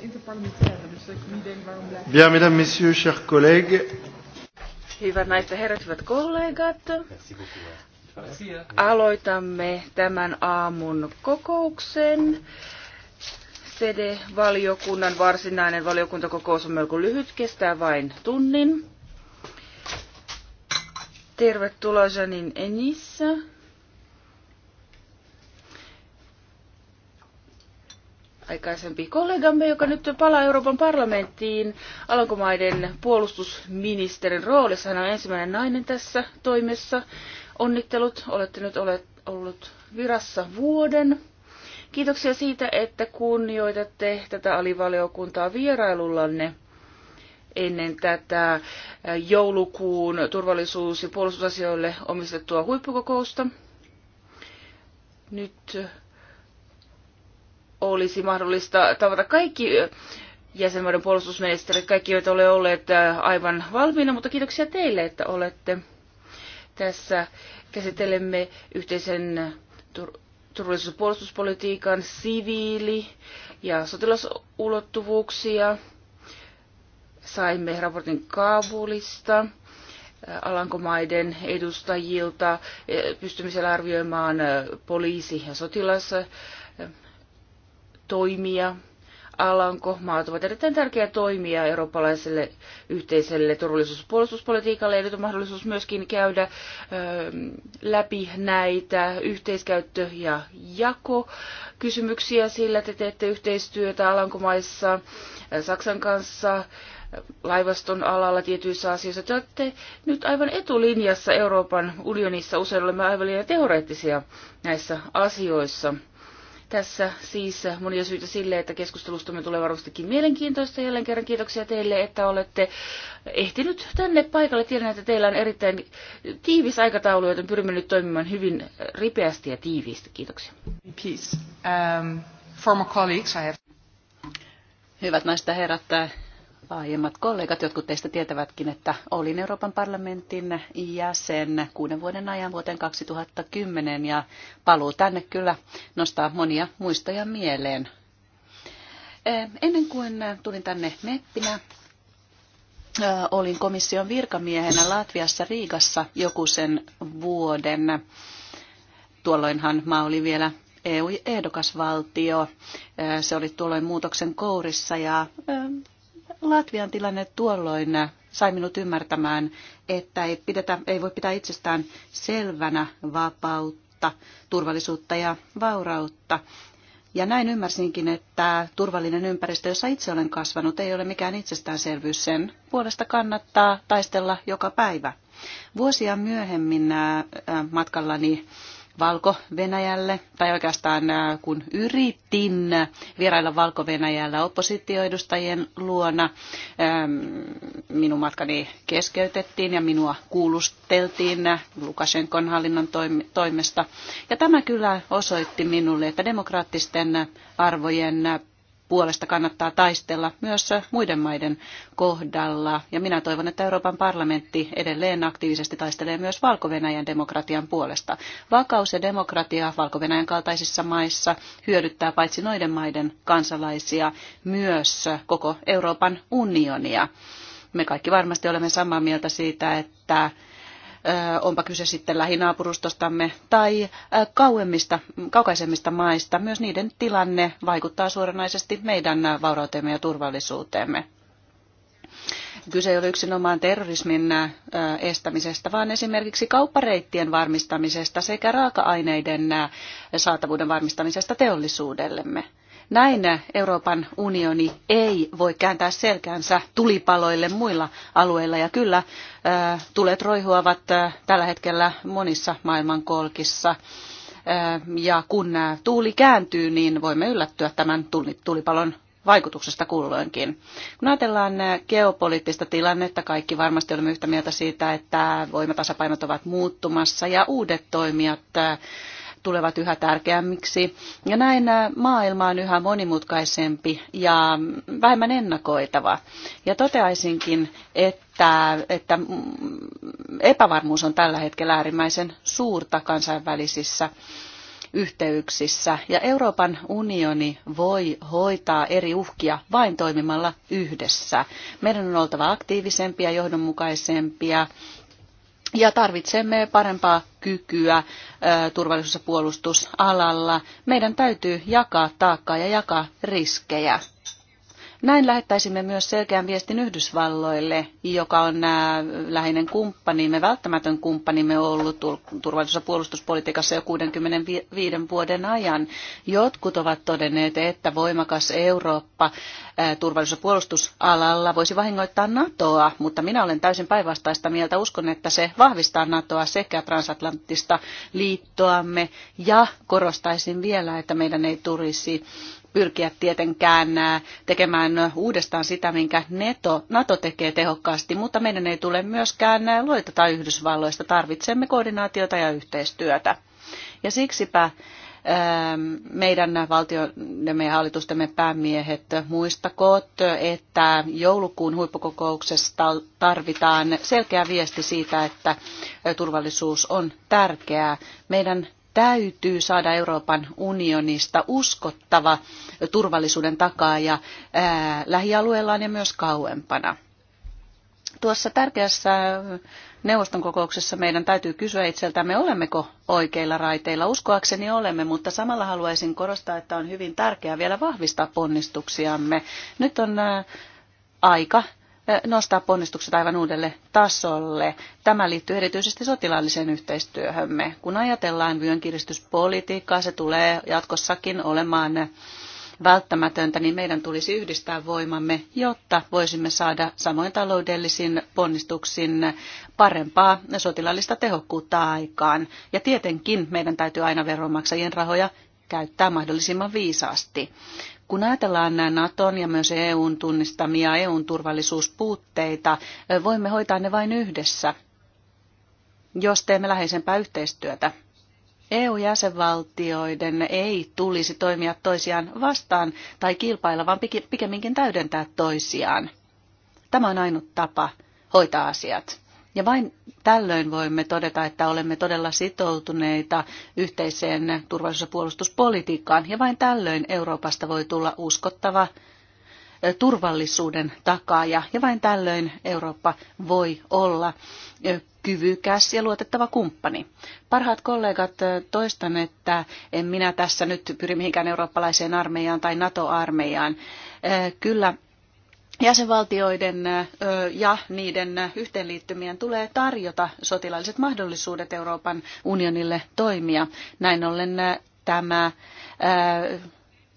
een Bien, mesdames, messieurs, chers collègues. Hyvät naiset ja herrat, hyvät kollegat. Aloitamme tämän aamun kokouksen. CD-valiokunnan varsinainen valiokuntakokous on melko lyhyt, kestää vain tunnin. Tervetuloa Janin Enissä aikaisempi kollegamme, joka nyt palaa Euroopan parlamenttiin Alankomaiden puolustusministerin roolissa. Hän on ensimmäinen nainen tässä toimessa. Onnittelut, olette nyt olet, ollut virassa vuoden. Kiitoksia siitä, että kunnioitatte tätä alivaliokuntaa vierailullanne ennen tätä joulukuun turvallisuus- ja puolustusasioille omistettua huippukokousta. Nyt olisi mahdollista tavata kaikki jäsenmaiden puolustusministerit, kaikki joita ole olleet aivan valmiina, mutta kiitoksia teille, että olette tässä. Käsittelemme yhteisen tur- turvallisuus- ja puolustuspolitiikan siviili- ja sotilasulottuvuuksia. Saimme raportin Kaabulista. Alankomaiden edustajilta pystymisellä arvioimaan poliisi- ja sotilas toimija. Alanko maat ovat erittäin tärkeä toimija eurooppalaiselle yhteiselle turvallisuus- ja puolustuspolitiikalle, ja nyt on mahdollisuus myöskin käydä ö, ähm, läpi näitä yhteiskäyttö- ja jakokysymyksiä, sillä te teette yhteistyötä Alankomaissa, äh, Saksan kanssa, äh, laivaston alalla tietyissä asioissa. Te olette nyt aivan etulinjassa Euroopan unionissa, usein olemme aivan liian teoreettisia näissä asioissa. Tässä siis monia syitä sille, että keskustelustamme tulee varmastikin mielenkiintoista. Jälleen kerran kiitoksia teille, että olette ehtinyt tänne paikalle. Tiedän, että teillä on erittäin tiivis aikataulu, joten pyrimme nyt toimimaan hyvin ripeästi ja tiiviisti. Kiitoksia. Peace. Um, former colleagues, I have... Hyvät naiset herrat, aiemmat kollegat, jotkut teistä tietävätkin, että olin Euroopan parlamentin jäsen kuuden vuoden ajan vuoteen 2010 ja paluu tänne kyllä nostaa monia muistoja mieleen. Ennen kuin tulin tänne meppinä, olin komission virkamiehenä Latviassa Riigassa joku sen vuoden. Tuolloinhan mä oli vielä EU-ehdokasvaltio. Se oli tuolloin muutoksen kourissa ja Latvian tilanne tuolloin sai minut ymmärtämään, että ei, pidetä, ei voi pitää itsestään selvänä vapautta, turvallisuutta ja vaurautta. Ja näin ymmärsinkin, että turvallinen ympäristö, jossa itse olen kasvanut, ei ole mikään itsestäänselvyys. Sen puolesta kannattaa taistella joka päivä. Vuosia myöhemmin äh, äh, matkallani Valko-Venäjälle, tai oikeastaan äh, kun yritin vierailla Valko-Venäjällä oppositioedustajien luona, ähm, minun matkani keskeytettiin ja minua kuulusteltiin äh, Lukashenkon hallinnon toimesta. Ja tämä kyllä osoitti minulle, että demokraattisten arvojen äh, puolesta kannattaa taistella myös muiden maiden kohdalla. Ja minä toivon, että Euroopan parlamentti edelleen aktiivisesti taistelee myös valko demokratian puolesta. Vakaus ja demokratia valko kaltaisissa maissa hyödyttää paitsi noiden maiden kansalaisia, myös koko Euroopan unionia. Me kaikki varmasti olemme samaa mieltä siitä, että onpa kyse sitten lähinaapurustostamme tai kauemmista, kaukaisemmista maista. Myös niiden tilanne vaikuttaa suoranaisesti meidän vaurauteemme ja turvallisuuteemme. Kyse ei ole yksinomaan terrorismin estämisestä, vaan esimerkiksi kauppareittien varmistamisesta sekä raaka-aineiden saatavuuden varmistamisesta teollisuudellemme. Näin Euroopan unioni ei voi kääntää selkäänsä tulipaloille muilla alueilla. Ja kyllä, äh, tulet roihuavat äh, tällä hetkellä monissa maailmankolkissa. Äh, ja kun tuuli kääntyy, niin voimme yllättyä tämän tulipalon vaikutuksesta kulloinkin. Kun ajatellaan geopoliittista tilannetta, kaikki varmasti olemme yhtä mieltä siitä, että voimatasapainot ovat muuttumassa ja uudet toimijat tulevat yhä tärkeämmiksi. Ja näin äh, maailma on yhä monimutkaisempi ja vähemmän ennakoitava. Ja toteaisinkin, että, että mm, epävarmuus on tällä hetkellä äärimmäisen suurta kansainvälisissä yhteyksissä ja Euroopan unioni voi hoitaa eri uhkia vain toimimalla yhdessä. Meidän on oltava aktiivisempia, johdonmukaisempia ja tarvitsemme parempaa kykyä turvallisuus- ja puolustusalalla. Meidän täytyy jakaa taakkaa ja jakaa riskejä. Näin lähettäisimme myös selkeän viestin Yhdysvalloille, joka on äh, läheinen kumppanimme, välttämätön kumppanimme ollut turvallisuus- ja puolustuspolitiikassa jo 65 vuoden ajan. Jotkut ovat todenneet, että voimakas Eurooppa äh, turvallisuus- ja puolustusalalla voisi vahingoittaa NATOa, mutta minä olen täysin päinvastaista mieltä. Uskon, että se vahvistaa NATOa sekä transatlanttista liittoamme ja korostaisin vielä, että meidän ei tulisi pyrkiä tietenkään tekemään uudestaan sitä, minkä NATO, NATO tekee tehokkaasti, mutta meidän ei tule myöskään loitata Yhdysvalloista. Tarvitsemme koordinaatiota ja yhteistyötä. Ja siksipä meidän valtioidemme ja hallitustemme päämiehet muistakoot, että joulukuun huippukokouksesta tarvitaan selkeä viesti siitä, että turvallisuus on tärkeää. Meidän täytyy saada Euroopan unionista uskottava turvallisuuden takaaja ää, lähialueellaan ja myös kauempana. Tuossa tärkeässä neuvoston kokouksessa meidän täytyy kysyä itseltämme, olemmeko oikeilla raiteilla. Uskoakseni olemme, mutta samalla haluaisin korostaa, että on hyvin tärkeää vielä vahvistaa ponnistuksiamme. Nyt on aika nostaa ponnistukset aivan uudelle tasolle. Tämä liittyy erityisesti sotilaalliseen yhteistyöhömme. Kun ajatellaan vyönkiristyspolitiikkaa, se tulee jatkossakin olemaan välttämätöntä, niin meidän tulisi yhdistää voimamme, jotta voisimme saada samoin taloudellisin ponnistuksin parempaa sotilaallista tehokkuutta aikaan. Ja tietenkin meidän täytyy aina veronmaksajien rahoja käyttää mahdollisimman viisaasti kun ajatellaan Naton ja myös EUn tunnistamia EUn turvallisuuspuutteita, voimme hoitaa ne vain yhdessä, jos teemme läheisempää yhteistyötä. EU-jäsenvaltioiden ei tulisi toimia toisiaan vastaan tai kilpailla, vaan pikemminkin täydentää toisiaan. Tämä on ainut tapa hoitaa asiat. Ja vain tällöin voimme todeta, että olemme todella sitoutuneita yhteiseen turvallisuus- ja puolustuspolitiikkaan. Ja vain tällöin Euroopasta voi tulla uskottava turvallisuuden takaaja. Ja vain tällöin Eurooppa voi olla kyvykäs ja luotettava kumppani. Parhaat kollegat, toistan, että en minä tässä nyt pyri mihinkään eurooppalaiseen armeijaan tai NATO-armeijaan. Kyllä jäsenvaltioiden ja niiden yhteenliittymien tulee tarjota sotilaalliset mahdollisuudet Euroopan unionille toimia. Näin ollen tämä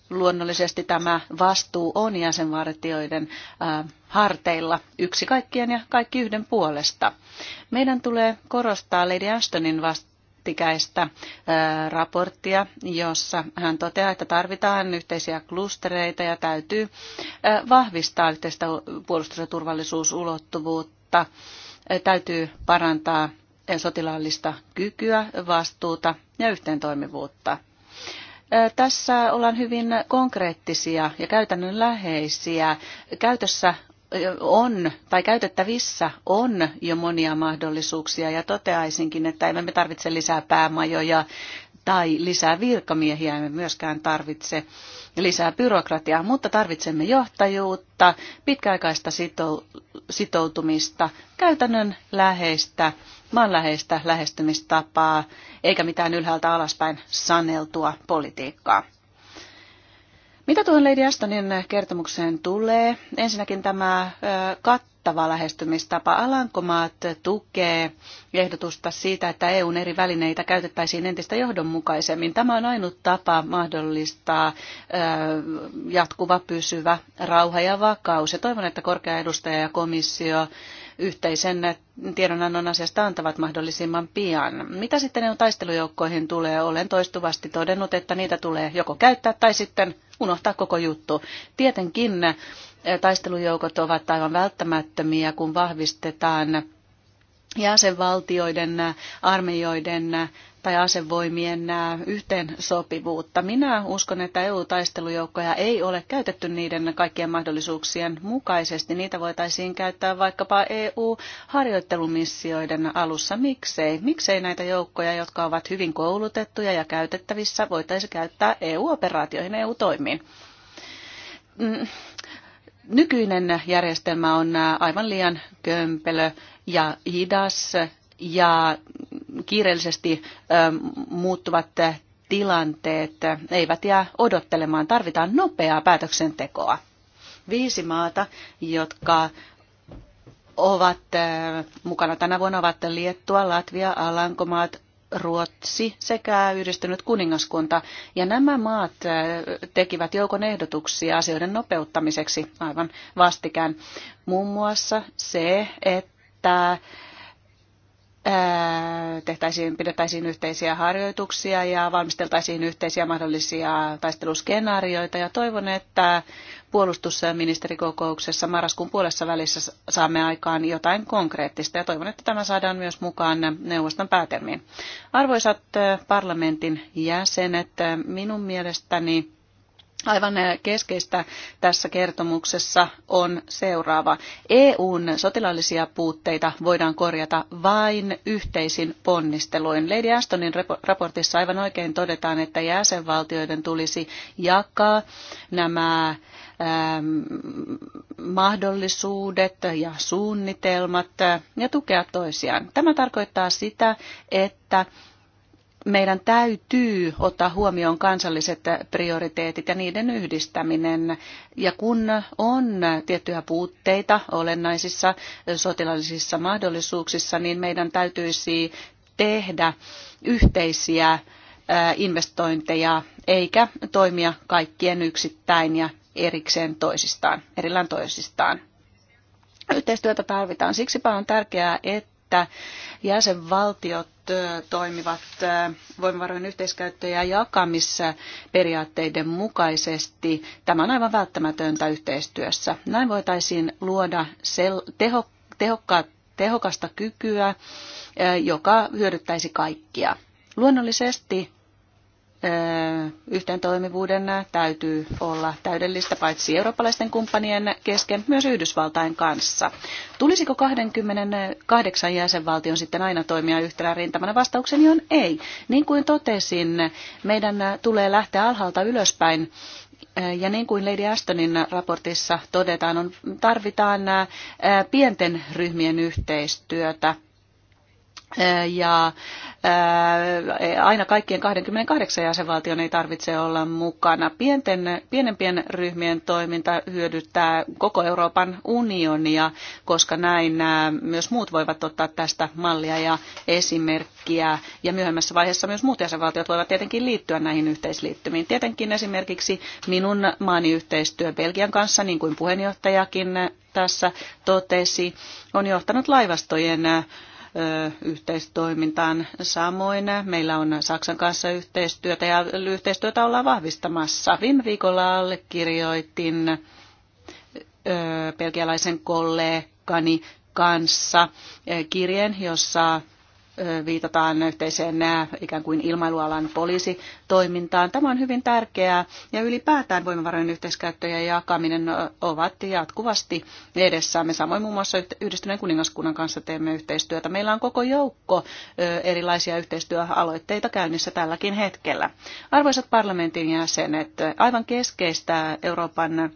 luonnollisesti tämä vastuu on jäsenvaltioiden harteilla yksi kaikkien ja kaikki yhden puolesta. Meidän tulee korostaa Lady Ashtonin vast- jättikäistä raporttia, jossa hän toteaa, että tarvitaan yhteisiä klustereita ja täytyy vahvistaa yhteistä puolustus- ja turvallisuusulottuvuutta, täytyy parantaa sotilaallista kykyä, vastuuta ja yhteentoimivuutta. Tässä ollaan hyvin konkreettisia ja käytännönläheisiä. Käytössä on tai käytettävissä on jo monia mahdollisuuksia ja toteaisinkin, että emme me tarvitse lisää päämajoja tai lisää virkamiehiä, emme myöskään tarvitse lisää byrokratiaa, mutta tarvitsemme johtajuutta, pitkäaikaista sitoutumista, käytännön läheistä, maanläheistä lähestymistapaa, eikä mitään ylhäältä alaspäin saneltua politiikkaa. Mitä tuohon Lady Astonin kertomukseen tulee? Ensinnäkin tämä kattava lähestymistapa. Alankomaat tukee ehdotusta siitä, että EUn eri välineitä käytettäisiin entistä johdonmukaisemmin. Tämä on ainut tapa mahdollistaa jatkuva, pysyvä rauha ja vakaus. Ja toivon, että korkea edustaja ja komissio yhteisen tiedonannon asiasta antavat mahdollisimman pian. Mitä sitten ne taistelujoukkoihin tulee? Olen toistuvasti todennut, että niitä tulee joko käyttää tai sitten unohtaa koko juttu. Tietenkin taistelujoukot ovat aivan välttämättömiä, kun vahvistetaan jäsenvaltioiden armeijoiden tai asevoimien yhteensopivuutta. Minä uskon, että EU-taistelujoukkoja ei ole käytetty niiden kaikkien mahdollisuuksien mukaisesti. Niitä voitaisiin käyttää vaikkapa EU-harjoittelumissioiden alussa. Miksei? Miksei näitä joukkoja, jotka ovat hyvin koulutettuja ja käytettävissä, voitaisiin käyttää EU-operaatioihin, EU-toimiin? Mm, nykyinen järjestelmä on aivan liian kömpelö ja hidas ja kiireellisesti muuttuvat tilanteet eivät jää odottelemaan. Tarvitaan nopeaa päätöksentekoa. Viisi maata, jotka ovat mukana tänä vuonna ovat Liettua, Latvia, Alankomaat, Ruotsi sekä yhdistynyt kuningaskunta. Ja nämä maat tekivät joukon ehdotuksia asioiden nopeuttamiseksi aivan vastikään. Muun muassa se, että tehtäisiin, pidettäisiin yhteisiä harjoituksia ja valmisteltaisiin yhteisiä mahdollisia taisteluskenaarioita ja toivon, että puolustusministerikokouksessa marraskuun puolessa välissä saamme aikaan jotain konkreettista ja toivon, että tämä saadaan myös mukaan neuvoston päätelmiin. Arvoisat parlamentin jäsenet, minun mielestäni Aivan eh, keskeistä tässä kertomuksessa on seuraava. EUn sotilaallisia puutteita voidaan korjata vain yhteisin ponnisteluin. Lady Ashtonin raportissa aivan oikein todetaan, että jäsenvaltioiden tulisi jakaa nämä mahdollisuudet ja suunnitelmat eh, ja tukea toisiaan. Tämä tarkoittaa sitä, että meidän täytyy ottaa huomioon kansalliset prioriteetit ja niiden yhdistäminen. Ja kun on tiettyjä puutteita olennaisissa sotilaallisissa mahdollisuuksissa, niin meidän täytyisi tehdä yhteisiä investointeja eikä toimia kaikkien yksittäin ja erikseen toisistaan, erillään toisistaan. Yhteistyötä tarvitaan. Siksipä on tärkeää, että että jäsenvaltiot toimivat voimavarojen yhteiskäyttö- ja jakamissa periaatteiden mukaisesti. Tämä on aivan välttämätöntä yhteistyössä. Näin voitaisiin luoda sel- teho- tehokka- tehokasta kykyä, joka hyödyttäisi kaikkia. Luonnollisesti yhteen toimivuuden täytyy olla täydellistä paitsi eurooppalaisten kumppanien kesken, myös Yhdysvaltain kanssa. Tulisiko 28 jäsenvaltion sitten aina toimia yhtenä rintamana? Vastaukseni on ei. Niin kuin totesin, meidän tulee lähteä alhaalta ylöspäin ja niin kuin Lady Ashtonin raportissa todetaan, on, tarvitaan pienten ryhmien yhteistyötä Äh, ja äh, aina kaikkien 28 jäsenvaltion ei tarvitse olla mukana. Pienten, pienempien ryhmien toiminta hyödyttää koko Euroopan unionia, koska näin äh, myös muut voivat ottaa tästä mallia ja esimerkkiä. Ja myöhemmässä vaiheessa myös muut jäsenvaltiot voivat tietenkin liittyä näihin yhteisliittymiin. Tietenkin esimerkiksi minun maani yhteistyö Belgian kanssa, niin kuin puheenjohtajakin tässä totesi, on johtanut laivastojen yhteistoimintaan. Samoin meillä on Saksan kanssa yhteistyötä ja yhteistyötä ollaan vahvistamassa. Viime viikolla allekirjoitin pelkialaisen kollegani kanssa kirjeen, jossa viitataan yhteiseen ikään kuin ilmailualan poliisitoimintaan. Tämä on hyvin tärkeää ja ylipäätään voimavarojen yhteiskäyttö ja jakaminen ovat jatkuvasti edessämme. Samoin muun muassa yhdistyneen kuningaskunnan kanssa teemme yhteistyötä. Meillä on koko joukko erilaisia yhteistyöaloitteita käynnissä tälläkin hetkellä. Arvoisat parlamentin jäsenet, aivan keskeistä Euroopan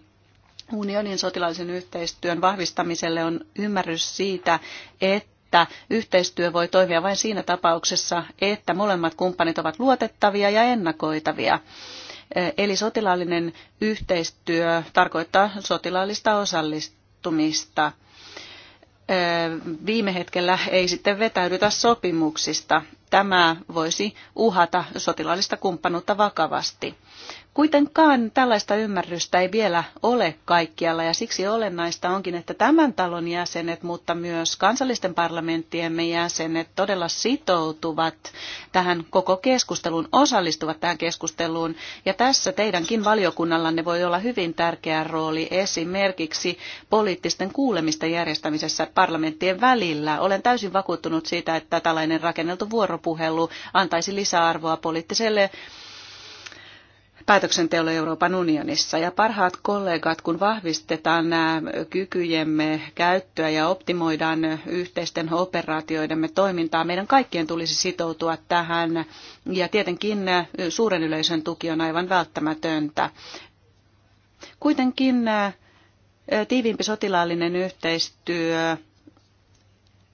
unionin sotilaallisen yhteistyön vahvistamiselle on ymmärrys siitä, että että yhteistyö voi toimia vain siinä tapauksessa, että molemmat kumppanit ovat luotettavia ja ennakoitavia. Eli sotilaallinen yhteistyö tarkoittaa sotilaallista osallistumista. Viime hetkellä ei sitten vetäydytä sopimuksista tämä voisi uhata sotilaallista kumppanuutta vakavasti. Kuitenkaan tällaista ymmärrystä ei vielä ole kaikkialla ja siksi olennaista onkin, että tämän talon jäsenet, mutta myös kansallisten parlamenttiemme jäsenet todella sitoutuvat tähän koko keskusteluun, osallistuvat tähän keskusteluun. Ja tässä teidänkin valiokunnallanne voi olla hyvin tärkeä rooli esimerkiksi poliittisten kuulemisten järjestämisessä parlamenttien välillä. Olen täysin vakuuttunut siitä, että tällainen rakenneltu vuoro vuoropuhelu antaisi lisäarvoa poliittiselle päätöksenteolle Euroopan unionissa. Ja parhaat kollegat, kun vahvistetaan nämä kykyjemme käyttöä ja optimoidaan yhteisten operaatioidemme toimintaa, meidän kaikkien tulisi sitoutua tähän. Ja tietenkin suuren yleisön tuki on aivan välttämätöntä. Kuitenkin tiiviimpi sotilaallinen yhteistyö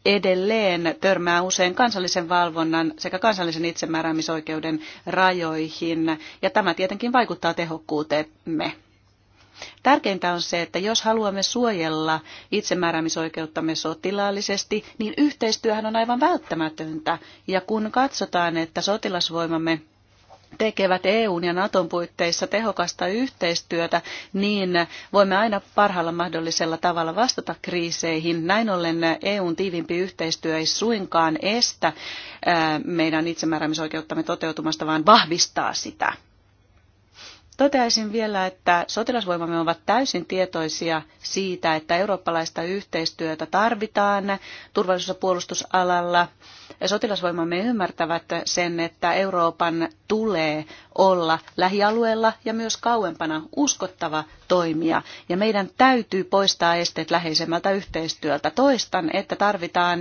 edelleen törmää usein kansallisen valvonnan sekä kansallisen itsemääräämisoikeuden rajoihin, ja tämä tietenkin vaikuttaa tehokkuuteemme. Tärkeintä on se, että jos haluamme suojella itsemääräämisoikeuttamme sotilaallisesti, niin yhteistyöhän on aivan välttämätöntä. Ja kun katsotaan, että sotilasvoimamme tekevät EUn ja Naton puitteissa tehokasta yhteistyötä, niin voimme aina parhaalla mahdollisella tavalla vastata kriiseihin. Näin ollen EUn tiivimpi yhteistyö ei suinkaan estä meidän itsemääräämisoikeuttamme toteutumasta, vaan vahvistaa sitä. Toteaisin vielä, että sotilasvoimamme ovat täysin tietoisia siitä, että eurooppalaista yhteistyötä tarvitaan turvallisuus- ja puolustusalalla. Sotilasvoimamme ymmärtävät sen, että Euroopan tulee olla lähialueella ja myös kauempana uskottava toimija. Ja meidän täytyy poistaa esteet läheisemmältä yhteistyöltä. Toistan, että tarvitaan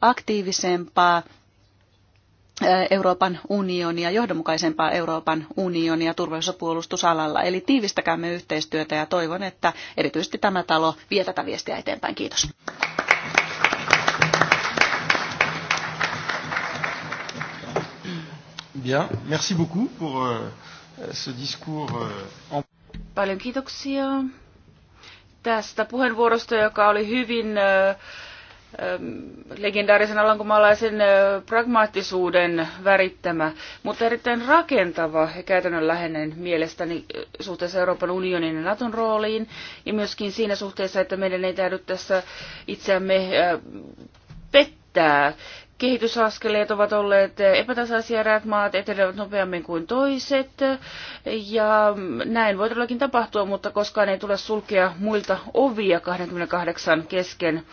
aktiivisempaa Euroopan unionia, johdonmukaisempaa Euroopan unionia turvallisuus- ja puolustusalalla. Eli tiivistäkäämme yhteistyötä ja toivon, että erityisesti tämä talo vie tätä viestiä eteenpäin. Kiitos. Bien, merci beaucoup pour euh, ce discours. Euh, Paljon kiitoksia tästä puheenvuorosta, joka oli hyvin legendaarisen alankomaalaisen pragmaattisuuden värittämä, mutta erittäin rakentava ja käytännönläheinen mielestäni suhteessa Euroopan unionin ja Naton rooliin ja myöskin siinä suhteessa, että meidän ei täydy tässä itseämme pettää kehitysaskeleet ovat olleet epätasaisia, eräät maat etenevät nopeammin kuin toiset, ja näin voi todellakin tapahtua, mutta koskaan ei tule sulkea muilta ovia 28 kesken.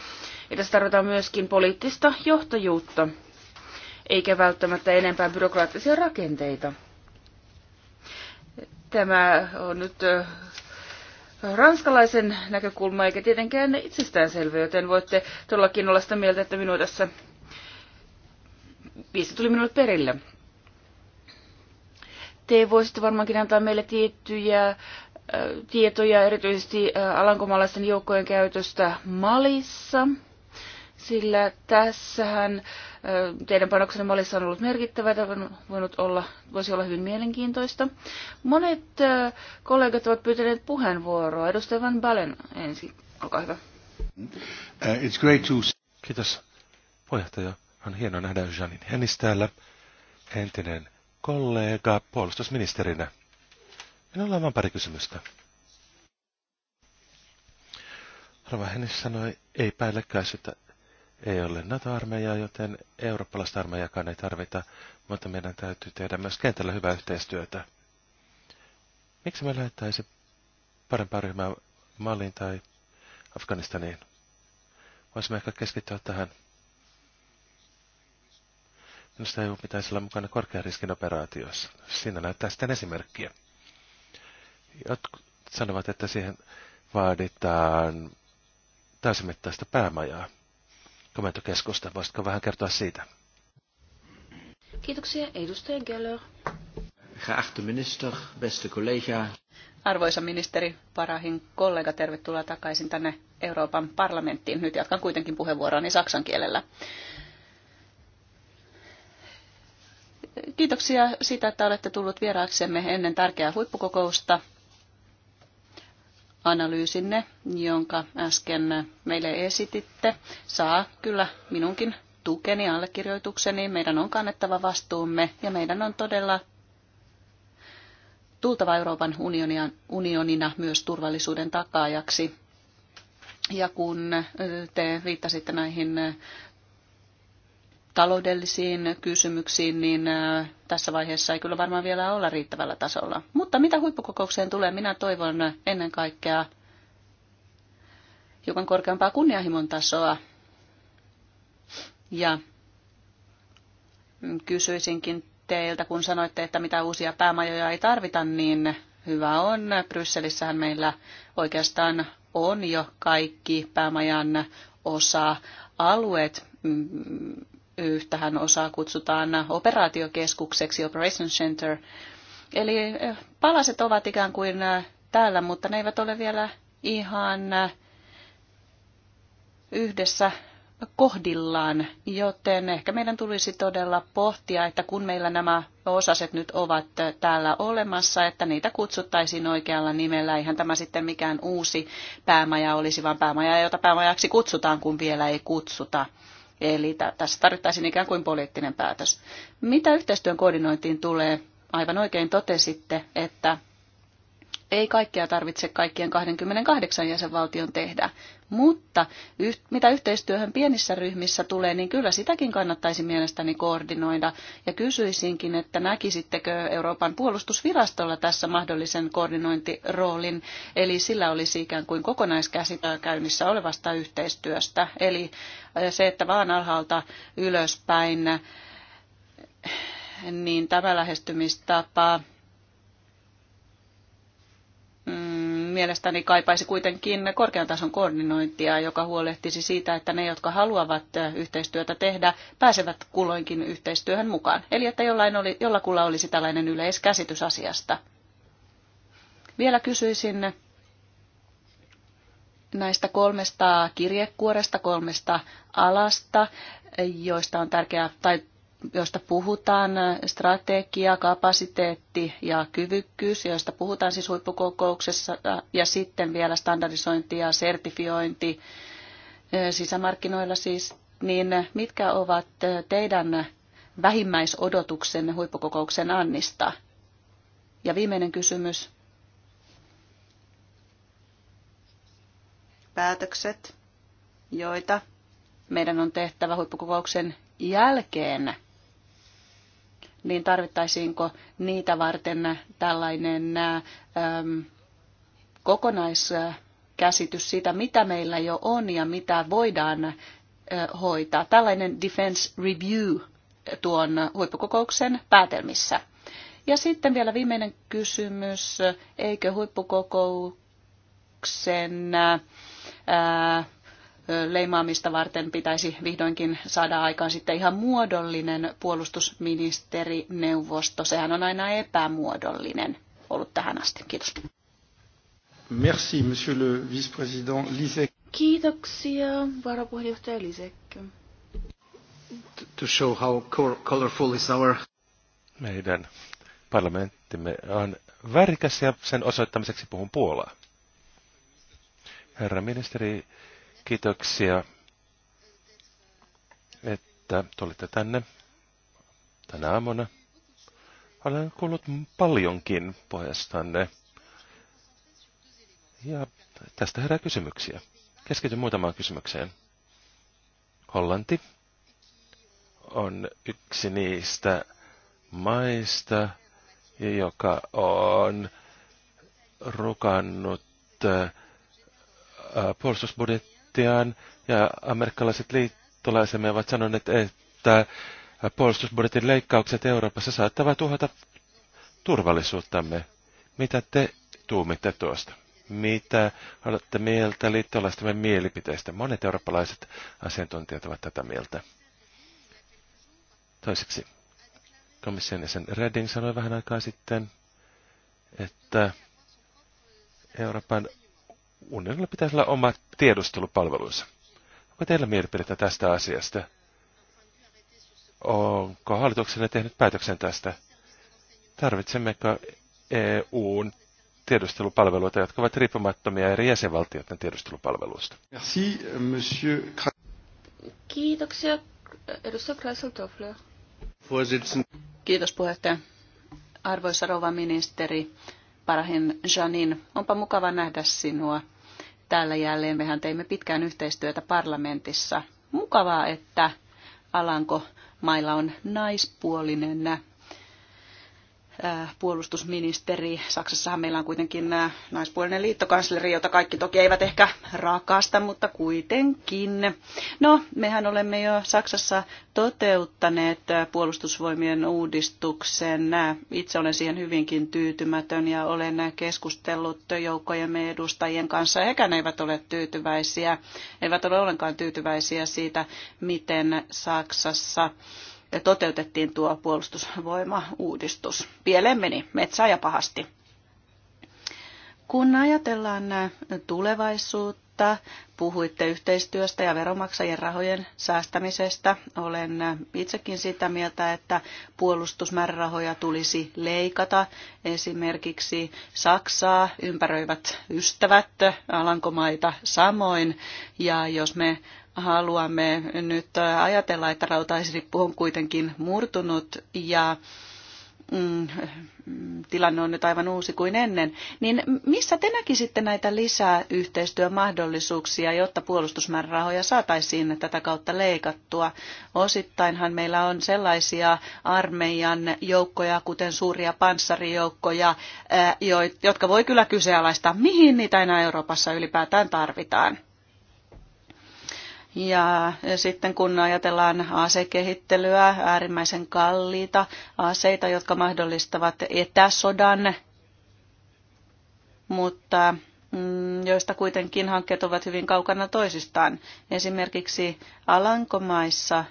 Ja tässä tarvitaan myöskin poliittista johtajuutta, eikä välttämättä enempää byrokraattisia rakenteita. Tämä on nyt ranskalaisen näkökulma, eikä tietenkään itsestäänselvä, joten voitte todellakin olla sitä mieltä, että minua tässä viesti tuli minulle perille. Te voisitte varmaankin antaa meille tiettyjä tietoja erityisesti alankomalaisten joukkojen käytöstä Malissa, sillä tässähän teidän panoksenne Malissa on ollut merkittävä, tämä voinut olla, voisi olla hyvin mielenkiintoista. Monet kollegat ovat pyytäneet puheenvuoroa. Edustaja Van Balen ensin, olkaa hyvä. Uh, it's great to... Kiitos puheenjohtaja. On hieno nähdä Janin Hennis täällä, entinen kollega puolustusministerinä. Minulla on vain pari kysymystä. Rova Hennis sanoi, ei päällekkäisyyttä ei ole NATO-armeijaa, joten eurooppalaista armeijakaan ei tarvita, mutta meidän täytyy tehdä myös kentällä hyvää yhteistyötä. Miksi me lähettäisi parempaa ryhmää Malin tai Afganistaniin? Voisimme ehkä keskittyä tähän Minusta EU pitäisi olla mukana korkean riskin operaatioissa. Siinä näyttää sitten esimerkkiä. Jotkut sanovat, että siihen vaaditaan täysimittaista päämajaa. Komentokeskusta, voisitko vähän kertoa siitä? Kiitoksia, edustaja Geller. Geachte minister, beste collega. Arvoisa ministeri Parahin kollega, tervetuloa takaisin tänne Euroopan parlamenttiin. Nyt jatkan kuitenkin puheenvuoroani saksan kielellä. Kiitoksia siitä, että olette tullut vieraaksemme ennen tärkeää huippukokousta. Analyysinne, jonka äsken meille esititte, saa kyllä minunkin tukeni allekirjoitukseni. Meidän on kannettava vastuumme ja meidän on todella tultava Euroopan unionia, unionina myös turvallisuuden takaajaksi. Ja kun te viittasitte näihin taloudellisiin kysymyksiin, niin tässä vaiheessa ei kyllä varmaan vielä olla riittävällä tasolla. Mutta mitä huippukokoukseen tulee, minä toivon ennen kaikkea hiukan korkeampaa kunnianhimon tasoa. Ja kysyisinkin teiltä, kun sanoitte, että mitä uusia päämajoja ei tarvita, niin hyvä on. Brysselissähän meillä oikeastaan on jo kaikki päämajan osa-alueet mm, yhtähän osaa kutsutaan operaatiokeskukseksi, Operation Center. Eli eh, palaset ovat ikään kuin eh, täällä, mutta ne eivät ole vielä ihan eh, yhdessä kohdillaan, joten ehkä meidän tulisi todella pohtia, että kun meillä nämä osaset nyt ovat täällä olemassa, että niitä kutsuttaisiin oikealla nimellä. Eihän tämä sitten mikään uusi päämaja olisi, vaan päämaja, jota päämajaksi kutsutaan, kun vielä ei kutsuta. Eli tässä tarvittaisiin ikään kuin poliittinen päätös. Mitä yhteistyön koordinointiin tulee, aivan oikein totesitte, että ei kaikkea tarvitse kaikkien 28 jäsenvaltion tehdä, mutta mitä yhteistyöhön pienissä ryhmissä tulee, niin kyllä sitäkin kannattaisi mielestäni koordinoida. Ja kysyisinkin, että näkisittekö Euroopan puolustusvirastolla tässä mahdollisen koordinointiroolin, eli sillä olisi ikään kuin kokonaiskäsitöä käynnissä olevasta yhteistyöstä. Eli äh, se, että vaan alhaalta ylöspäin, äh, niin tämä lähestymistapa mielestäni kaipaisi kuitenkin korkean tason koordinointia, joka huolehtisi siitä, että ne, jotka haluavat yhteistyötä tehdä, pääsevät kulloinkin yhteistyöhön mukaan. Eli että jollain oli, jollakulla olisi tällainen yleiskäsitys asiasta. Vielä kysyisin näistä kolmesta kirjekuoresta, kolmesta alasta, joista on tärkeää, tai josta puhutaan strategia, kapasiteetti ja kyvykkyys, joista puhutaan siis huippukokouksessa, ja sitten vielä standardisointi ja sertifiointi sisämarkkinoilla siis, niin mitkä ovat teidän vähimmäisodotuksenne huippukokouksen annista? Ja viimeinen kysymys. Päätökset, joita meidän on tehtävä huippukokouksen jälkeen niin tarvittaisiinko niitä varten tällainen äm, kokonaiskäsitys siitä, mitä meillä jo on ja mitä voidaan ä, äh, hoitaa. Tällainen defense review tuon huippukokouksen päätelmissä. Ja sitten vielä viimeinen kysymys, eikö huippukokouksen ää, äh, leimaamista varten pitäisi vihdoinkin saada aikaan sitten ihan muodollinen puolustusministerineuvosto. Sehän on aina epämuodollinen ollut tähän asti. Kiitos. Merci, monsieur le vice-président Lisek. Kiitoksia, varapuheenjohtaja Lisek. To show how colorful is our... Meidän parlamenttimme on värikäs ja sen osoittamiseksi puhun Puolaa. Herra ministeri, Kiitoksia, että tulitte tänne tänä aamuna. Olen kuullut paljonkin puheestanne. Ja tästä herää kysymyksiä. Keskityn muutamaan kysymykseen. Hollanti on yksi niistä maista, joka on rukannut äh, puolustusbudjetti budjettiaan ja amerikkalaiset liittolaisemme ovat sanoneet, että puolustusbudjetin leikkaukset Euroopassa saattavat tuhota turvallisuuttamme. Mitä te tuumitte tuosta? Mitä olette mieltä liittolaistamme mielipiteistä? Monet eurooppalaiset asiantuntijat ovat tätä mieltä. Toiseksi, komission jäsen Redding sanoi vähän aikaa sitten, että Euroopan unionilla pitäisi olla oma tiedustelupalveluissa. Onko teillä mielipidettä tästä asiasta? Onko hallituksenne tehnyt päätöksen tästä? Tarvitsemmeko EUn tiedustelupalveluita, jotka ovat riippumattomia eri jäsenvaltioiden tiedustelupalveluista? Merci, monsieur. Kiitoksia, edustaja Kreisel-Toffler. Kiitos puheenjohtaja. Arvoisa rouva ministeri, Parahin Janin, onpa mukava nähdä sinua täällä jälleen. Mehän teimme pitkään yhteistyötä parlamentissa. Mukavaa, että Alanko mailla on naispuolinen Äh, puolustusministeri. Saksassahan meillä on kuitenkin äh, naispuolinen liittokansleri, jota kaikki toki eivät ehkä rakasta, mutta kuitenkin. No, mehän olemme jo Saksassa toteuttaneet äh, puolustusvoimien uudistuksen. Itse olen siihen hyvinkin tyytymätön ja olen keskustellut joukkojemme edustajien kanssa. Hekään eivät ole tyytyväisiä, eivät ole ollenkaan tyytyväisiä siitä, miten Saksassa toteutettiin tuo puolustusvoimauudistus. Pieleen meni metsä ja pahasti. Kun ajatellaan äh, tulevaisuutta, puhuitte yhteistyöstä ja veromaksajien rahojen säästämisestä. Olen äh, itsekin sitä mieltä, että puolustusmäärärahoja tulisi leikata. Esimerkiksi Saksaa ympäröivät ystävät, äh, Alankomaita samoin. Ja jos me haluamme nyt ajatella, että rautaisrippu on kuitenkin murtunut ja mm, tilanne on nyt aivan uusi kuin ennen, niin missä te näkisitte näitä lisää yhteistyömahdollisuuksia, jotta puolustusmäärärahoja saataisiin tätä kautta leikattua? Osittainhan meillä on sellaisia armeijan joukkoja, kuten suuria panssarijoukkoja, jotka voi kyllä kyseenalaistaa, mihin niitä enää Euroopassa ylipäätään tarvitaan. Ja sitten kun ajatellaan asekehittelyä, äärimmäisen kalliita aseita, jotka mahdollistavat etäsodan, mutta mm, joista kuitenkin hankkeet ovat hyvin kaukana toisistaan. Esimerkiksi Alankomaissa –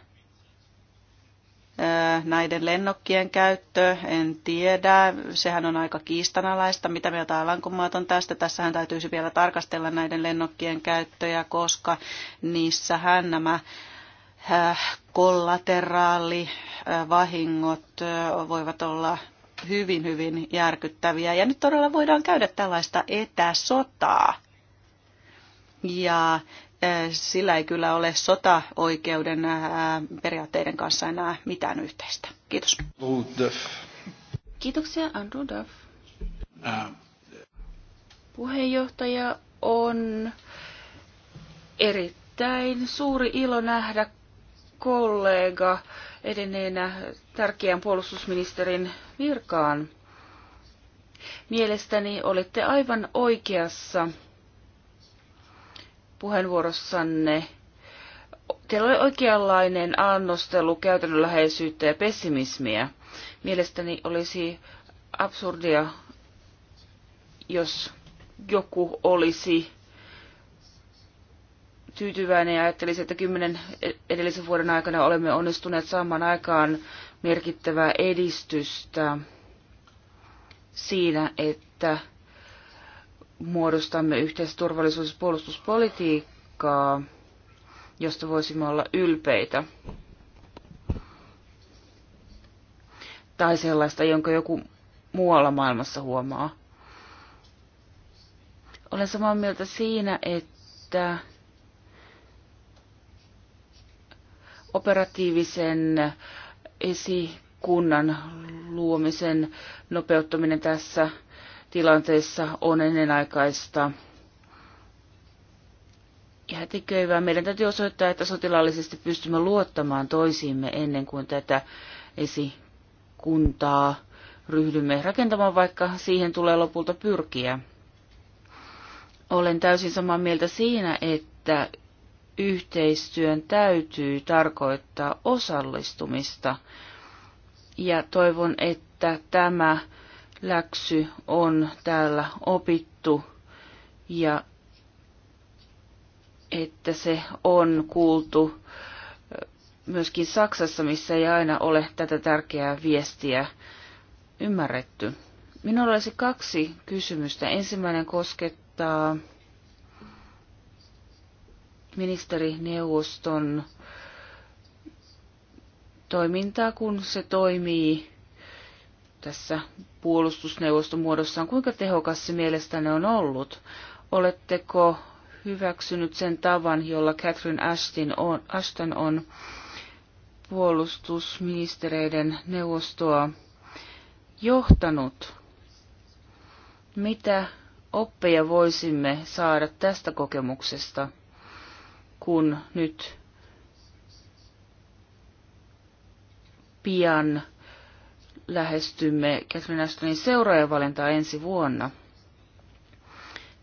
näiden lennokkien käyttö, en tiedä. Sehän on aika kiistanalaista, mitä mieltä Alankomaat on tästä. Tässähän täytyisi vielä tarkastella näiden lennokkien käyttöjä, koska niissähän nämä kollateraalivahingot voivat olla hyvin, hyvin järkyttäviä. Ja nyt todella voidaan käydä tällaista etäsotaa. Ja Äh, sillä ei kyllä ole sotaoikeuden äh, periaatteiden kanssa enää mitään yhteistä. Kiitos. Kiitoksia Andrew Duff. Äh. Puheenjohtaja on erittäin suuri ilo nähdä kollega edenneenä tärkeän puolustusministerin virkaan. Mielestäni olette aivan oikeassa puheenvuorossanne. Teillä oli oikeanlainen annostelu käytännönläheisyyttä ja pessimismiä. Mielestäni olisi absurdia, jos joku olisi tyytyväinen ja ajattelisi, että kymmenen edellisen vuoden aikana olemme onnistuneet saamaan aikaan merkittävää edistystä siinä, että muodostamme yhteistä turvallisuus- ja puolustuspolitiikkaa, josta voisimme olla ylpeitä. Tai sellaista, jonka joku muualla maailmassa huomaa. Olen samaa mieltä siinä, että operatiivisen esikunnan luomisen nopeuttaminen tässä – tilanteessa on ennenaikaista hätiköivää. Meidän täytyy osoittaa, että sotilaallisesti pystymme luottamaan toisiimme ennen kuin tätä esikuntaa ryhdymme rakentamaan, vaikka siihen tulee lopulta pyrkiä. Olen täysin samaa mieltä siinä, että yhteistyön täytyy tarkoittaa osallistumista. Ja toivon, että tämä läksy on täällä opittu ja että se on kuultu myöskin Saksassa, missä ei aina ole tätä tärkeää viestiä ymmärretty. Minulla olisi kaksi kysymystä. Ensimmäinen koskettaa ministerineuvoston toimintaa, kun se toimii tässä puolustusneuvoston muodossaan. Kuinka tehokas se mielestänne on ollut? Oletteko hyväksynyt sen tavan, jolla Catherine Ashton on, Ashton on puolustusministereiden neuvostoa johtanut? Mitä oppeja voisimme saada tästä kokemuksesta, kun nyt pian lähestymme Catherine Ashtonin seuraajavalintaa ensi vuonna.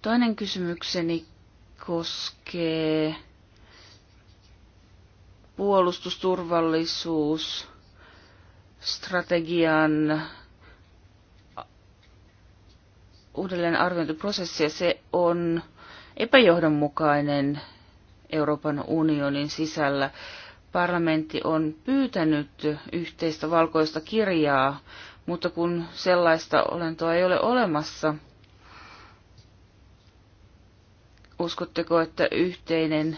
Toinen kysymykseni koskee puolustusturvallisuus strategian ja se on epäjohdonmukainen Euroopan unionin sisällä parlamentti on pyytänyt yhteistä valkoista kirjaa, mutta kun sellaista olentoa ei ole olemassa, uskotteko, että yhteinen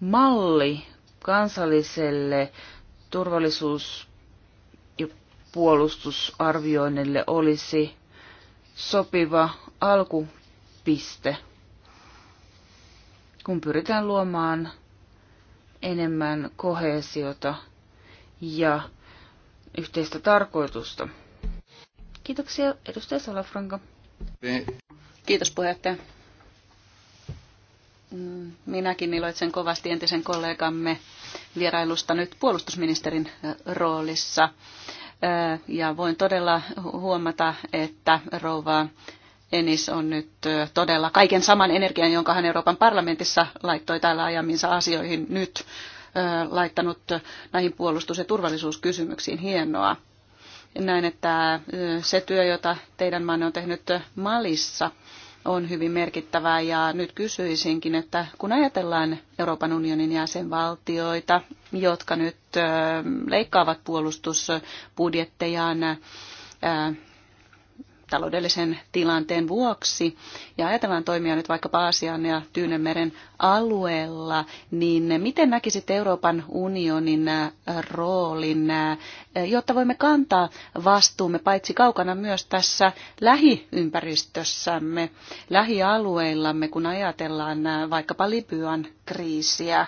malli kansalliselle turvallisuus- ja puolustusarvioinnille olisi sopiva alkupiste, kun pyritään luomaan enemmän kohesiota ja yhteistä tarkoitusta. Kiitoksia, edustaja Salafranka. Kiitos puheenjohtaja. Minäkin iloitsen kovasti entisen kollegamme vierailusta nyt puolustusministerin roolissa. Ja voin todella huomata, että rouva Enis on nyt todella kaiken saman energian, jonka hän Euroopan parlamentissa laittoi täällä ajaminsa asioihin nyt laittanut näihin puolustus- ja turvallisuuskysymyksiin. Hienoa. Näin, että se työ, jota teidän maanne on tehnyt Malissa, on hyvin merkittävää ja nyt kysyisinkin, että kun ajatellaan Euroopan unionin jäsenvaltioita, jotka nyt leikkaavat puolustusbudjettejaan taloudellisen tilanteen vuoksi. Ja ajatellaan toimia nyt vaikka Aasian ja Tyynemeren alueella, niin miten näkisit Euroopan unionin äh, roolin, äh, jotta voimme kantaa vastuumme paitsi kaukana myös tässä lähiympäristössämme, lähialueillamme, kun ajatellaan äh, vaikkapa Libyan kriisiä?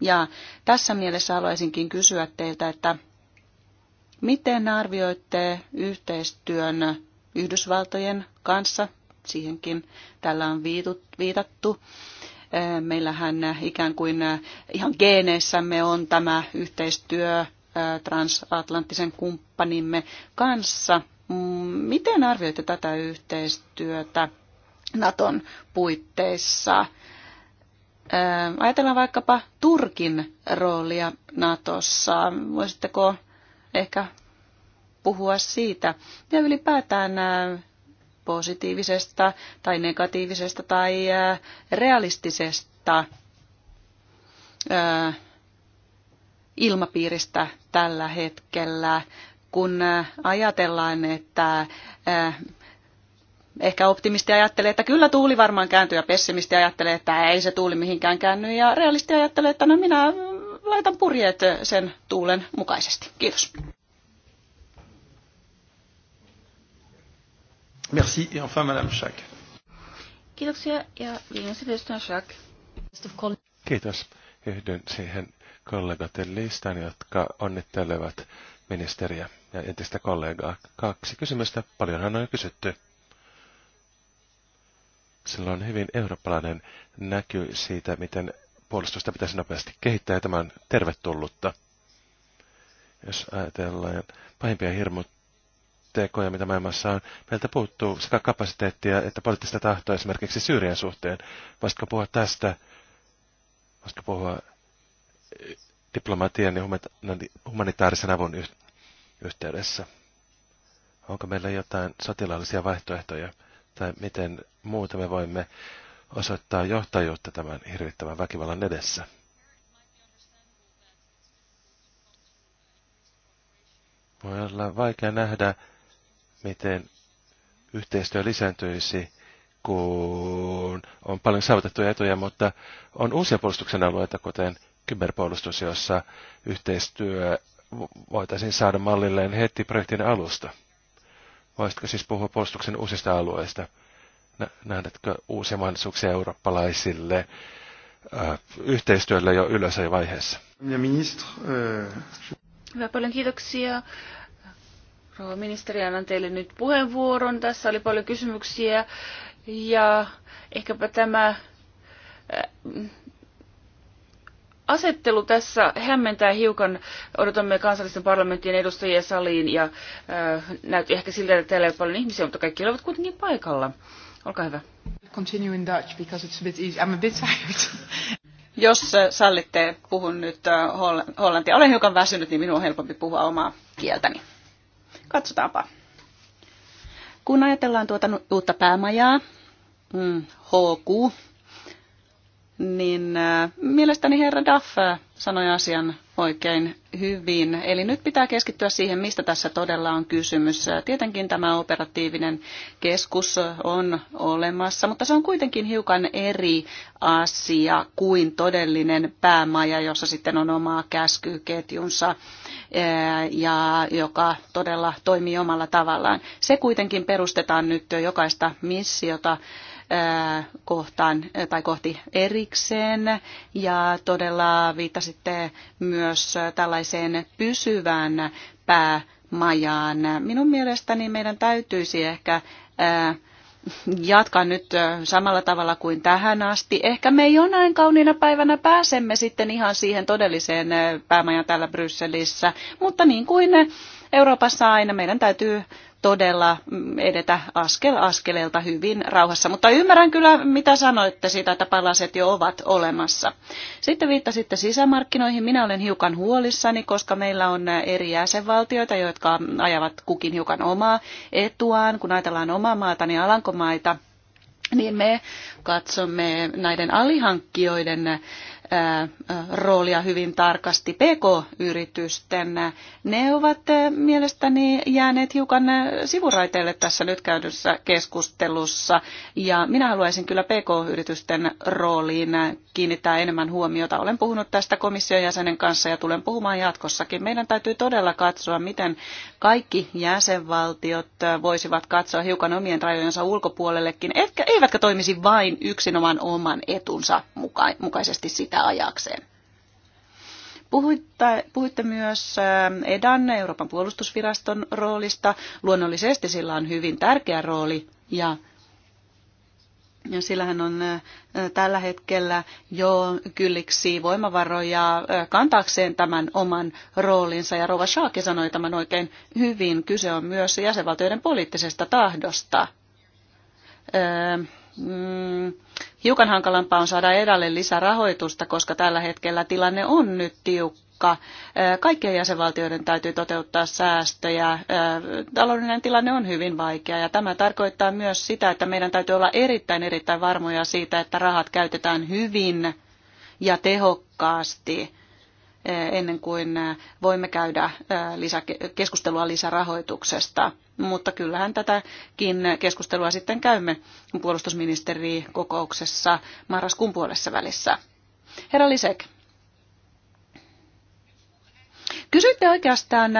Ja tässä mielessä haluaisinkin kysyä teiltä, että miten arvioitte yhteistyön Yhdysvaltojen kanssa. Siihenkin tällä on viitattu. Meillähän ikään kuin ihan geeneissämme on tämä yhteistyö transatlanttisen kumppanimme kanssa. Mm, miten arvioitte tätä yhteistyötä Naton puitteissa? Ajatellaan vaikkapa Turkin roolia Natossa. Voisitteko ehkä puhua siitä ja ylipäätään äh, positiivisesta tai negatiivisesta tai äh, realistisesta äh, ilmapiiristä tällä hetkellä, kun ajatellaan, että ehkä optimisti ajattelee, että kyllä tuuli varmaan kääntyy ja pessimisti ajattelee, että ei se tuuli mihinkään käänny ja realisti ajattelee, että no minä laitan purjeet sen tuulen mukaisesti. Kiitos. Merci. Et enfin, Madame Schack. Kiitoksia. Ja viimeisen edustan Schack. Kiitos. Yhdyn siihen kollegaten listan, jotka onnittelevat ministeriä ja entistä kollegaa. Kaksi kysymystä. Paljonhan on kysytty. Sillä on hyvin eurooppalainen näky siitä, miten puolustusta pitäisi nopeasti kehittää, ja tämä on tervetullutta. Jos ajatellaan pahimpia hirmut tekoja, mitä maailmassa on. Meiltä puuttuu sekä kapasiteettia että poliittista tahtoa esimerkiksi Syyrian suhteen. Voisitko puhua tästä? Voisitko puhua eh, diplomatian ja humanitaarisen avun yhteydessä? Onko meillä jotain sotilaallisia vaihtoehtoja? Tai miten muuta me voimme osoittaa johtajuutta tämän hirvittävän väkivallan edessä? Voi olla vaikea nähdä miten yhteistyö lisääntyisi, kun on paljon saavutettuja etuja, mutta on uusia puolustuksen alueita, kuten kyberpuolustus, jossa yhteistyö voitaisiin saada mallilleen heti projektin alusta. Voisitko siis puhua puolustuksen uusista alueista? Nähdätkö uusia mahdollisuuksia eurooppalaisille äh, yhteistyölle jo ylös vaiheessa? Euh, Hyvä, paljon kiitoksia. Rouva ministeri, annan teille nyt puheenvuoron. Tässä oli paljon kysymyksiä ja ehkäpä tämä äh, asettelu tässä hämmentää hiukan. Odotamme kansallisten parlamenttien edustajia saliin ja äh, näytti ehkä siltä, että täällä ei ole paljon ihmisiä, mutta kaikki ovat kuitenkin paikalla. Olkaa hyvä. Continue in Dutch because it's a bit easy. I'm a bit tired. Jos äh, sallitte, puhun nyt äh, hollantia. Olen hiukan väsynyt, niin minun on helpompi puhua omaa kieltäni. Katsotaanpa. Kun ajatellaan tuota uutta päämajaa, mm, HQ, niin äh, mielestäni herra Duff äh, sanoi asian oikein hyvin. Eli nyt pitää keskittyä siihen, mistä tässä todella on kysymys. Äh, tietenkin tämä operatiivinen keskus on olemassa, mutta se on kuitenkin hiukan eri asia kuin todellinen päämaja, jossa sitten on omaa käskyketjunsa ja joka todella toimii omalla tavallaan. Se kuitenkin perustetaan nyt jokaista missiota Äh, kohtaan äh, tai kohti erikseen ja todella viittasitte myös äh, tällaiseen pysyvään päämajaan. Minun mielestäni meidän täytyisi ehkä jatkaa nyt samalla tavalla kuin tähän asti. Ehkä me jonain kauniina päivänä pääsemme sitten ihan siihen todelliseen päämajaan täällä Brysselissä, mutta niin kuin Euroopassa aina meidän täytyy todella edetä askel askeleelta hyvin rauhassa. Mutta ymmärrän kyllä, mitä sanoitte siitä, että palaset jo ovat olemassa. Sitten viittasitte sisämarkkinoihin. Minä olen hiukan huolissani, koska meillä on eri jäsenvaltioita, jotka ajavat kukin hiukan omaa etuaan. Kun ajatellaan omaa maata, niin Alankomaita, niin me katsomme näiden alihankkijoiden roolia hyvin tarkasti. PK-yritysten, ne ovat eh, mielestäni jääneet hiukan eh, sivuraiteille tässä nyt käydyssä keskustelussa. Ja minä haluaisin kyllä PK-yritysten rooliin eh, kiinnittää enemmän huomiota. Olen puhunut tästä komission jäsenen kanssa ja tulen puhumaan jatkossakin. Meidän täytyy todella katsoa, miten kaikki jäsenvaltiot voisivat katsoa hiukan omien rajojensa ulkopuolellekin, etkä, eivätkä toimisi vain yksinomaan oman etunsa mukaisesti sitä sitä ajakseen. Puhuitte, puhuitte myös äh, EDAN, Euroopan puolustusviraston roolista. Luonnollisesti sillä on hyvin tärkeä rooli ja ja sillähän on äh, tällä hetkellä jo kylliksi voimavaroja äh, kantaakseen tämän oman roolinsa. Ja Rova Shaaki sanoi tämän oikein hyvin. Kyse on myös jäsenvaltioiden poliittisesta tahdosta mm, hiukan hankalampaa on saada edalle lisärahoitusta, koska tällä hetkellä tilanne on nyt tiukka. Kaikkien jäsenvaltioiden täytyy toteuttaa säästöjä. Taloudellinen tilanne on hyvin vaikea ja tämä tarkoittaa myös sitä, että meidän täytyy olla erittäin erittäin varmoja siitä, että rahat käytetään hyvin ja tehokkaasti Eh, ennen kuin eh, voimme käydä eh, keskustelua lisärahoituksesta. Mutta kyllähän tätäkin keskustelua sitten käymme kokouksessa marraskuun puolessa välissä. Herra Lisek, kysyitte oikeastaan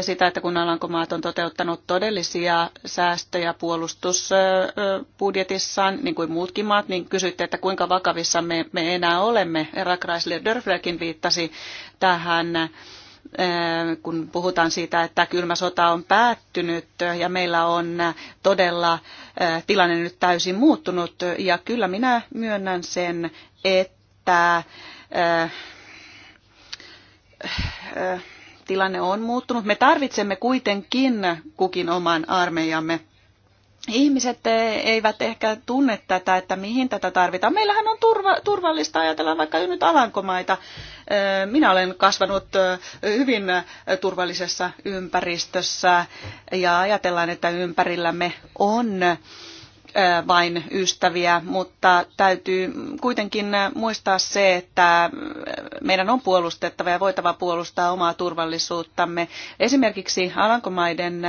sitä, että kun Alankomaat on toteuttanut todellisia säästöjä puolustusbudjetissaan, niin kuin muutkin maat, niin kysytte, että kuinka vakavissa me, me enää olemme. Era Chrysler Dörflerkin viittasi tähän kun puhutaan siitä, että kylmä sota on päättynyt ja meillä on todella tilanne nyt täysin muuttunut. Ja kyllä minä myönnän sen, että tilanne on muuttunut. Me tarvitsemme kuitenkin kukin oman armeijamme. Ihmiset eivät ehkä tunne tätä, että mihin tätä tarvitaan. Meillähän on turva, turvallista ajatella vaikka nyt Alankomaita. Minä olen kasvanut hyvin turvallisessa ympäristössä ja ajatellaan, että ympärillämme on vain ystäviä, mutta täytyy kuitenkin muistaa se, että meidän on puolustettava ja voitava puolustaa omaa turvallisuuttamme. Esimerkiksi Alankomaiden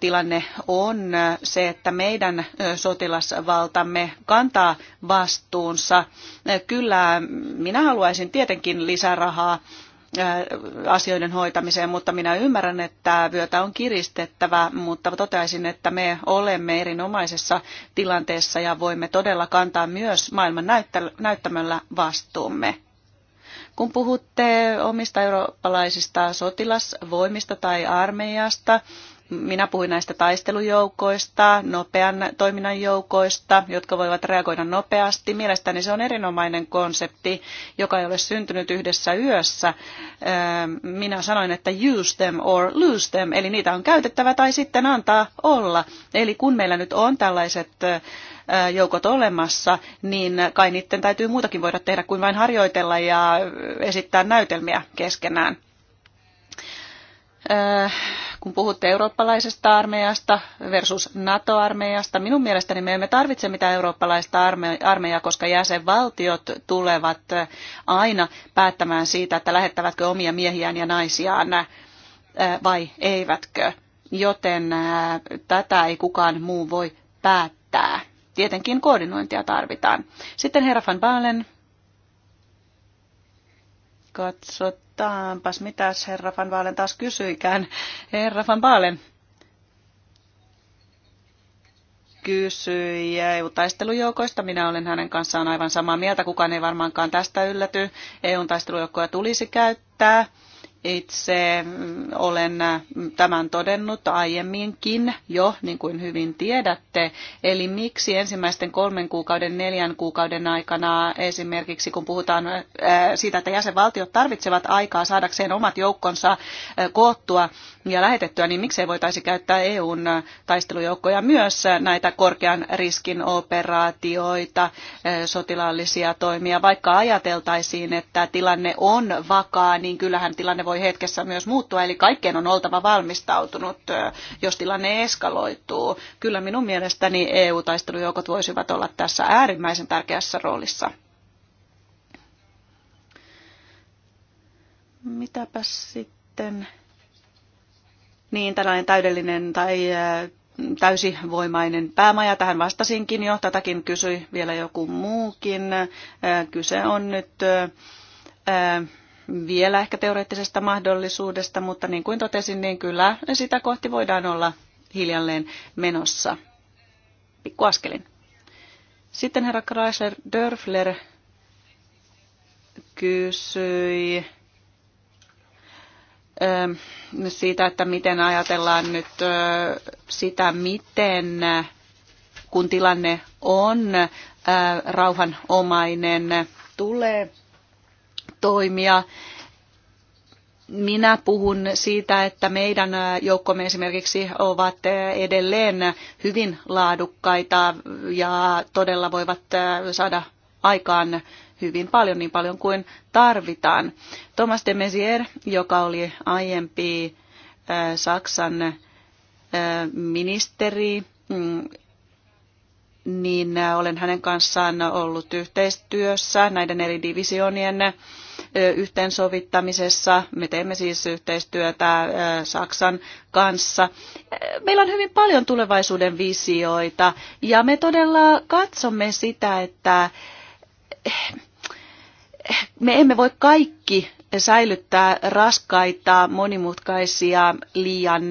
tilanne on se, että meidän sotilasvaltamme kantaa vastuunsa. Kyllä minä haluaisin tietenkin lisärahaa asioiden hoitamiseen, mutta minä ymmärrän, että vyötä on kiristettävä, mutta toteaisin, että me olemme erinomaisessa tilanteessa ja voimme todella kantaa myös maailman näyttämöllä vastuumme. Kun puhutte omista eurooppalaisista sotilasvoimista tai armeijasta, minä puhuin näistä taistelujoukoista, nopean toiminnan joukoista, jotka voivat reagoida nopeasti. Mielestäni se on erinomainen konsepti, joka ei ole syntynyt yhdessä yössä. Ähm, minä sanoin, että use them or lose them, eli niitä on käytettävä tai sitten antaa olla. Eli kun meillä nyt on tällaiset äh, joukot olemassa, niin kai niiden täytyy muutakin voida tehdä kuin vain harjoitella ja äh, esittää näytelmiä keskenään. Äh, kun puhutte eurooppalaisesta armeijasta versus NATO-armeijasta, minun mielestäni me emme tarvitse mitään eurooppalaista armeijaa, koska jäsenvaltiot tulevat aina päättämään siitä, että lähettävätkö omia miehiään ja naisiaan äh, vai eivätkö. Joten äh, tätä ei kukaan muu voi päättää. Tietenkin koordinointia tarvitaan. Sitten herra van Baalen Katsotaanpas, mitäs herra Van Baalen taas kysyikään. Herra Van Baalen kysyi EU-taistelujoukoista. Minä olen hänen kanssaan aivan samaa mieltä. Kukaan ei varmaankaan tästä ylläty. EU-taistelujoukkoja tulisi käyttää. Itse mm, olen mm, tämän todennut aiemminkin jo, niin kuin hyvin tiedätte. Eli miksi ensimmäisten kolmen kuukauden, neljän kuukauden aikana esimerkiksi, kun puhutaan äh, siitä, että jäsenvaltiot tarvitsevat aikaa saadakseen omat joukkonsa äh, koottua ja lähetettyä, niin miksei voitaisi käyttää EUn äh, taistelujoukkoja myös näitä korkean riskin operaatioita, sotilaallisia toimia. Vaikka ajateltaisiin, että tilanne on vakaa, niin kyllähän tilanne voi hetkessä myös muuttua, eli kaikkeen on oltava valmistautunut, jos tilanne eskaloituu. Kyllä minun mielestäni EU-taistelujoukot voisivat olla tässä äärimmäisen tärkeässä roolissa. Mitäpä sitten? Niin, tällainen täydellinen tai täysivoimainen päämaja. Tähän vastasinkin jo, tätäkin kysyi vielä joku muukin. Kyse on nyt vielä ehkä teoreettisesta mahdollisuudesta, mutta niin kuin totesin, niin kyllä sitä kohti voidaan olla hiljalleen menossa. Pikku askelin. Sitten herra Chrysler Dörfler kysyi ähm, siitä, että miten ajatellaan nyt äh, sitä, miten kun tilanne on äh, rauhanomainen, tulee toimia. Minä puhun siitä, että meidän joukkomme esimerkiksi ovat edelleen hyvin laadukkaita ja todella voivat saada aikaan hyvin paljon, niin paljon kuin tarvitaan. Thomas de Maizière, joka oli aiempi Saksan ministeri, mm, niin olen hänen kanssaan ollut yhteistyössä näiden eri divisionien yhteensovittamisessa. Me teemme siis yhteistyötä Saksan kanssa. Meillä on hyvin paljon tulevaisuuden visioita ja me todella katsomme sitä, että eh, me emme voi kaikki säilyttää raskaita, monimutkaisia, liian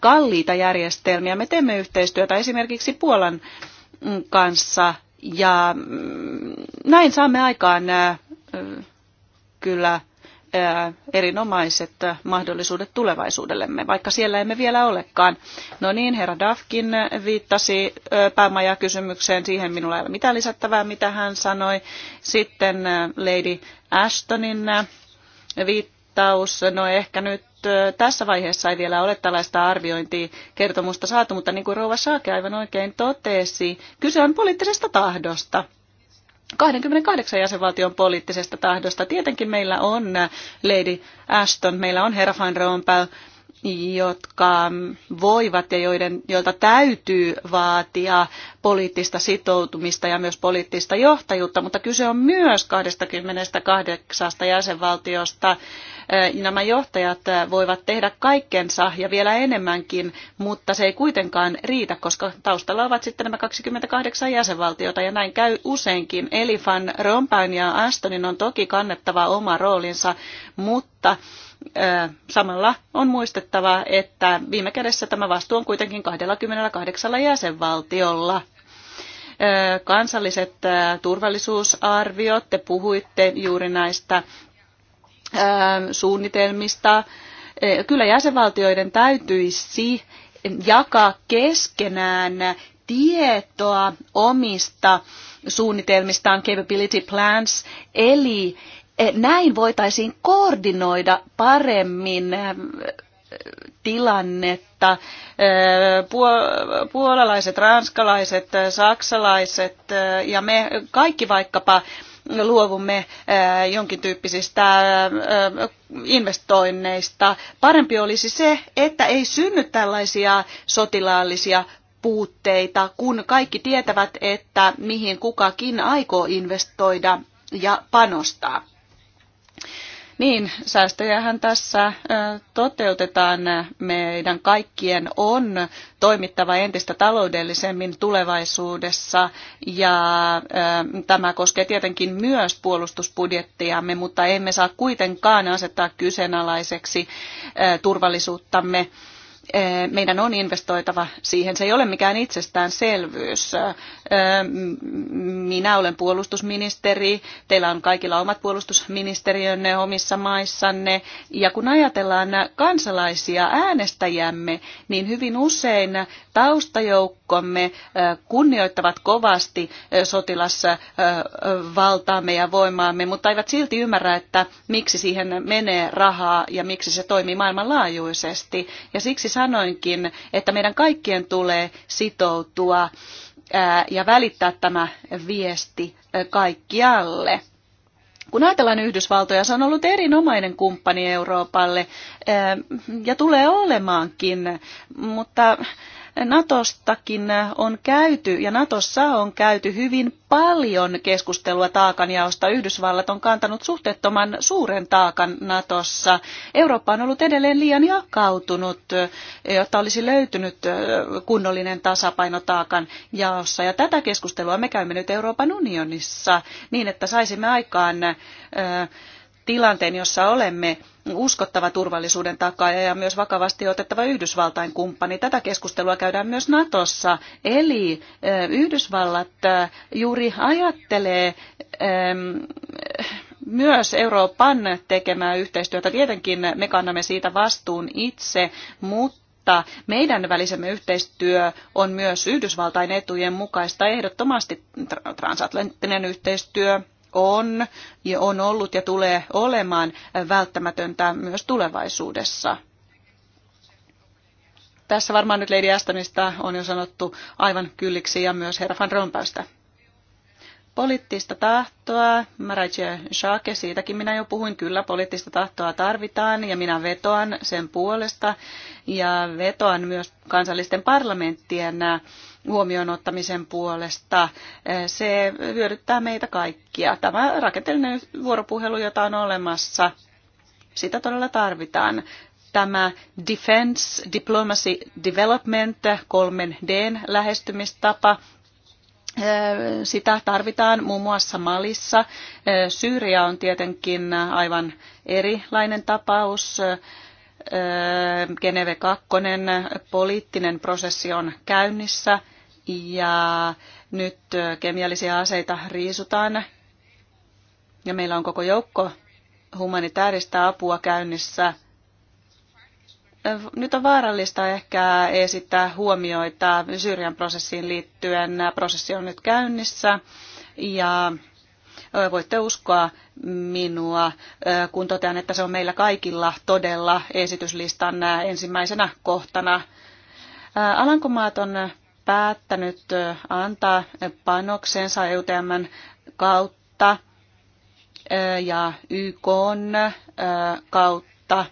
kalliita järjestelmiä. Me teemme yhteistyötä esimerkiksi Puolan mm, kanssa ja mm, näin saamme aikaan kyllä erinomaiset mahdollisuudet tulevaisuudellemme, vaikka siellä emme vielä olekaan. No niin, herra Dafkin viittasi päämajakysymykseen, siihen minulla ei ole mitään lisättävää, mitä hän sanoi. Sitten Lady Ashtonin viittaus, no ehkä nyt tässä vaiheessa ei vielä ole tällaista arviointikertomusta saatu, mutta niin kuin Rouva Saake aivan oikein totesi, kyse on poliittisesta tahdosta. 28 jäsenvaltion poliittisesta tahdosta. Tietenkin meillä on äh, Lady Ashton, meillä on herra Van Rompuy, jotka voivat ja joiden, joilta täytyy vaatia poliittista sitoutumista ja myös poliittista johtajuutta, mutta kyse on myös 28 jäsenvaltiosta. Nämä johtajat voivat tehdä kaikkensa ja vielä enemmänkin, mutta se ei kuitenkaan riitä, koska taustalla ovat sitten nämä 28 jäsenvaltiota ja näin käy useinkin. Eli Van Rompuyn ja Astonin on toki kannettava oma roolinsa, mutta samalla on muistettava, että viime kädessä tämä vastuu on kuitenkin 28 jäsenvaltiolla. Kansalliset turvallisuusarviot, te puhuitte juuri näistä suunnitelmista. Kyllä jäsenvaltioiden täytyisi jakaa keskenään tietoa omista suunnitelmistaan, capability plans, eli näin voitaisiin koordinoida paremmin äh, tilannetta. Äh, puolalaiset, ranskalaiset, äh, saksalaiset ja me kaikki vaikkapa luovumme jonkin tyyppisistä investoinneista. Parempi olisi se, että ei synny tällaisia sotilaallisia puutteita, kun kaikki tietävät, että mihin kukakin aikoo investoida ja panostaa. Niin, säästöjähän tässä toteutetaan. Meidän kaikkien on toimittava entistä taloudellisemmin tulevaisuudessa ja tämä koskee tietenkin myös puolustusbudjettiamme, mutta emme saa kuitenkaan asettaa kyseenalaiseksi turvallisuuttamme meidän on investoitava siihen. Se ei ole mikään itsestäänselvyys. Minä olen puolustusministeri, teillä on kaikilla omat puolustusministeriönne omissa maissanne. Ja kun ajatellaan kansalaisia äänestäjämme, niin hyvin usein taustajoukkomme kunnioittavat kovasti sotilassa valtaamme ja voimaamme, mutta eivät silti ymmärrä, että miksi siihen menee rahaa ja miksi se toimii maailmanlaajuisesti. Ja siksi sanoinkin, että meidän kaikkien tulee sitoutua ja välittää tämä viesti kaikkialle. Kun ajatellaan Yhdysvaltoja, se on ollut erinomainen kumppani Euroopalle ja tulee olemaankin, mutta Natostakin on käyty ja Natossa on käyty hyvin paljon keskustelua taakanjaosta. Yhdysvallat on kantanut suhteettoman suuren taakan Natossa. Eurooppa on ollut edelleen liian jakautunut, jotta olisi löytynyt kunnollinen tasapaino taakan jaossa. Ja tätä keskustelua me käymme nyt Euroopan unionissa niin, että saisimme aikaan äh, tilanteen, jossa olemme uskottava turvallisuuden takaaja ja myös vakavasti otettava Yhdysvaltain kumppani. Tätä keskustelua käydään myös Natossa. Eli Yhdysvallat juuri ajattelee myös Euroopan tekemää yhteistyötä. Tietenkin me kannamme siitä vastuun itse, mutta mutta meidän välisemme yhteistyö on myös Yhdysvaltain etujen mukaista ehdottomasti transatlanttinen yhteistyö, on, ja on ollut ja tulee olemaan välttämätöntä myös tulevaisuudessa. Tässä varmaan nyt Lady Astonista on jo sanottu aivan kylliksi ja myös herra Van Rompuysta poliittista tahtoa, Maratje Shake, siitäkin minä jo puhuin, kyllä poliittista tahtoa tarvitaan ja minä vetoan sen puolesta ja vetoan myös kansallisten parlamenttien huomioon ottamisen puolesta. Se hyödyttää meitä kaikkia. Tämä rakenteellinen vuoropuhelu, jota on olemassa, sitä todella tarvitaan tämä Defense Diplomacy Development, kolmen d lähestymistapa sitä tarvitaan muun muassa Malissa. Syyria on tietenkin aivan erilainen tapaus. Geneve 2 poliittinen prosessi on käynnissä ja nyt kemiallisia aseita riisutaan. Ja meillä on koko joukko humanitaarista apua käynnissä – nyt on vaarallista ehkä esittää huomioita Syyrian prosessiin liittyen. Prosessi on nyt käynnissä ja voitte uskoa minua, kun totean, että se on meillä kaikilla todella esityslistan ensimmäisenä kohtana. Alankomaat on päättänyt antaa panoksensa EUTMn kautta ja YK kautta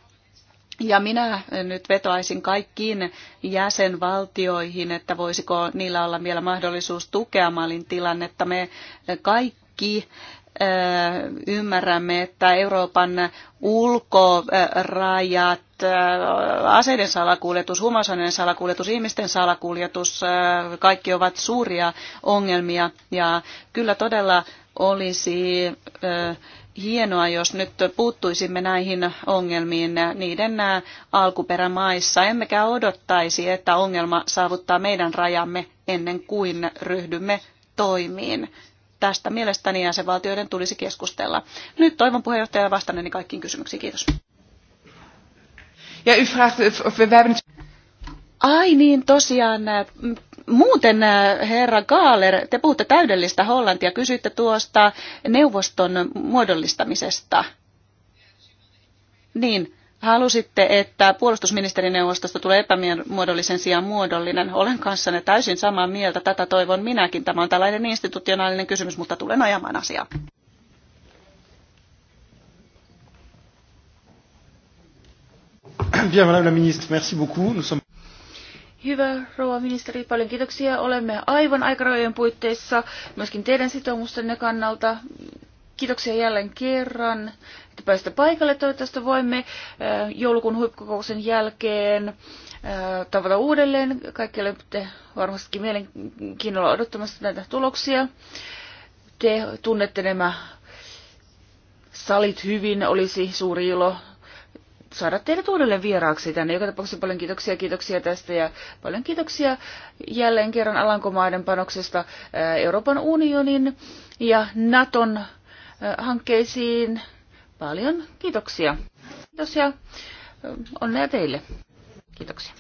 ja minä nyt vetoaisin kaikkiin jäsenvaltioihin, että voisiko niillä olla vielä mahdollisuus tukea Malin tilannetta. Me kaikki ymmärrämme, että Euroopan ulkorajat, aseiden salakuljetus, huumausaineen salakuljetus, ihmisten salakuljetus, kaikki ovat suuria ongelmia. Ja kyllä todella olisi hienoa, jos nyt puuttuisimme näihin ongelmiin niiden alkuperämaissa, emmekä odottaisi, että ongelma saavuttaa meidän rajamme ennen kuin ryhdymme toimiin. Tästä mielestäni jäsenvaltioiden tulisi keskustella. Nyt toivon puheenjohtajan vastanneeni kaikkiin kysymyksiin. Kiitos. Ja Ai niin, tosiaan Muuten, äh, herra Kaaler, te puhutte täydellistä hollantia. Kysyitte tuosta neuvoston muodollistamisesta. Niin, halusitte, että puolustusministerineuvostosta tulee epämuodollisen sijaan muodollinen. Olen kanssanne täysin samaa mieltä. Tätä toivon minäkin. Tämä on tällainen institutionaalinen kysymys, mutta tulen ajamaan asiaa. Bien, madame la ministre, merci beaucoup. Nous sommes... Hyvä rouva ministeri, paljon kiitoksia. Olemme aivan aikarajojen puitteissa myöskin teidän sitoumustenne kannalta. Kiitoksia jälleen kerran, että pääsitte paikalle. Toivottavasti voimme äh, joulukuun huippukokouksen jälkeen äh, tavata uudelleen. Kaikki olette varmastikin mielenkiinnolla odottamassa näitä tuloksia. Te tunnette nämä salit hyvin. Olisi suuri ilo saada teidät uudelleen vieraaksi tänne. Joka tapauksessa paljon kiitoksia, kiitoksia tästä ja paljon kiitoksia jälleen kerran Alankomaiden panoksesta Euroopan unionin ja Naton hankkeisiin. Paljon kiitoksia. Kiitos ja onnea teille. Kiitoksia.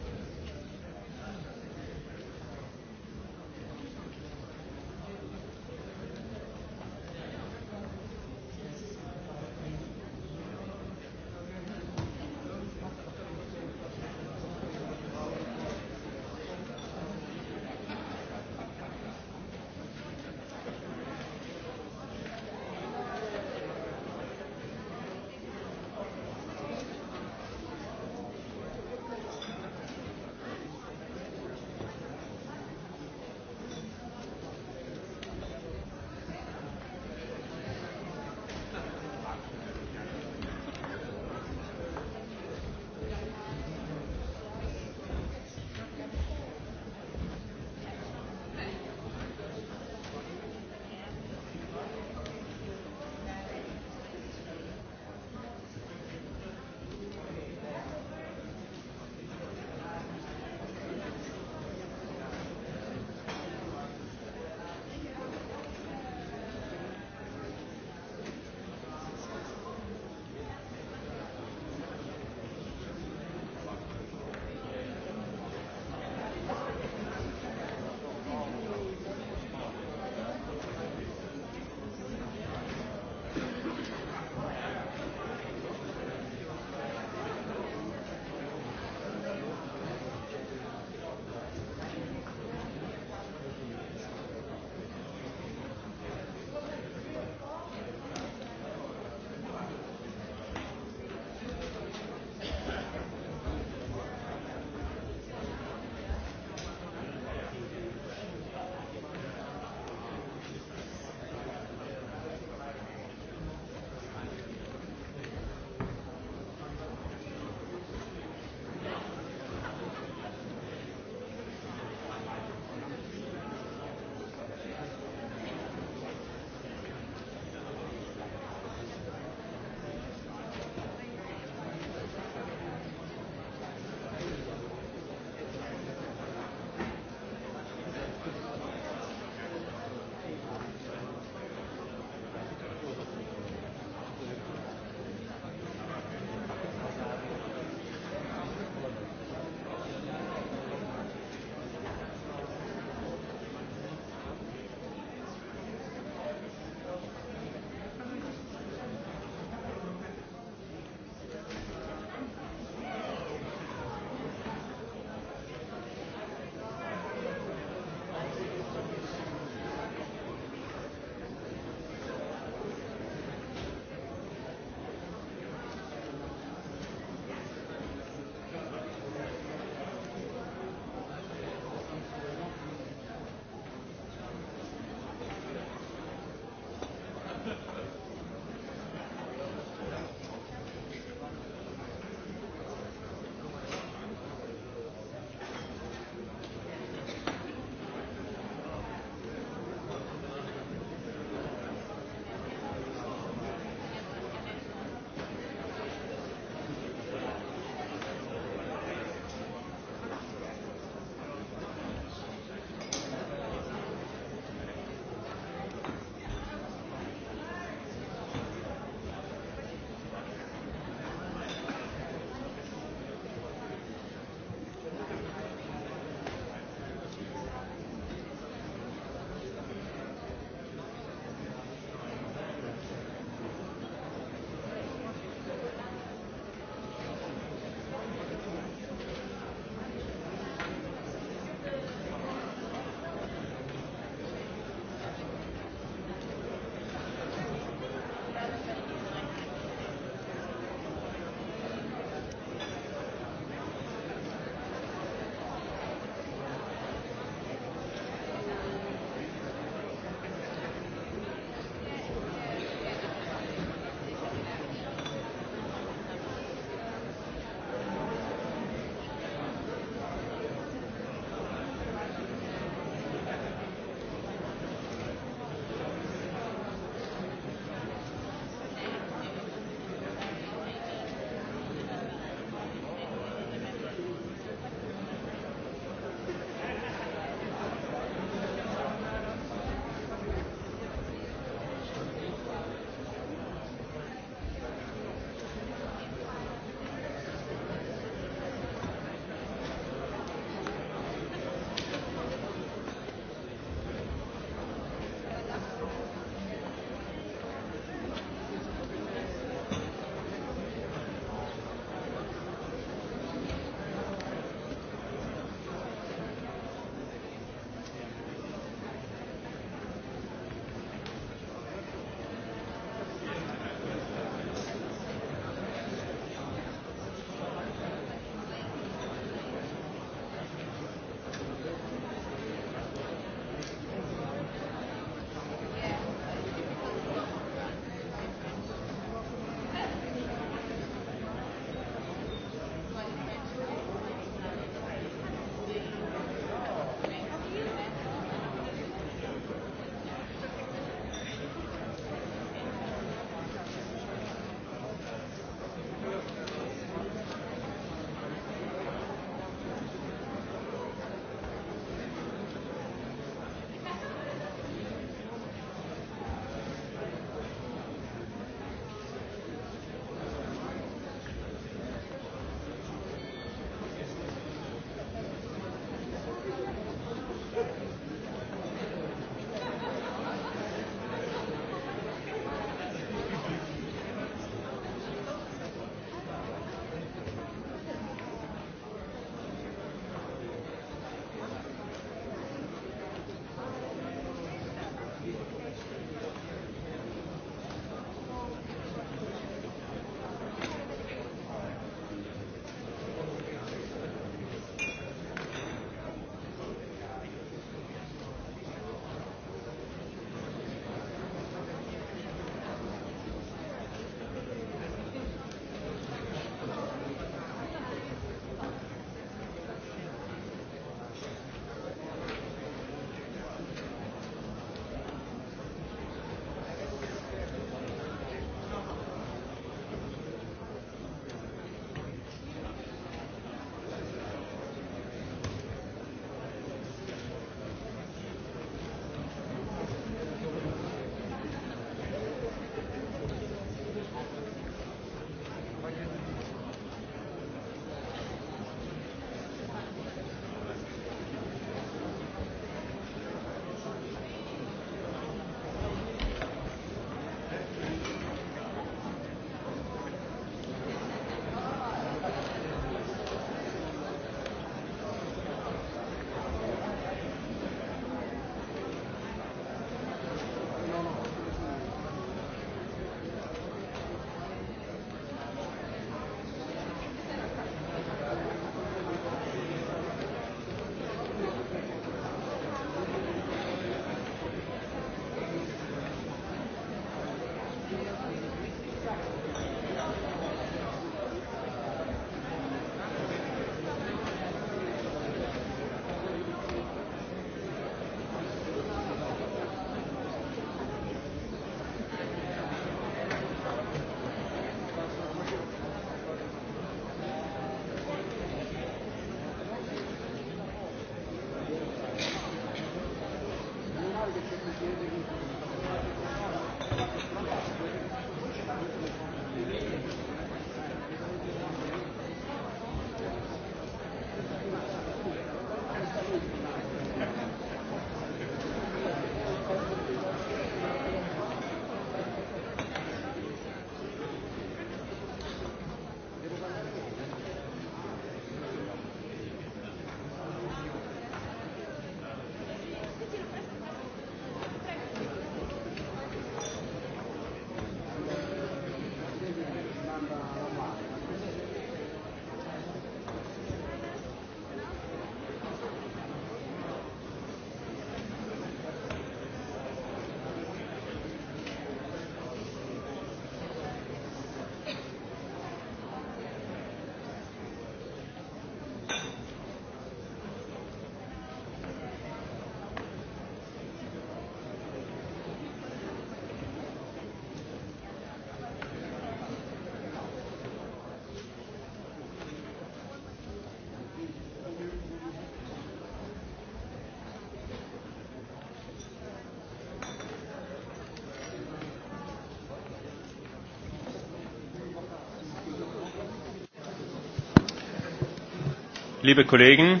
Liebe Kollegen,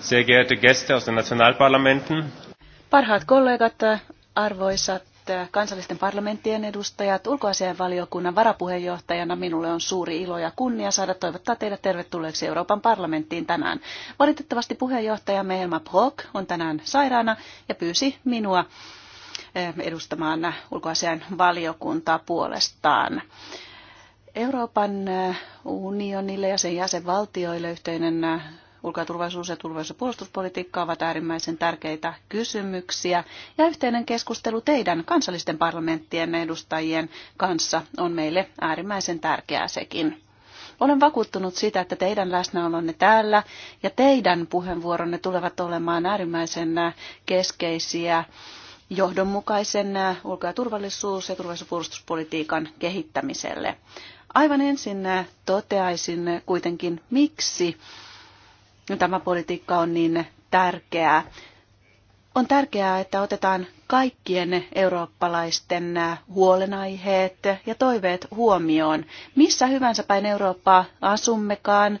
sehr geehrte Gäste aus den Nationalparlamenten. Parhaat kollegat, arvoisat kansallisten parlamenttien edustajat, ulkoasiainvaliokunnan varapuheenjohtajana minulle on suuri ilo ja kunnia saada toivottaa teidät tervetulleeksi Euroopan parlamenttiin tänään. Valitettavasti puheenjohtajamme Elma Brock on tänään sairaana ja pyysi minua eh, edustamaan ulkoasian puolestaan. Euroopan eh, unionille ja sen jäsenvaltioille yhteinen äh, ulko- ja turvallisuus- ja turvallisuus- ja puolustuspolitiikka ovat äärimmäisen tärkeitä kysymyksiä. Ja yhteinen keskustelu teidän kansallisten parlamenttien edustajien kanssa on meille äärimmäisen tärkeää sekin. Olen vakuuttunut siitä, että teidän läsnäolonne täällä ja teidän puheenvuoronne tulevat olemaan äärimmäisen äh, keskeisiä johdonmukaisen äh, ulko- ja turvallisuus- ja turvallisuuspuolustuspolitiikan kehittämiselle. Aivan ensin äh, toteaisin äh, kuitenkin, miksi tämä politiikka on niin tärkeää. On tärkeää, että otetaan kaikkien eurooppalaisten äh, huolenaiheet ja toiveet huomioon. Missä hyvänsä päin Eurooppaa asummekaan,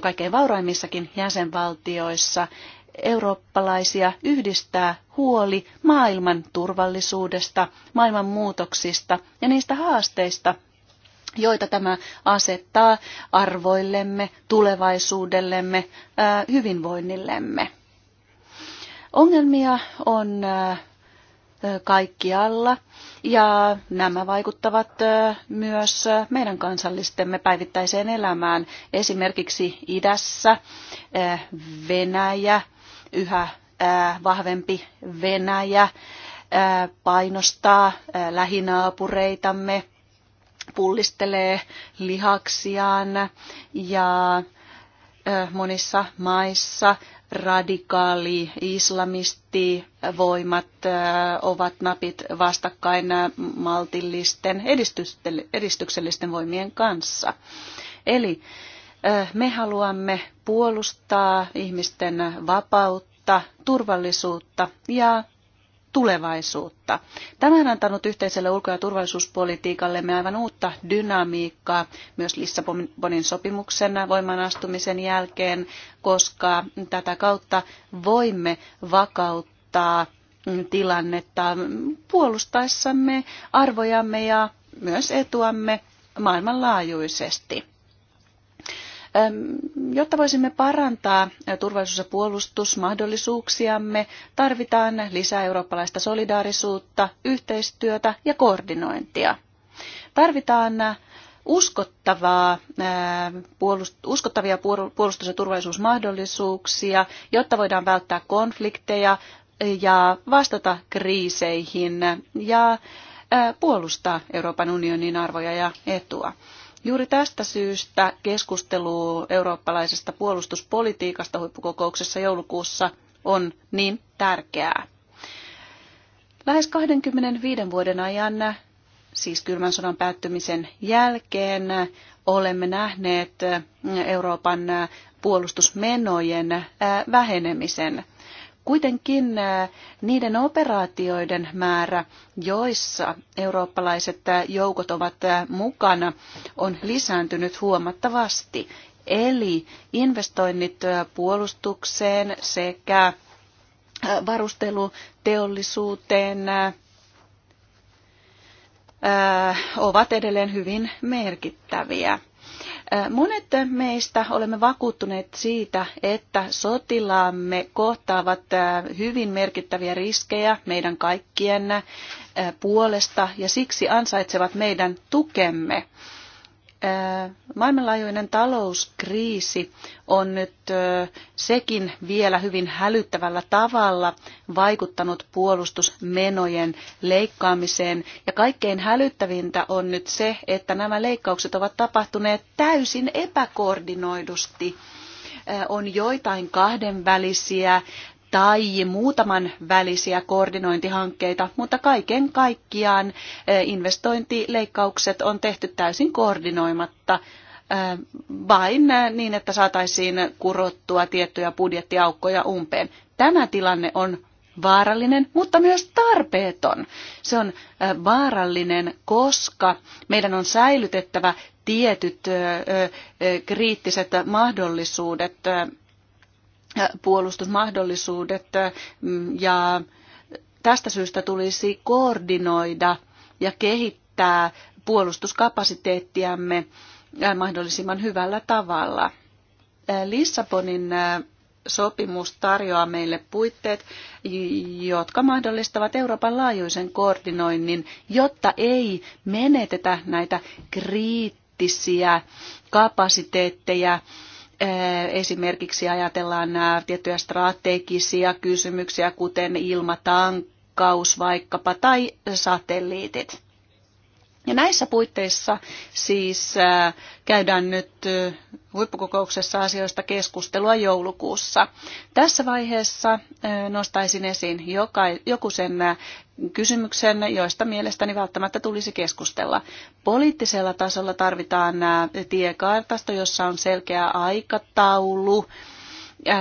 kaikkein vauraimmissakin jäsenvaltioissa, eurooppalaisia yhdistää huoli maailman turvallisuudesta, maailman muutoksista ja niistä haasteista, joita tämä asettaa arvoillemme, tulevaisuudellemme, hyvinvoinnillemme. Ongelmia on kaikkialla ja nämä vaikuttavat myös meidän kansallistemme päivittäiseen elämään. Esimerkiksi idässä Venäjä, yhä vahvempi Venäjä painostaa lähinaapureitamme – pullistelee lihaksiaan ja monissa maissa radikaali voimat ovat napit vastakkain maltillisten edistyksellisten voimien kanssa. Eli me haluamme puolustaa ihmisten vapautta, turvallisuutta ja tulevaisuutta. Tämä on antanut yhteiselle ulko- ja turvallisuuspolitiikallemme aivan uutta dynamiikkaa myös Lissabonin sopimuksen astumisen jälkeen, koska tätä kautta voimme vakauttaa tilannetta puolustaessamme arvojamme ja myös etuamme maailmanlaajuisesti. Jotta voisimme parantaa turvallisuus- ja puolustusmahdollisuuksiamme, tarvitaan lisää eurooppalaista solidaarisuutta, yhteistyötä ja koordinointia. Tarvitaan uskottavaa, uskottavia puolustus- ja turvallisuusmahdollisuuksia, jotta voidaan välttää konflikteja ja vastata kriiseihin ja puolustaa Euroopan unionin arvoja ja etua. Juuri tästä syystä keskustelu eurooppalaisesta puolustuspolitiikasta huippukokouksessa joulukuussa on niin tärkeää. Lähes 25 vuoden ajan, siis kylmän sodan päättymisen jälkeen, olemme nähneet Euroopan puolustusmenojen vähenemisen – Kuitenkin äh, niiden operaatioiden määrä, joissa eurooppalaiset äh, joukot ovat äh, mukana, on lisääntynyt huomattavasti. Eli investoinnit puolustukseen sekä varusteluteollisuuteen ovat edelleen hyvin merkittäviä. Monet meistä olemme vakuuttuneet siitä, että sotilaamme kohtaavat hyvin merkittäviä riskejä meidän kaikkien puolesta ja siksi ansaitsevat meidän tukemme. Maailmanlaajuinen talouskriisi on nyt sekin vielä hyvin hälyttävällä tavalla vaikuttanut puolustusmenojen leikkaamiseen. Ja kaikkein hälyttävintä on nyt se, että nämä leikkaukset ovat tapahtuneet täysin epäkoordinoidusti on joitain kahdenvälisiä tai muutaman välisiä koordinointihankkeita, mutta kaiken kaikkiaan eh, investointileikkaukset on tehty täysin koordinoimatta eh, vain eh, niin, että saataisiin kurottua tiettyjä budjettiaukkoja umpeen. Tämä tilanne on vaarallinen, mutta myös tarpeeton. Se on vaarallinen, koska meidän on säilytettävä tietyt kriittiset mahdollisuudet puolustusmahdollisuudet ja tästä syystä tulisi koordinoida ja kehittää puolustuskapasiteettiamme mahdollisimman hyvällä tavalla. Lissabonin sopimus tarjoaa meille puitteet, jotka mahdollistavat Euroopan laajuisen koordinoinnin, jotta ei menetetä näitä kriittisiä kapasiteetteja Eh, esimerkiksi ajatellaan nämä tiettyjä strategisia kysymyksiä, kuten ilmatankkaus vaikkapa tai satelliitit. Ja näissä puitteissa siis äh, käydään nyt äh, huippukokouksessa asioista keskustelua joulukuussa. Tässä vaiheessa äh, nostaisin esiin joka, joku sen kysymyksen, joista mielestäni välttämättä tulisi keskustella. Poliittisella tasolla tarvitaan tiekartasto, jossa on selkeä aikataulu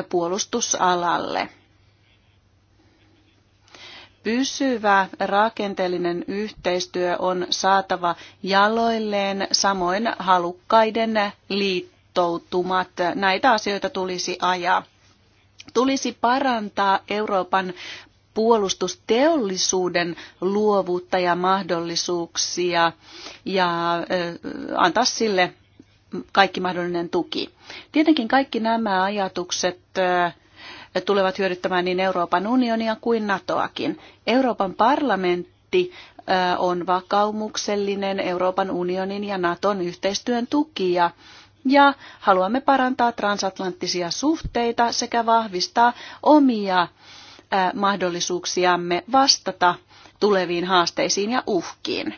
puolustusalalle pysyvä rakenteellinen yhteistyö on saatava jaloilleen, samoin halukkaiden liittoutumat. Näitä asioita tulisi ajaa. Tulisi parantaa Euroopan puolustusteollisuuden luovuutta ja mahdollisuuksia ja antaa sille kaikki mahdollinen tuki. Tietenkin kaikki nämä ajatukset tulevat hyödyttämään niin Euroopan unionia kuin NATOakin. Euroopan parlamentti on vakaumuksellinen Euroopan unionin ja NATOn yhteistyön tukija ja haluamme parantaa transatlanttisia suhteita sekä vahvistaa omia mahdollisuuksiamme vastata tuleviin haasteisiin ja uhkiin.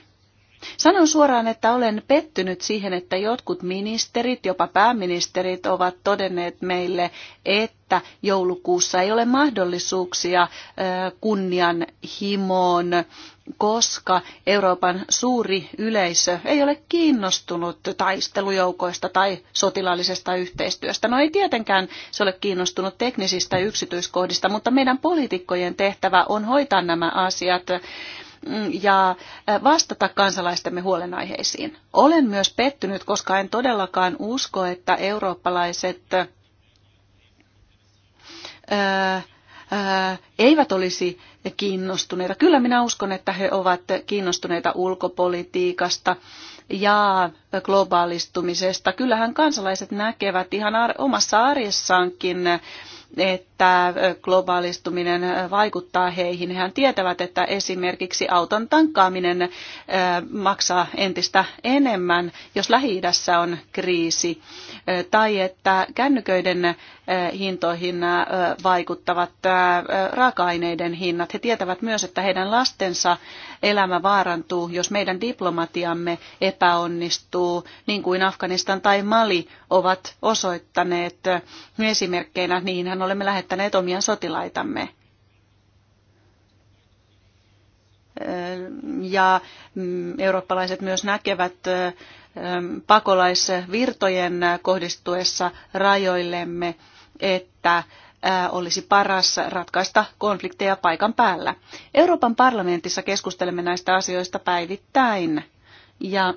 Sanon suoraan, että olen pettynyt siihen, että jotkut ministerit, jopa pääministerit, ovat todenneet meille, että joulukuussa ei ole mahdollisuuksia kunnianhimoon, koska Euroopan suuri yleisö ei ole kiinnostunut taistelujoukoista tai sotilaallisesta yhteistyöstä. No ei tietenkään se ole kiinnostunut teknisistä yksityiskohdista, mutta meidän poliitikkojen tehtävä on hoitaa nämä asiat Mm, ja vastata kansalaistemme huolenaiheisiin. Olen myös pettynyt, koska en todellakaan usko, että eurooppalaiset ää, ää, eivät olisi kiinnostuneita. Kyllä minä uskon, että he ovat kiinnostuneita ulkopolitiikasta ja globaalistumisesta. Kyllähän kansalaiset näkevät ihan omassa arjessaankin että globaalistuminen vaikuttaa heihin. Hehän tietävät, että esimerkiksi auton tankkaaminen maksaa entistä enemmän, jos lähi on kriisi, tai että kännyköiden Eh, hintoihin eh, vaikuttavat eh, raaka-aineiden hinnat. He tietävät myös, että heidän lastensa elämä vaarantuu, jos meidän diplomatiamme epäonnistuu, niin kuin Afganistan tai Mali ovat osoittaneet esimerkkeinä, niinhän olemme lähettäneet omia sotilaitamme. Ja mm, eurooppalaiset myös näkevät pakolaisvirtojen kohdistuessa rajoillemme että olisi paras ratkaista konflikteja paikan päällä. Euroopan parlamentissa keskustelemme näistä asioista päivittäin ja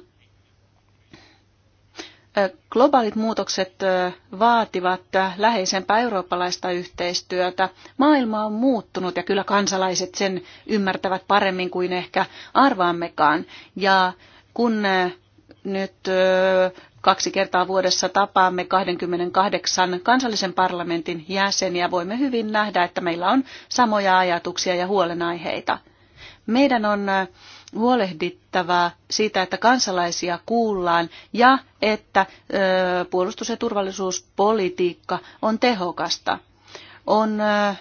globaalit muutokset vaativat läheisempää eurooppalaista yhteistyötä. Maailma on muuttunut ja kyllä kansalaiset sen ymmärtävät paremmin kuin ehkä arvaammekaan. Ja kun nyt kaksi kertaa vuodessa tapaamme 28 kansallisen parlamentin jäseniä, voimme hyvin nähdä, että meillä on samoja ajatuksia ja huolenaiheita. Meidän on äh, huolehdittava siitä, että kansalaisia kuullaan ja että ö, äh, puolustus- ja turvallisuuspolitiikka on tehokasta. On ö, äh,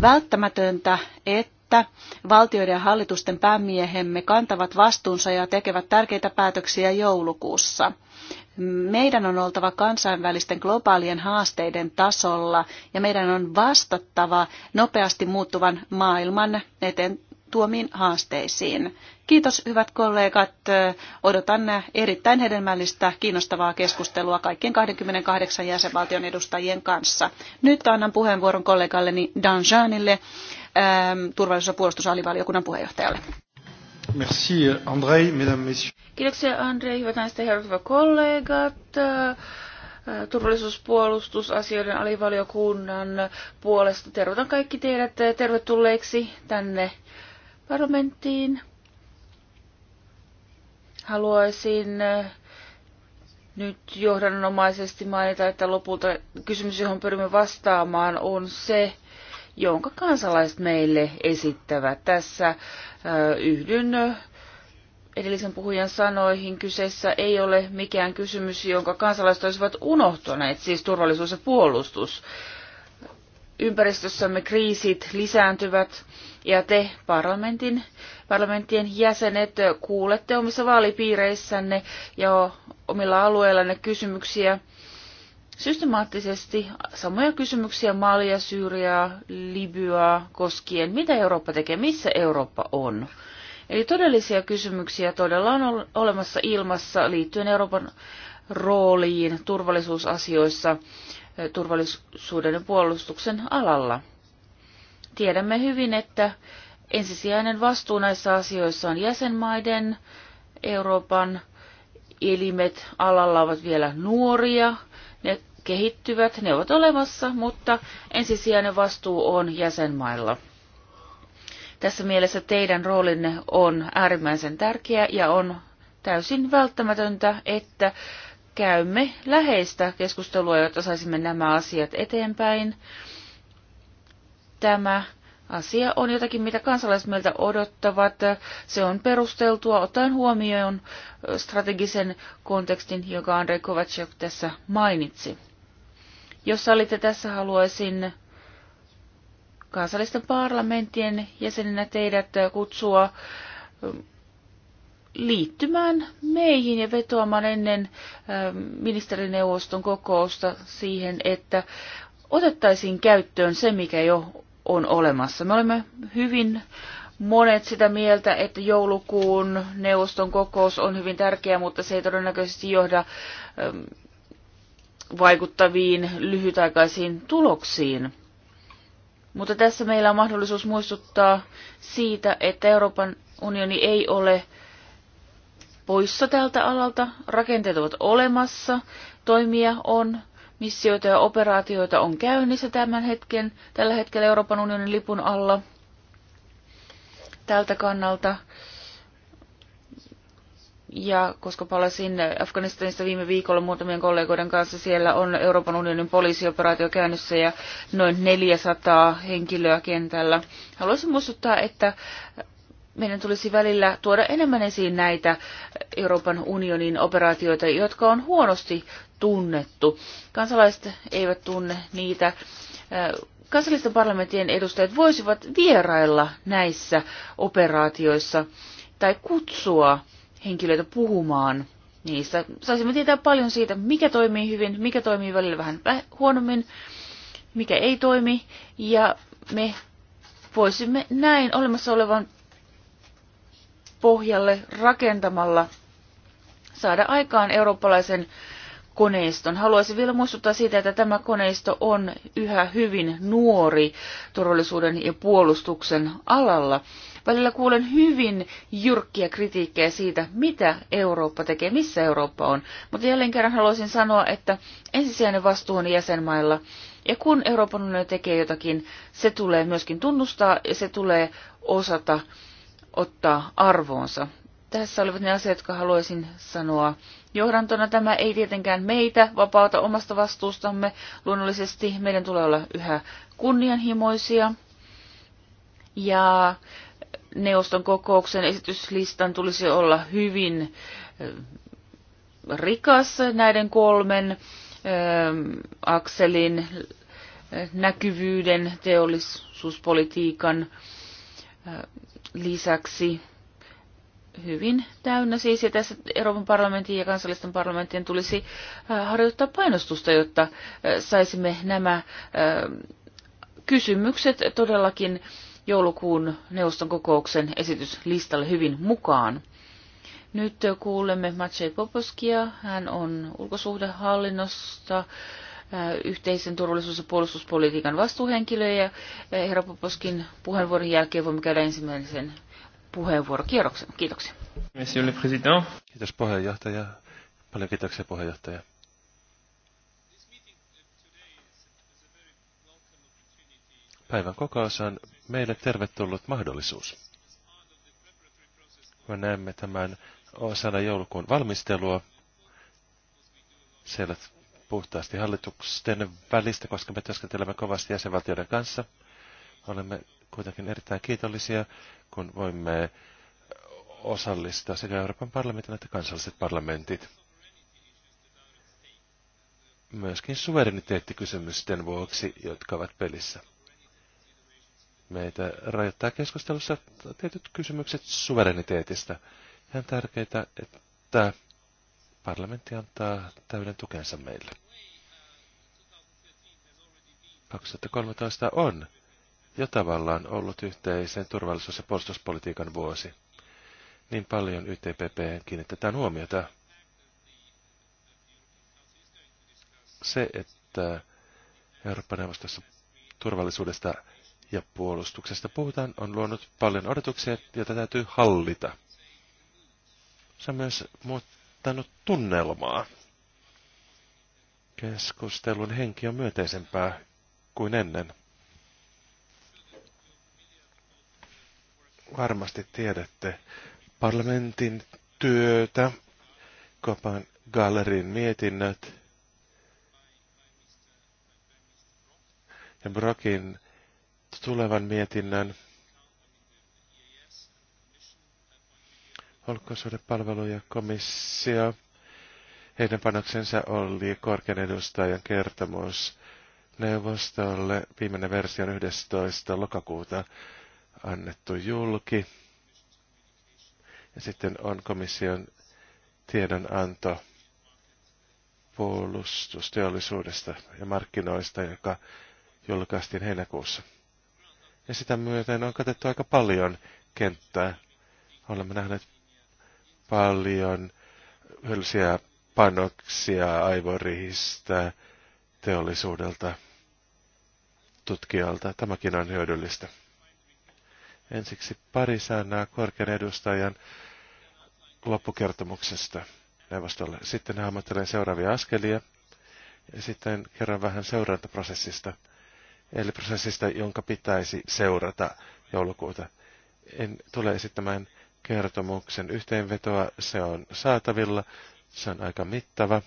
välttämätöntä, että että valtioiden ja hallitusten päämiehemme kantavat vastuunsa ja tekevät tärkeitä päätöksiä joulukuussa. Meidän on oltava kansainvälisten globaalien haasteiden tasolla ja meidän on vastattava nopeasti muuttuvan maailman eteen tuomiin haasteisiin. Kiitos hyvät kollegat. Odotan erittäin hedelmällistä, kiinnostavaa keskustelua kaikkien 28 jäsenvaltion edustajien kanssa. Nyt annan puheenvuoron kollegalleni Danjanille, Ähm, turvallisuus- ja puolustusalivaliokunnan puheenjohtajalle. Merci mesdames, messieurs. Kiitoksia Andrei, hyvät naiset ja herrat kollegat äh, turvallisuuspuolustusasioiden alivaliokunnan puolesta. Tervetan kaikki teidät tervetulleeksi tänne parlamenttiin. Haluaisin äh, nyt johdannomaisesti mainita, että lopulta kysymys, johon pyrimme vastaamaan, on se, jonka kansalaiset meille esittävät. Tässä yhdyn edellisen puhujan sanoihin kyseessä ei ole mikään kysymys, jonka kansalaiset olisivat unohtaneet, siis turvallisuus ja puolustus. Ympäristössämme kriisit lisääntyvät ja te parlamentin, parlamenttien jäsenet kuulette omissa vaalipiireissänne ja omilla alueillanne kysymyksiä, systemaattisesti samoja kysymyksiä Malia, Syyriaa, Libyaa koskien. Mitä Eurooppa tekee? Missä Eurooppa on? Eli todellisia kysymyksiä todella on olemassa ilmassa liittyen Euroopan rooliin turvallisuusasioissa, eh, turvallisuuden ja puolustuksen alalla. Tiedämme hyvin, että ensisijainen vastuu näissä asioissa on jäsenmaiden, Euroopan elimet alalla ovat vielä nuoria, ne kehittyvät, ne ovat olemassa, mutta ensisijainen vastuu on jäsenmailla. Tässä mielessä teidän roolinne on äärimmäisen tärkeä ja on täysin välttämätöntä, että käymme läheistä keskustelua, jotta saisimme nämä asiat eteenpäin. Tämä asia on jotakin, mitä kansalaiset meiltä odottavat. Se on perusteltua ottaen huomioon strategisen kontekstin, joka Andrei Kovacek tässä mainitsi. Jos sallitte tässä, haluaisin kansallisten parlamenttien jäsenenä teidät kutsua ähm, liittymään meihin ja vetoamaan ennen ähm, ministerineuvoston kokousta siihen, että otettaisiin käyttöön se, mikä jo on olemassa. Me olemme hyvin monet sitä mieltä, että joulukuun neuvoston kokous on hyvin tärkeä, mutta se ei todennäköisesti johda ähm, vaikuttaviin lyhytaikaisiin tuloksiin. Mutta tässä meillä on mahdollisuus muistuttaa siitä, että Euroopan unioni ei ole poissa tältä alalta. Rakenteet ovat olemassa, toimia on, missioita ja operaatioita on käynnissä tämän hetken, tällä hetkellä Euroopan unionin lipun alla. Tältä kannalta ja koska palasin Afganistanista viime viikolla muutamien kollegoiden kanssa, siellä on Euroopan unionin poliisioperaatio käynnissä ja noin 400 henkilöä kentällä. Haluaisin muistuttaa, että meidän tulisi välillä tuoda enemmän esiin näitä Euroopan unionin operaatioita, jotka on huonosti tunnettu. Kansalaiset eivät tunne niitä. Kansallisten parlamenttien edustajat voisivat vierailla näissä operaatioissa tai kutsua henkilöitä puhumaan niistä. Saisimme tietää paljon siitä, mikä toimii hyvin, mikä toimii välillä vähän huonommin, mikä ei toimi, ja me voisimme näin olemassa olevan pohjalle rakentamalla saada aikaan eurooppalaisen koneiston. Haluaisin vielä muistuttaa siitä, että tämä koneisto on yhä hyvin nuori turvallisuuden ja puolustuksen alalla. Välillä kuulen hyvin jyrkkiä kritiikkejä siitä, mitä Eurooppa tekee, missä Eurooppa on. Mutta jälleen kerran haluaisin sanoa, että ensisijainen vastuu on jäsenmailla. Ja kun Euroopan unioni tekee jotakin, se tulee myöskin tunnustaa ja se tulee osata ottaa arvoonsa. Tässä olivat ne asiat, jotka haluaisin sanoa johdantona. Tämä ei tietenkään meitä vapauta omasta vastuustamme. Luonnollisesti meidän tulee olla yhä kunnianhimoisia. Ja neuvoston kokouksen esityslistan tulisi olla hyvin eh, rikas näiden kolmen eh, akselin eh, näkyvyyden teollisuuspolitiikan lisäksi hyvin täynnä siis, ja tässä Euroopan parlamentin ja kansallisten parlamenttien tulisi äh, harjoittaa painostusta, jotta äh, saisimme nämä äh, kysymykset todellakin joulukuun neuvoston kokouksen esityslistalle hyvin mukaan. Nyt kuulemme Maciej Poposkia. Hän on ulkosuhdehallinnosta yhteisen turvallisuus- ja puolustuspolitiikan vastuuhenkilö ja herra Poposkin puheenvuoron jälkeen voimme käydä ensimmäisen puheenvuorokierroksen. Kiitoksia. Monsieur le Président. Kiitos puheenjohtaja. Paljon kiitoksia puheenjohtaja. Päivän kokous on meille tervetullut mahdollisuus. Me näemme tämän osana joulukuun valmistelua. Siellä puhtaasti hallituksen välistä, koska me työskentelemme kovasti jäsenvaltioiden kanssa. Olemme kuitenkin erittäin kiitollisia, kun voimme osallistaa sekä Euroopan parlamentin että kansalliset parlamentit. Myöskin suvereniteettikysymysten vuoksi, jotka ovat pelissä. Meitä rajoittaa keskustelussa tietyt kysymykset suvereniteetista. Ja on tärkeää, että parlamentti antaa täyden tukensa meille. 2013 on jo tavallaan ollut yhteisen turvallisuus- ja puolustuspolitiikan vuosi. Niin paljon YTPP kiinnitetään huomiota. Se, että Euroopan neuvostossa turvallisuudesta ja puolustuksesta puhutaan, on luonut paljon odotuksia, joita täytyy hallita. Se on myös muuttanut tunnelmaa. Keskustelun henki on myönteisempää kuin ennen. varmasti tiedätte parlamentin työtä, Kopan gallerin mietinnöt ja Brokin tulevan mietinnön palvelu ja komissio. Heidän panoksensa oli korkean edustajan kertomus neuvostolle viimeinen versio 11. lokakuuta annettu julki. Ja sitten on komission tiedonanto puolustusteollisuudesta ja markkinoista, joka julkaistiin heinäkuussa. Ja sitä myöten on katettu aika paljon kenttää. Olemme nähneet paljon hyllisiä panoksia aivorihistä, teollisuudelta, tutkijalta. Tämäkin on hyödyllistä. Ensiksi pari sanaa korkean edustajan loppukertomuksesta neuvostolle. Sitten hahmottelen seuraavia askelia ja sitten kerron vähän seurantaprosessista, eli prosessista, jonka pitäisi seurata joulukuuta. En tule esittämään kertomuksen yhteenvetoa, se on saatavilla, se on aika mittava.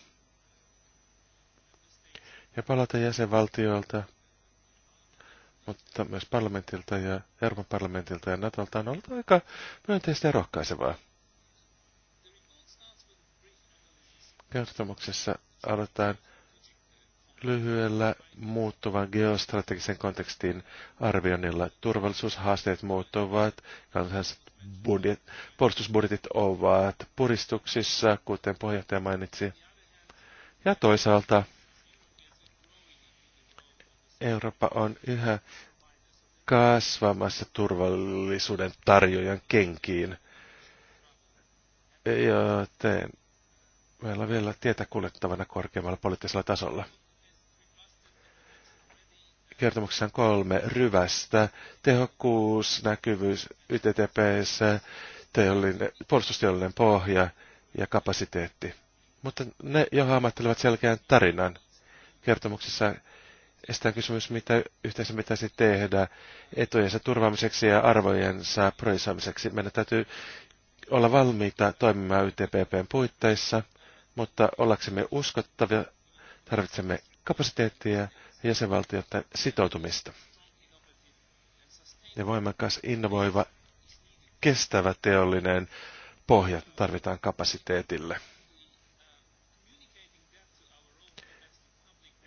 Ja palata jäsenvaltioilta mutta myös parlamentilta ja Euroopan parlamentilta ja Natolta on ollut aika myönteistä ja rohkaisevaa. Kertomuksessa aloitetaan lyhyellä muuttuvan geostrategisen kontekstin arvioinnilla. Turvallisuushaasteet muuttuvat, kansalliset budjet, puolustusbudjetit ovat puristuksissa, kuten puheenjohtaja mainitsi. Ja toisaalta Eurooppa on yhä kasvamassa turvallisuuden tarjoajan kenkiin, joten meillä on vielä tietä kuljettavana korkeammalla poliittisella tasolla. Kertomuksessa on kolme ryvästä. Tehokkuus, näkyvyys YTTPssä, teollinen, puolustusteollinen pohja ja kapasiteetti. Mutta ne, jo ajattelevat selkeän tarinan, kertomuksessa Estää kysymys, mitä yhteensä pitäisi tehdä etujensa turvaamiseksi ja arvojensa projisoimiseksi. Meidän täytyy olla valmiita toimimaan YTPPn puitteissa, mutta ollaksemme uskottavia tarvitsemme kapasiteettia ja jäsenvaltioiden sitoutumista. Ja voimakas, innovoiva, kestävä teollinen pohja tarvitaan kapasiteetille.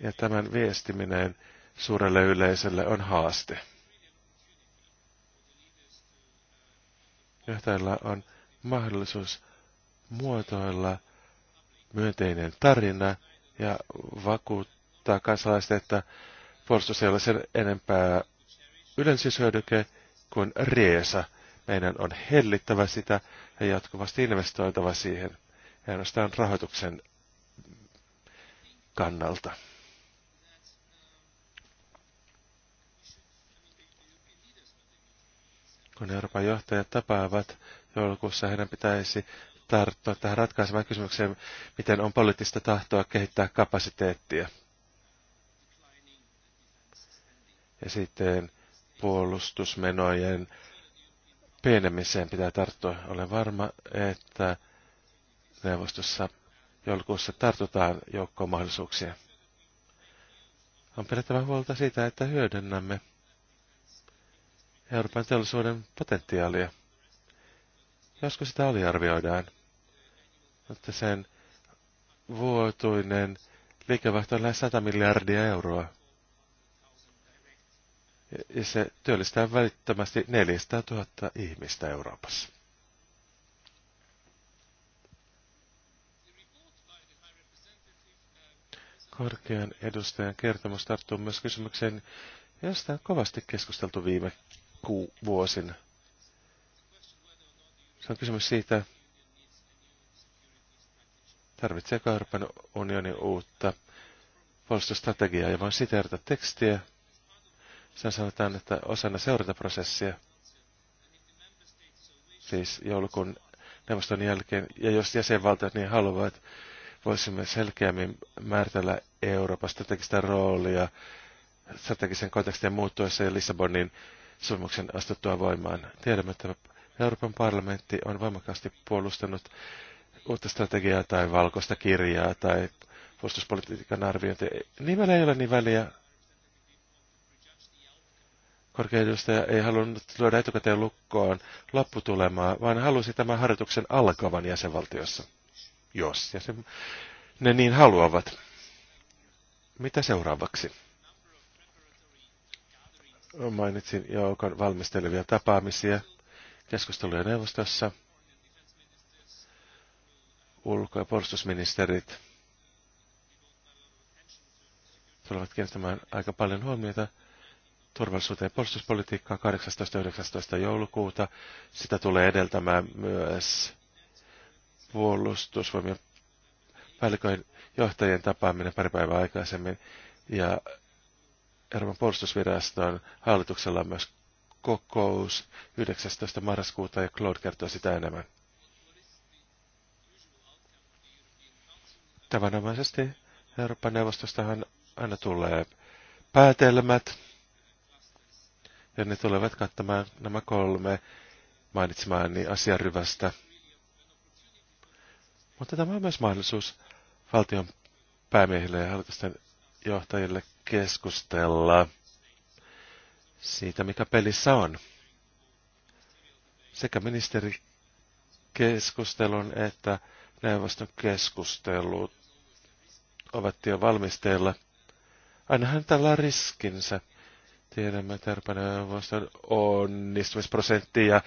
Ja tämän viestiminen suurelle yleisölle on haaste. Johtajalla on mahdollisuus muotoilla myönteinen tarina ja vakuuttaa kansalaiset, että puolustus ei ole sen enempää yleishyödyke kuin riesa. Meidän on hellittävä sitä ja jatkuvasti investoitava siihen, ja ainoastaan rahoituksen kannalta. Kun Euroopan johtajat tapaavat joulukuussa, heidän pitäisi tarttua tähän ratkaisemaan kysymykseen, miten on poliittista tahtoa kehittää kapasiteettia. Ja sitten puolustusmenojen pienemiseen pitää tarttua. Olen varma, että neuvostossa joulukuussa tartutaan joukkoon mahdollisuuksia. On pidettävä huolta siitä, että hyödynnämme Euroopan teollisuuden potentiaalia. Joskus sitä aliarvioidaan, mutta sen vuotuinen liikevaihto on lähes 100 miljardia euroa. Ja se työllistää välittömästi 400 000 ihmistä Euroopassa. korkean edustajan kertomus tarttuu myös kysymykseen, josta on kovasti keskusteltu viime alkuvuosina. Se on kysymys siitä, tarvitseeko Euroopan unionin uutta puolustusstrategiaa ja vain siteerata tekstiä. Sen sanotaan, että osana seurantaprosessia, siis joulukuun neuvoston jälkeen, ja jos jäsenvaltiot niin haluavat, voisimme selkeämmin määritellä Euroopan strategista roolia strategisen kontekstin muuttuessa ja Lissabonin sopimuksen astuttua voimaan. Tiedämme, että Euroopan parlamentti on voimakkaasti puolustanut uutta strategiaa tai valkoista kirjaa tai puolustuspolitiikan arviointia. Nimellä niin ei ole niin väliä. Korkea edustaja ei halunnut luoda etukäteen lukkoon lopputulemaa, vaan halusi tämän harjoituksen alkavan jäsenvaltiossa. Jos. Ja se, ne niin haluavat. Mitä seuraavaksi? Mainitsin joukon valmistelevia tapaamisia, keskusteluja neuvostossa, ulko- ja puolustusministerit tulevat kiinnittämään aika paljon huomiota turvallisuuteen ja ja 19. joulukuuta. Sitä tulee edeltämään myös puolustusvoimien päälliköiden johtajien tapaaminen pari päivää aikaisemmin ja Euroopan puolustusviraston hallituksella on myös kokous 19. marraskuuta ja Claude kertoo sitä enemmän. Tavanomaisesti Euroopan neuvostostahan aina tulee päätelmät, ja ne tulevat kattamaan nämä kolme mainitsemaani asiaryvästä. Mutta tämä on myös mahdollisuus valtion päämiehille ja hallitusten johtajille keskustella siitä, mikä pelissä on. Sekä ministerikeskustelun että neuvoston keskustelut ovat jo valmisteilla. Ainahan tällä riskinsä. Tiedämme, että Euroopan neuvoston onnistumisprosentti ja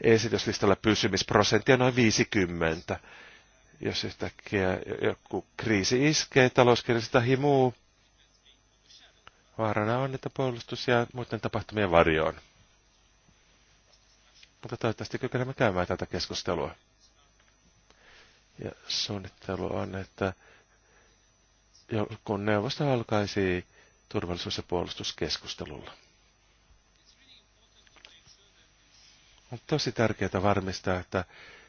esityslistalla pysymisprosentti on noin 50. Jos yhtäkkiä joku kriisi iskee, talouskriisi tai muu, Vaarana on, että puolustus jää muiden tapahtumien varjoon. Mutta toivottavasti kykenemme käymään tätä keskustelua. Ja suunnittelu on, että kun neuvosto alkaisi turvallisuus- ja puolustuskeskustelulla. On tosi tärkeää varmistaa, että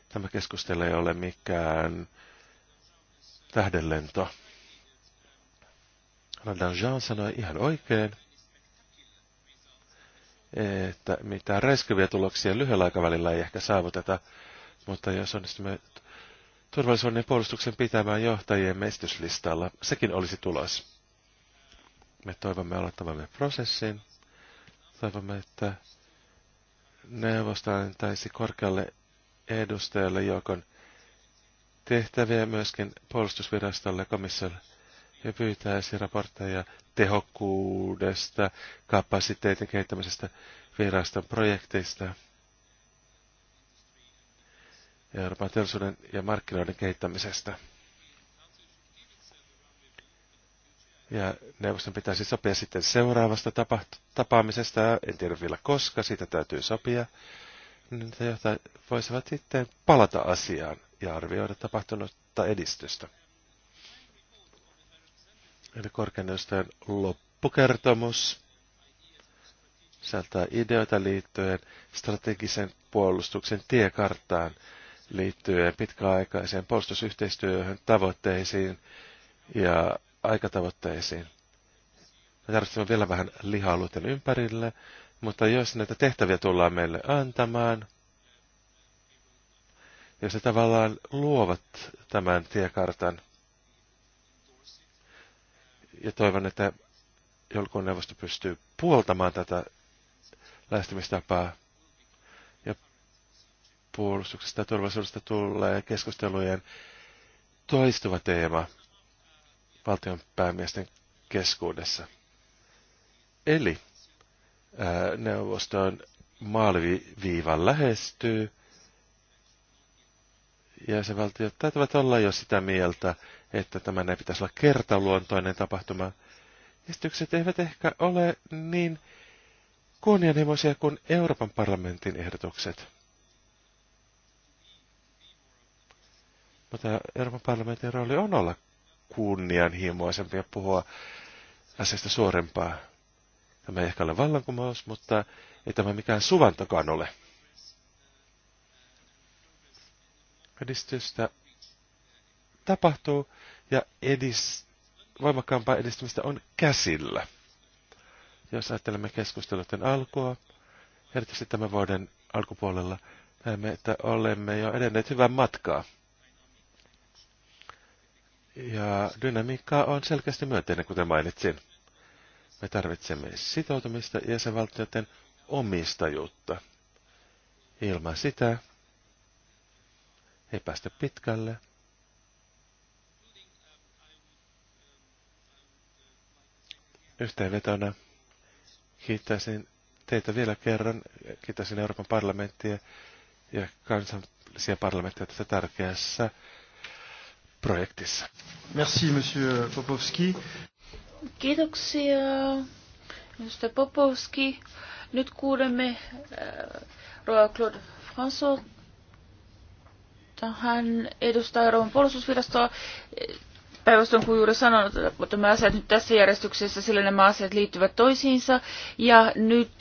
tämä keskustelu ei ole mikään tähdenlento. Radan Jean sanoi ihan oikein, että mitään räiskyviä tuloksia lyhyellä aikavälillä ei ehkä saavuteta, mutta jos onnistumme turvallisuuden ja puolustuksen pitämään johtajien mestyslistalla, sekin olisi tulos. Me toivomme aloittavamme prosessin. Toivomme, että neuvosto antaisi korkealle edustajalle joukon tehtäviä myöskin puolustusvirastolle ja komissiolle ja pyytäisi raportteja tehokkuudesta, kapasiteetin kehittämisestä, viraston projekteista, Euroopan teollisuuden ja markkinoiden kehittämisestä. Ja neuvoston pitäisi sopia sitten seuraavasta tapa- tapaamisesta, en tiedä vielä koska, siitä täytyy sopia, niin jotta voisivat sitten palata asiaan ja arvioida tapahtunutta edistystä. Eli korkeintaan loppukertomus sisältää ideoita liittyen strategisen puolustuksen tiekarttaan liittyen pitkäaikaiseen puolustusyhteistyöhön, tavoitteisiin ja aikatavoitteisiin. Me tarvitsemme vielä vähän lihaluuten ympärille, mutta jos näitä tehtäviä tullaan meille antamaan, jos ne tavallaan luovat tämän tiekartan, ja toivon, että jolkun neuvosto pystyy puoltamaan tätä lähestymistapaa. Ja puolustuksesta ja turvallisuudesta tulee keskustelujen toistuva teema valtion päämiesten keskuudessa. Eli ää, neuvoston maaliviiva lähestyy. Jäsenvaltiot taitavat olla jo sitä mieltä, että tämä ei pitäisi olla kertaluontoinen tapahtuma. Esitykset eivät ehkä ole niin kunnianhimoisia kuin Euroopan parlamentin ehdotukset. Mutta Euroopan parlamentin rooli on olla kunnianhimoisempi ja puhua asiasta suorempaa. Tämä ei ehkä ole vallankumous, mutta ei tämä mikään suvantokaan ole. Edistystä tapahtuu ja edis, voimakkaampaa edistymistä on käsillä. Jos ajattelemme keskusteluiden alkua, erityisesti tämän vuoden alkupuolella, näemme, että olemme jo edenneet hyvän matkaa. Ja dynamiikka on selkeästi myönteinen, kuten mainitsin. Me tarvitsemme sitoutumista jäsenvaltioiden omistajuutta. Ilman sitä ei päästä pitkälle Yhteenvetona kiittäisin teitä vielä kerran, kiittäisin Euroopan parlamenttia ja kansallisia parlamentteja tässä tärkeässä projektissa. Merci, monsieur Popovski. Kiitoksia, Mr. Popovski. Nyt kuulemme äh, Roa Claude François. Hän edustaa Euroopan puolustusvirastoa päinvastoin kuin juuri sanonut, mutta mä asiat nyt tässä järjestyksessä, sillä nämä asiat liittyvät toisiinsa. Ja nyt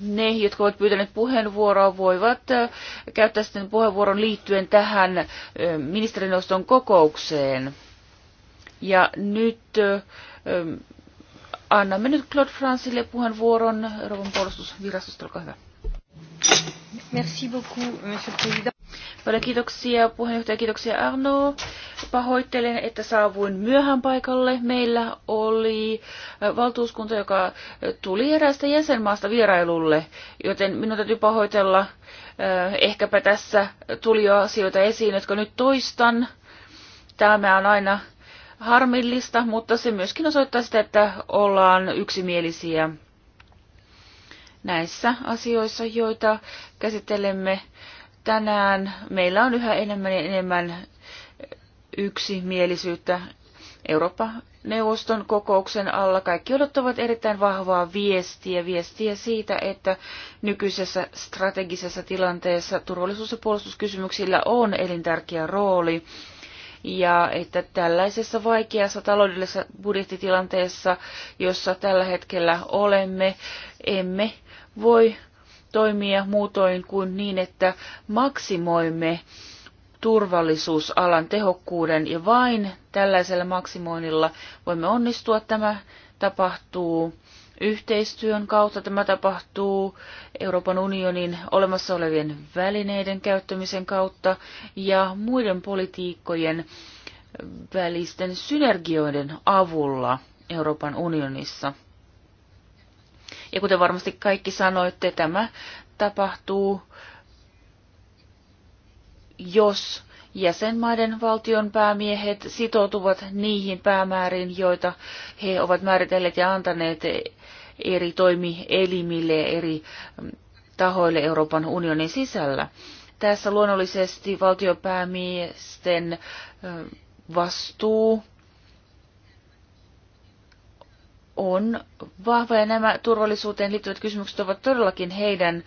ne, jotka ovat pyytäneet puheenvuoroa, voivat käyttää sitten puheenvuoron liittyen tähän ministerineuvoston kokoukseen. Ja nyt annamme nyt Claude Francille puheenvuoron Euroopan puolustusvirastosta, olkaa hyvä. Merci beaucoup, monsieur le président. Paljon kiitoksia puheenjohtaja, kiitoksia Arno. Pahoittelen, että saavuin myöhään paikalle. Meillä oli valtuuskunta, joka tuli eräästä jäsenmaasta vierailulle, joten minun täytyy pahoitella. Ehkäpä tässä tuli jo asioita esiin, jotka nyt toistan. Tämä on aina harmillista, mutta se myöskin osoittaa sitä, että ollaan yksimielisiä näissä asioissa, joita käsittelemme tänään meillä on yhä enemmän ja enemmän yksimielisyyttä Eurooppa-neuvoston kokouksen alla. Kaikki odottavat erittäin vahvaa viestiä, viestiä siitä, että nykyisessä strategisessa tilanteessa turvallisuus- ja puolustuskysymyksillä on elintärkeä rooli. Ja että tällaisessa vaikeassa taloudellisessa budjettitilanteessa, jossa tällä hetkellä olemme, emme voi toimia muutoin kuin niin, että maksimoimme turvallisuusalan tehokkuuden ja vain tällaisella maksimoinnilla voimme onnistua. Tämä tapahtuu yhteistyön kautta, tämä tapahtuu Euroopan unionin olemassa olevien välineiden käyttämisen kautta ja muiden politiikkojen välisten synergioiden avulla Euroopan unionissa. Ja kuten varmasti kaikki sanoitte, tämä tapahtuu, jos jäsenmaiden valtion päämiehet sitoutuvat niihin päämääriin, joita he ovat määritelleet ja antaneet eri toimielimille ja eri mm, tahoille Euroopan unionin sisällä. Tässä luonnollisesti valtiopäämiesten mm, vastuu on vahva ja nämä turvallisuuteen liittyvät kysymykset ovat todellakin heidän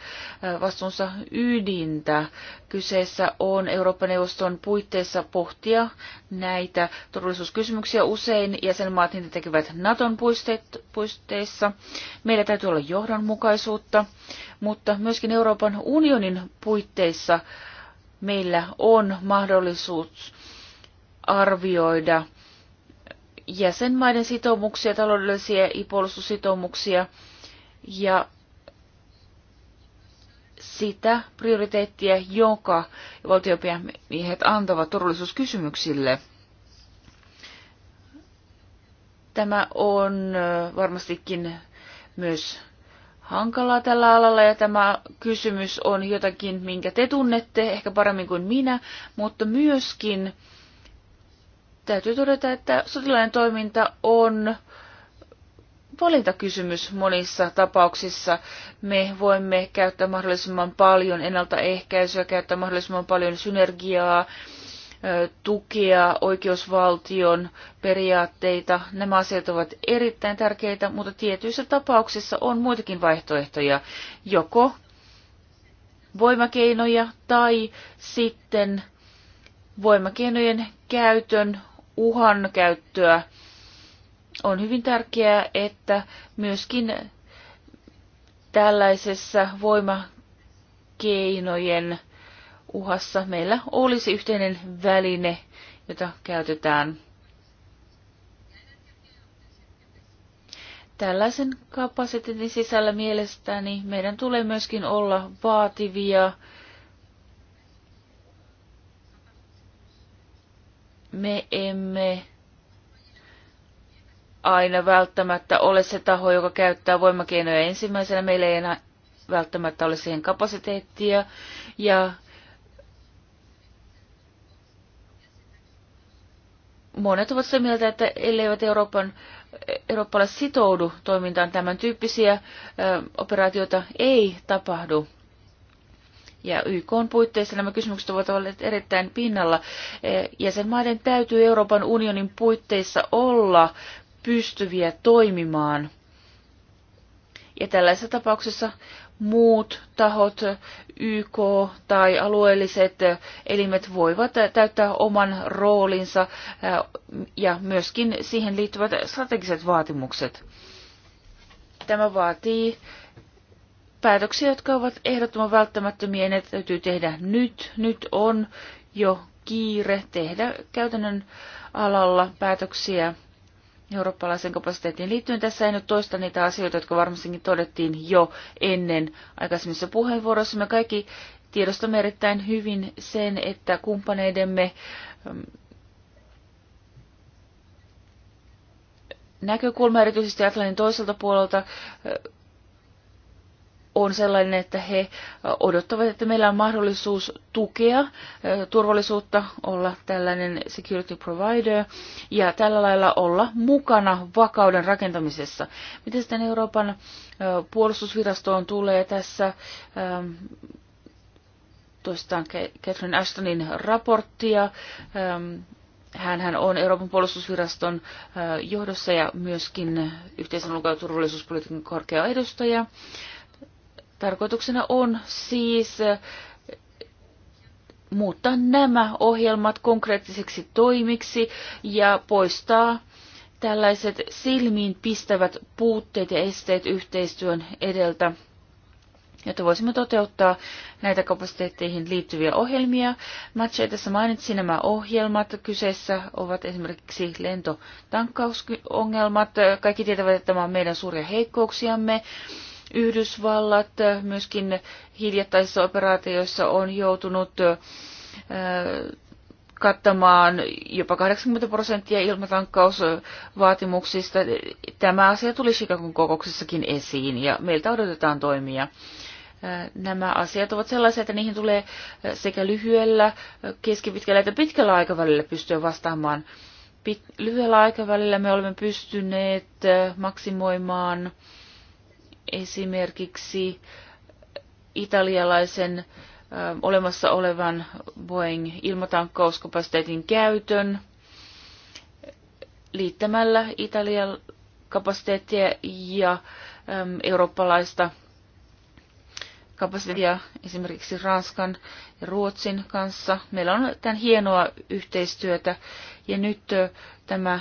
vastuunsa ydintä. Kyseessä on Euroopan neuvoston puitteissa pohtia näitä turvallisuuskysymyksiä usein. Jäsenmaat niitä tekevät Naton puitteissa. Meillä täytyy olla johdonmukaisuutta, mutta myöskin Euroopan unionin puitteissa meillä on mahdollisuus arvioida jäsenmaiden sitoumuksia, taloudellisia ja puolustussitoumuksia ja sitä prioriteettia, jonka valtiopäämiehet antavat turvallisuuskysymyksille. Tämä on varmastikin myös hankalaa tällä alalla ja tämä kysymys on jotakin, minkä te tunnette ehkä paremmin kuin minä, mutta myöskin Täytyy todeta, että sotilainen toiminta on valintakysymys monissa tapauksissa. Me voimme käyttää mahdollisimman paljon ennaltaehkäisyä, käyttää mahdollisimman paljon synergiaa, tukea oikeusvaltion periaatteita. Nämä asiat ovat erittäin tärkeitä, mutta tietyissä tapauksissa on muitakin vaihtoehtoja, joko voimakeinoja tai sitten voimakeinojen käytön uhan käyttöä. On hyvin tärkeää, että myöskin tällaisessa voimakeinojen uhassa meillä olisi yhteinen väline, jota käytetään tällaisen kapasiteetin sisällä mielestäni meidän tulee myöskin olla vaativia Me emme aina välttämättä ole se taho, joka käyttää voimakeinoja ensimmäisenä. Meillä ei enää välttämättä ole siihen kapasiteettia. Ja monet ovat sitä mieltä, että elleivät Euroopan, eurooppalaiset sitoudu toimintaan tämän tyyppisiä ö, operaatioita, ei tapahdu. Ja YK on puitteissa nämä kysymykset ovat olleet erittäin pinnalla. E, jäsenmaiden täytyy Euroopan unionin puitteissa olla pystyviä toimimaan. Ja tällaisessa tapauksessa muut tahot, YK tai alueelliset elimet voivat täyttää oman roolinsa e, ja myöskin siihen liittyvät strategiset vaatimukset. Tämä vaatii päätöksiä, jotka ovat ehdottoman välttämättömiä, ne täytyy tehdä nyt. Nyt on jo kiire tehdä käytännön alalla päätöksiä eurooppalaisen kapasiteettiin liittyen. Tässä ei nyt toista niitä asioita, jotka varmastikin todettiin jo ennen aikaisemmissa puheenvuoroissa. Me kaikki tiedostamme erittäin hyvin sen, että kumppaneidemme mm, näkökulma erityisesti Atlantin toiselta puolelta on sellainen, että he odottavat, että meillä on mahdollisuus tukea turvallisuutta, olla tällainen security provider ja tällä lailla olla mukana vakauden rakentamisessa. Mitä sitten Euroopan puolustusvirastoon tulee tässä? Ähm, toistaan Catherine Ashtonin raporttia. Hänhän ähm, on Euroopan puolustusviraston johdossa ja myöskin yhteisen ulko- ja turvallisuuspolitiikan korkea edustaja. Tarkoituksena on siis eh, muuttaa nämä ohjelmat konkreettiseksi toimiksi ja poistaa tällaiset silmiin pistävät puutteet ja esteet yhteistyön edeltä, jotta voisimme toteuttaa näitä kapasiteetteihin liittyviä ohjelmia. Matse tässä mainitsi nämä ohjelmat. Kyseessä ovat esimerkiksi lentotankkausongelmat. Kaikki tietävät, että tämä on meidän suuria heikkouksiamme. Yhdysvallat myöskin hiljattaisissa operaatioissa on joutunut kattamaan jopa 80 prosenttia ilmatankkausvaatimuksista. Tämä asia tuli Chicagon kokouksessakin esiin ja meiltä odotetaan toimia. Nämä asiat ovat sellaisia, että niihin tulee sekä lyhyellä, keskipitkällä että pitkällä aikavälillä pystyä vastaamaan. Pit- lyhyellä aikavälillä me olemme pystyneet maksimoimaan esimerkiksi italialaisen olemassa olevan Boeing ilmatankkauskapasiteetin käytön liittämällä Italian kapasiteettia ja ö, eurooppalaista kapasiteettia esimerkiksi Ranskan ja Ruotsin kanssa. Meillä on tämän hienoa yhteistyötä ja nyt tämä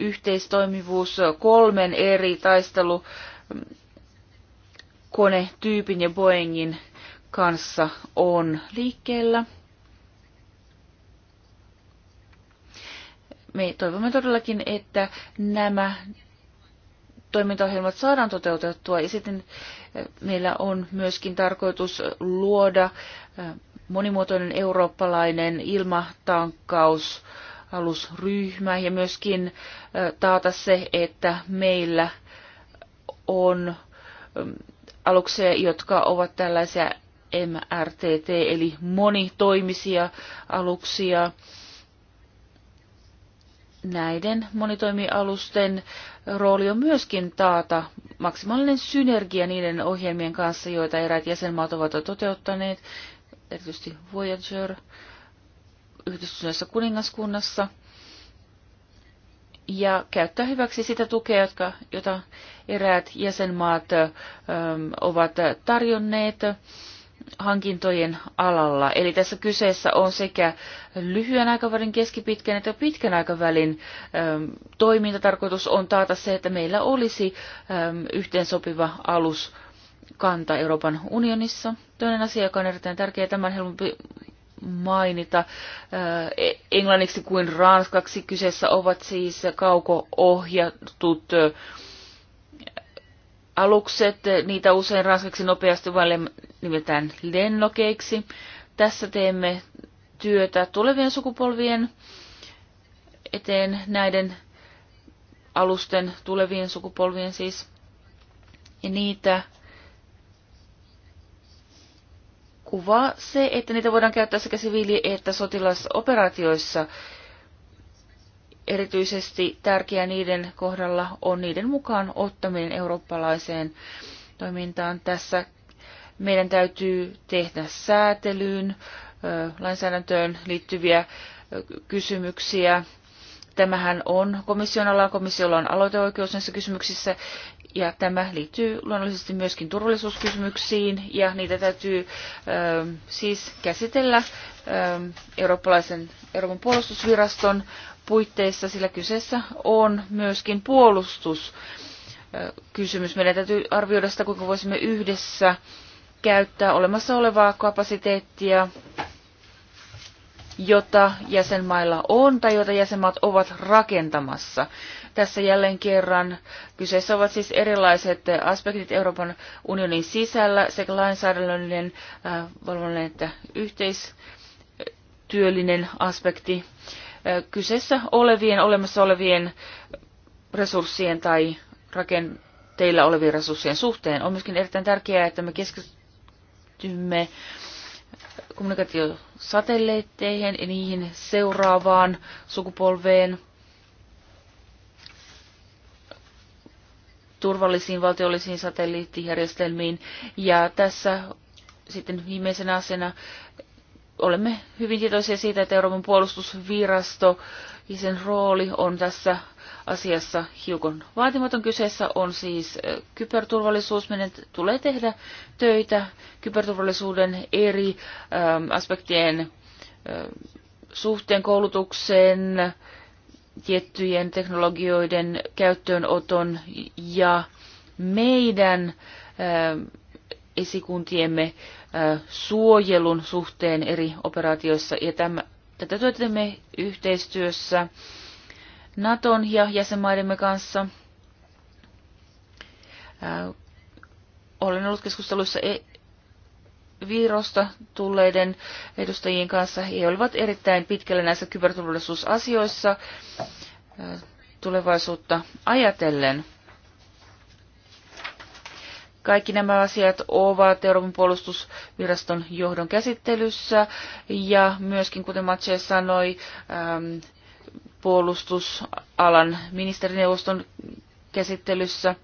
yhteistoimivuus kolmen eri taistelukonetyypin mm, ja Boeingin kanssa on liikkeellä. Me toivomme todellakin, että nämä toimintaohjelmat saadaan toteutettua ja sitten eh, meillä on myöskin tarkoitus luoda eh, monimuotoinen eurooppalainen ilmatankkaus alusryhmä ja myöskin taata se, että meillä on aluksia, jotka ovat tällaisia MRTT eli monitoimisia aluksia. Näiden monitoimialusten rooli on myöskin taata maksimaalinen synergia niiden ohjelmien kanssa, joita eräät jäsenmaat ovat toteuttaneet, erityisesti Voyager, yhdistyneessä kuningaskunnassa ja käyttää hyväksi sitä tukea, jotka, jota eräät jäsenmaat äm, ovat tarjonneet hankintojen alalla. Eli tässä kyseessä on sekä lyhyen aikavälin, keskipitkän että pitkän aikavälin äm, toimintatarkoitus on taata se, että meillä olisi äm, yhteensopiva alus kanta Euroopan unionissa. Toinen asia, joka on erittäin tärkeä tämän helpompi mainita e- englanniksi kuin ranskaksi. Kyseessä ovat siis kauko-ohjatut alukset. Niitä usein ranskaksi nopeasti vain nimetään lennokeiksi. Tässä teemme työtä tulevien sukupolvien eteen näiden alusten tulevien sukupolvien siis. Ja niitä kuva. Se, että niitä voidaan käyttää sekä siviili- että sotilasoperaatioissa, erityisesti tärkeää niiden kohdalla on niiden mukaan ottaminen eurooppalaiseen toimintaan. Tässä meidän täytyy tehdä säätelyyn, lainsäädäntöön liittyviä kysymyksiä. Tämähän on komission alaa, komissiolla on aloiteoikeus näissä kysymyksissä ja tämä liittyy luonnollisesti myöskin turvallisuuskysymyksiin ja niitä täytyy ö, ähm, siis käsitellä ö, ähm, eurooppalaisen Euroopan puolustusviraston puitteissa, sillä kyseessä on myöskin puolustuskysymys. Äh, Meidän täytyy arvioida sitä, kuinka voisimme yhdessä käyttää olemassa olevaa kapasiteettia, jota jäsenmailla on tai jota jäsenmaat ovat rakentamassa. Tässä jälleen kerran kyseessä ovat siis erilaiset aspektit Euroopan unionin sisällä sekä lainsäädännöllinen, äh, valvonnan että yhteistyöllinen aspekti äh, kyseessä olevien, olemassa olevien resurssien tai rakenteilla olevien resurssien suhteen. On myöskin erittäin tärkeää, että me keskitymme kommunikaatiosatelleitteihin ja niihin seuraavaan sukupolveen – turvallisiin valtiollisiin satelliittijärjestelmiin. Ja tässä sitten viimeisenä asiana olemme hyvin tietoisia siitä, että Euroopan puolustusvirasto ja sen rooli on tässä asiassa hiukan vaatimaton. Kyseessä on siis kyberturvallisuus. Meidän tulee tehdä töitä kyberturvallisuuden eri aspektien suhteen koulutukseen tiettyjen teknologioiden käyttöönoton ja meidän äh, esikuntiemme äh, suojelun suhteen eri operaatioissa. Ja tämä, tätä työtä teemme yhteistyössä Naton ja jäsenmaidemme kanssa. Äh, olen ollut keskusteluissa e- Virosta tulleiden edustajien kanssa. He olivat erittäin pitkällä näissä kyberturvallisuusasioissa tulevaisuutta ajatellen. Kaikki nämä asiat ovat Euroopan puolustusviraston johdon käsittelyssä ja myöskin, kuten Matse sanoi, puolustusalan ministerineuvoston käsittelyssä –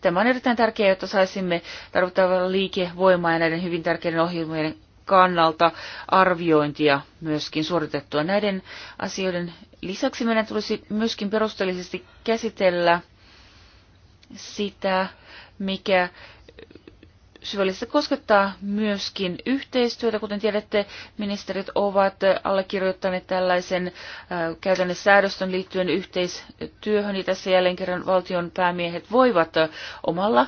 Tämä on erittäin tärkeää, jotta saisimme tarvittavaa liikevoimaa ja näiden hyvin tärkeiden ohjelmien kannalta arviointia myöskin suoritettua. Näiden asioiden lisäksi meidän tulisi myöskin perusteellisesti käsitellä sitä, mikä syvällisesti koskettaa myöskin yhteistyötä. Kuten tiedätte, ministerit ovat allekirjoittaneet tällaisen käytännön säädöstön liittyen yhteistyöhön, ja niin tässä jälleen kerran valtion päämiehet voivat omalla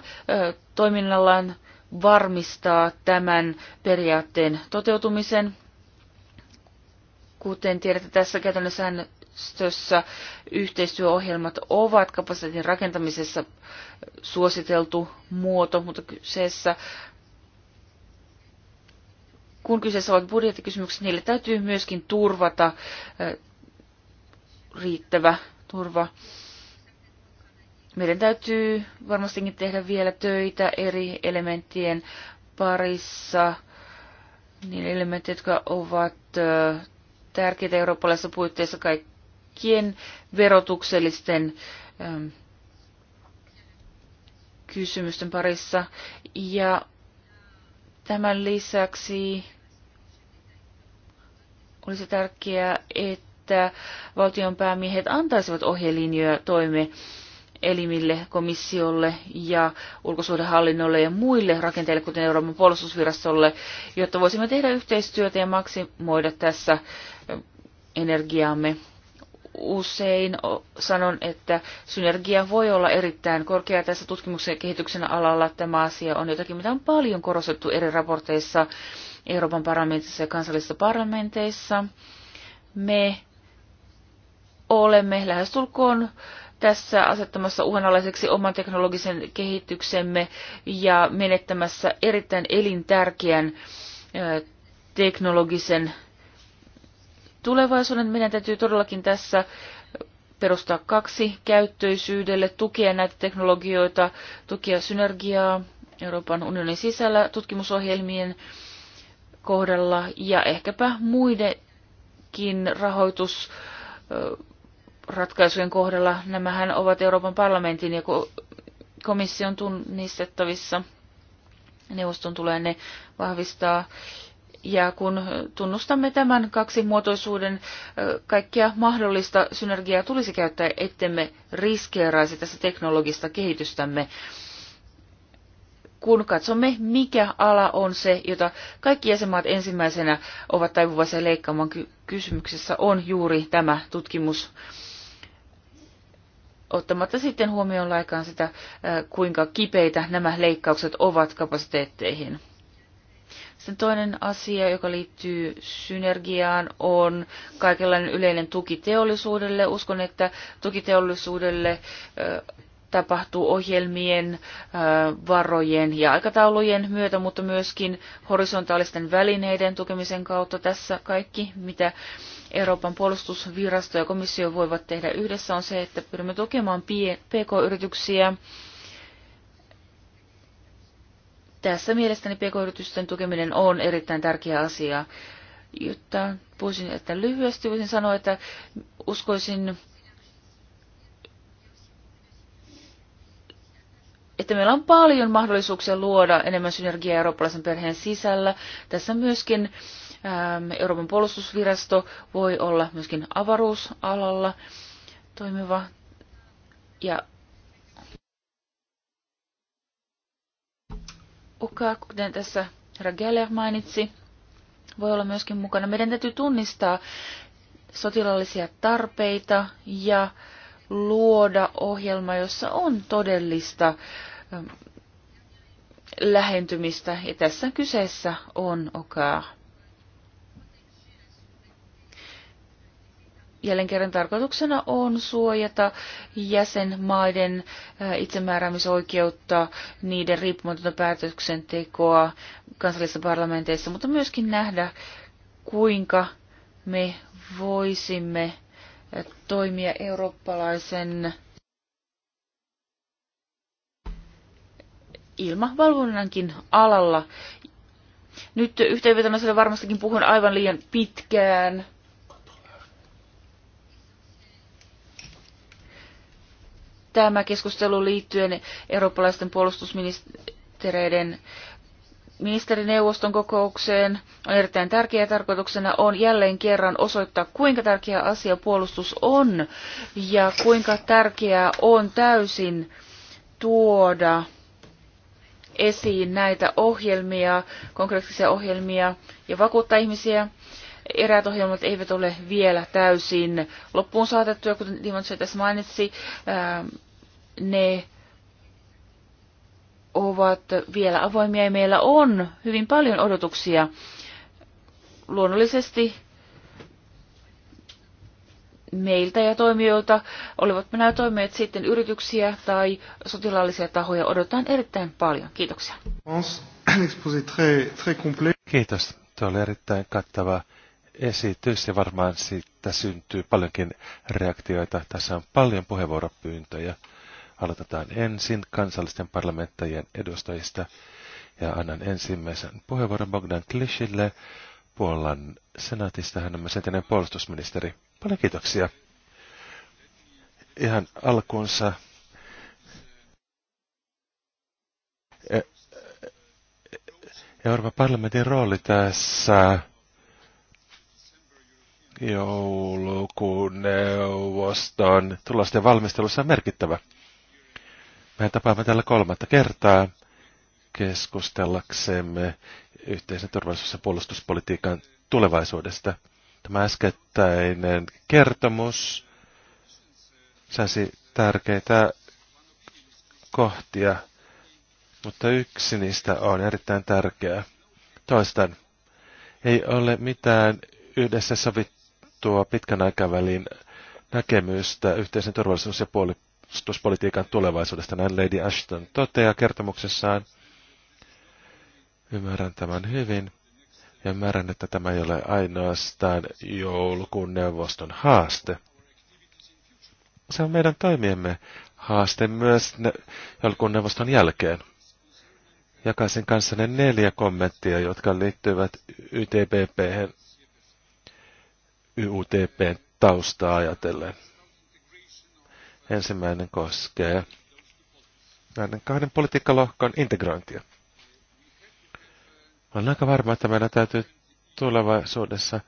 toiminnallaan varmistaa tämän periaatteen toteutumisen. Kuten tiedätte, tässä käytännössä järjestössä yhteistyöohjelmat ovat kapasiteetin rakentamisessa suositeltu muoto, mutta kyseessä kun kyseessä ovat budjettikysymykset, niille täytyy myöskin turvata riittävä turva. Meidän täytyy varmastikin tehdä vielä töitä eri elementtien parissa. Niillä elementit, jotka ovat tärkeitä eurooppalaisessa puitteissa, kaikki kaikkien verotuksellisten ähm, kysymysten parissa. Ja tämän lisäksi olisi tärkeää, että valtionpäämiehet antaisivat ohjelinjoja toime elimille, komissiolle ja ulkosuhdehallinnolle ja muille rakenteille, kuten Euroopan puolustusvirastolle, jotta voisimme tehdä yhteistyötä ja maksimoida tässä äh, energiaamme usein sanon, että synergia voi olla erittäin korkea tässä tutkimuksen ja kehityksen alalla. Tämä asia on jotakin, mitä on paljon korostettu eri raporteissa Euroopan parlamentissa ja kansallisissa parlamenteissa. Me olemme lähestulkoon tässä asettamassa uhanalaiseksi oman teknologisen kehityksemme ja menettämässä erittäin elintärkeän teknologisen tulevaisuuden. Meidän täytyy todellakin tässä perustaa kaksi käyttöisyydelle, tukea näitä teknologioita, tukea synergiaa Euroopan unionin sisällä tutkimusohjelmien kohdalla ja ehkäpä muidenkin rahoitusratkaisujen kohdalla. Nämähän ovat Euroopan parlamentin ja komission tunnistettavissa. Neuvoston tulee ne vahvistaa. Ja kun tunnustamme tämän kaksi muotoisuuden, kaikkia mahdollista synergiaa tulisi käyttää, ettemme riskeeraisi tässä teknologista kehitystämme. Kun katsomme, mikä ala on se, jota kaikki jäsenmaat ensimmäisenä ovat taipuvaisia leikkaamaan, kysymyksessä on juuri tämä tutkimus ottamatta sitten huomioon laikaan sitä, kuinka kipeitä nämä leikkaukset ovat kapasiteetteihin. Sitten toinen asia, joka liittyy synergiaan, on kaikenlainen yleinen tuki teollisuudelle. Uskon, että tukiteollisuudelle tapahtuu ohjelmien, varojen ja aikataulujen myötä, mutta myöskin horisontaalisten välineiden tukemisen kautta. Tässä kaikki, mitä Euroopan puolustusvirasto ja komissio voivat tehdä yhdessä, on se, että pyrimme tukemaan PK-yrityksiä tässä mielestäni pk-yritysten tukeminen on erittäin tärkeä asia. Jotta voisin, että lyhyesti voisin sanoa, että uskoisin, että meillä on paljon mahdollisuuksia luoda enemmän synergiaa eurooppalaisen perheen sisällä. Tässä myöskin ähm, Euroopan puolustusvirasto voi olla myöskin avaruusalalla toimiva. Ja Oka, kuten tässä herra Geller mainitsi, voi olla myöskin mukana. Meidän täytyy tunnistaa sotilaallisia tarpeita ja luoda ohjelma, jossa on todellista lähentymistä. Ja tässä kyseessä on okaa. OK. jälleen kerran tarkoituksena on suojata jäsenmaiden itsemääräämisoikeutta, niiden riippumatonta päätöksentekoa kansallisissa parlamenteissa, mutta myöskin nähdä, kuinka me voisimme toimia eurooppalaisen ilmavalvonnankin alalla. Nyt yhteenvetämäisellä varmastikin puhun aivan liian pitkään tämä keskustelu liittyen eurooppalaisten puolustusministereiden ministerineuvoston kokoukseen on erittäin tärkeä. Tarkoituksena on jälleen kerran osoittaa, kuinka tärkeä asia puolustus on ja kuinka tärkeää on täysin tuoda esiin näitä ohjelmia, konkreettisia ohjelmia ja vakuuttaa ihmisiä Eräät ohjelmat eivät ole vielä täysin loppuun saatettuja, kuten Dimitri tässä mainitsi. Ähm, ne ovat vielä avoimia ja meillä on hyvin paljon odotuksia. Luonnollisesti meiltä ja toimijoilta, olivat nämä toimijat sitten yrityksiä tai sotilaallisia tahoja, odotetaan erittäin paljon. Kiitoksia. Kiitos. Tämä oli erittäin kattava esitys ja varmaan siitä syntyy paljonkin reaktioita. Tässä on paljon puheenvuoropyyntöjä. Aloitetaan ensin kansallisten parlamenttajien edustajista ja annan ensimmäisen puheenvuoron Bogdan Klishille Puolan senaatista. Hän on myös entinen puolustusministeri. Paljon kiitoksia. Ihan alkuunsa e- Euroopan parlamentin rooli tässä joulukuun neuvoston tulosten valmistelussa on merkittävä. Me tapaamme tällä kolmatta kertaa keskustellaksemme yhteisen turvallisuus- ja puolustuspolitiikan tulevaisuudesta. Tämä äskettäinen kertomus saisi tärkeitä kohtia, mutta yksi niistä on erittäin tärkeä. Toistan, ei ole mitään yhdessä sovittu tuo pitkän aikavälin näkemystä yhteisen turvallisuus- ja puolustuspolitiikan tulevaisuudesta, näin Lady Ashton toteaa kertomuksessaan. Ymmärrän tämän hyvin. Ja ymmärrän, että tämä ei ole ainoastaan joulukuun neuvoston haaste. Se on meidän toimiemme haaste myös ne, joulukuun neuvoston jälkeen. Jakaisin kanssanne neljä kommenttia, jotka liittyvät YTPP YUTPn taustaa ajatellen. Ensimmäinen koskee näiden kahden politiikkalohkon integrointia. Olen aika varma, että meidän täytyy tulevaisuudessa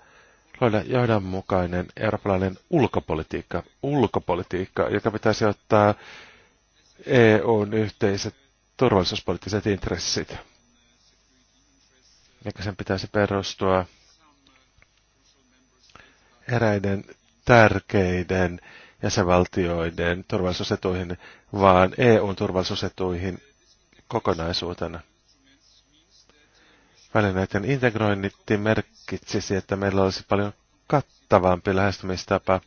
luoda johdonmukainen eurooppalainen ulkopolitiikka, ulkopolitiikka, joka pitäisi ottaa EUn yhteiset turvallisuuspoliittiset intressit. Eikä sen pitäisi perustua eräiden tärkeiden jäsenvaltioiden turvallisuusetuihin, vaan EUn turvallisuusetuihin kokonaisuutena. Välineiden integroinnitti merkitsisi, että meillä olisi paljon kattavampi lähestymistapa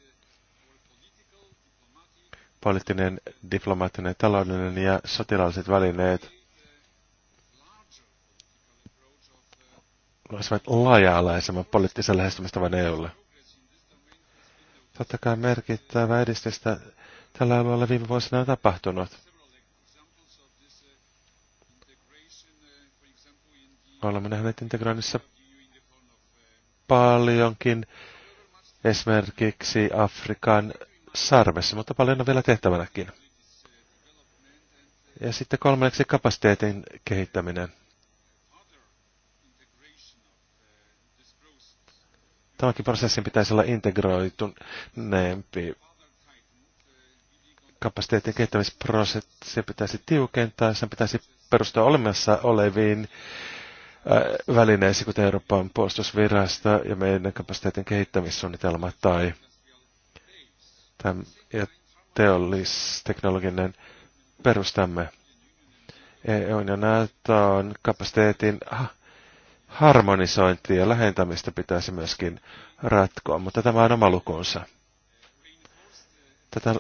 poliittinen, diplomaattinen, taloudellinen ja sotilaalliset välineet olisivat laaja-alaisemman poliittisen lähestymistavan EUlle. Totta kai merkittävää edistystä tällä alueella viime vuosina on tapahtunut. Olemme nähneet integroinnissa paljonkin esimerkiksi Afrikan sarvessa, mutta paljon on vielä tehtävänäkin. Ja sitten kolmanneksi kapasiteetin kehittäminen. tämäkin prosessin pitäisi olla integroituneempi. Kapasiteetin kehittämisprosessi pitäisi tiukentaa, sen pitäisi perustua olemassa oleviin äh, välineisiin, kuten Euroopan puolustusvirasto ja meidän kapasiteetin kehittämissuunnitelma tai tämän, ja teollisteknologinen perustamme. EU ja on kapasiteetin ah, harmonisointia ja lähentämistä pitäisi myöskin ratkoa, mutta tämä on oma lukunsa. Tätä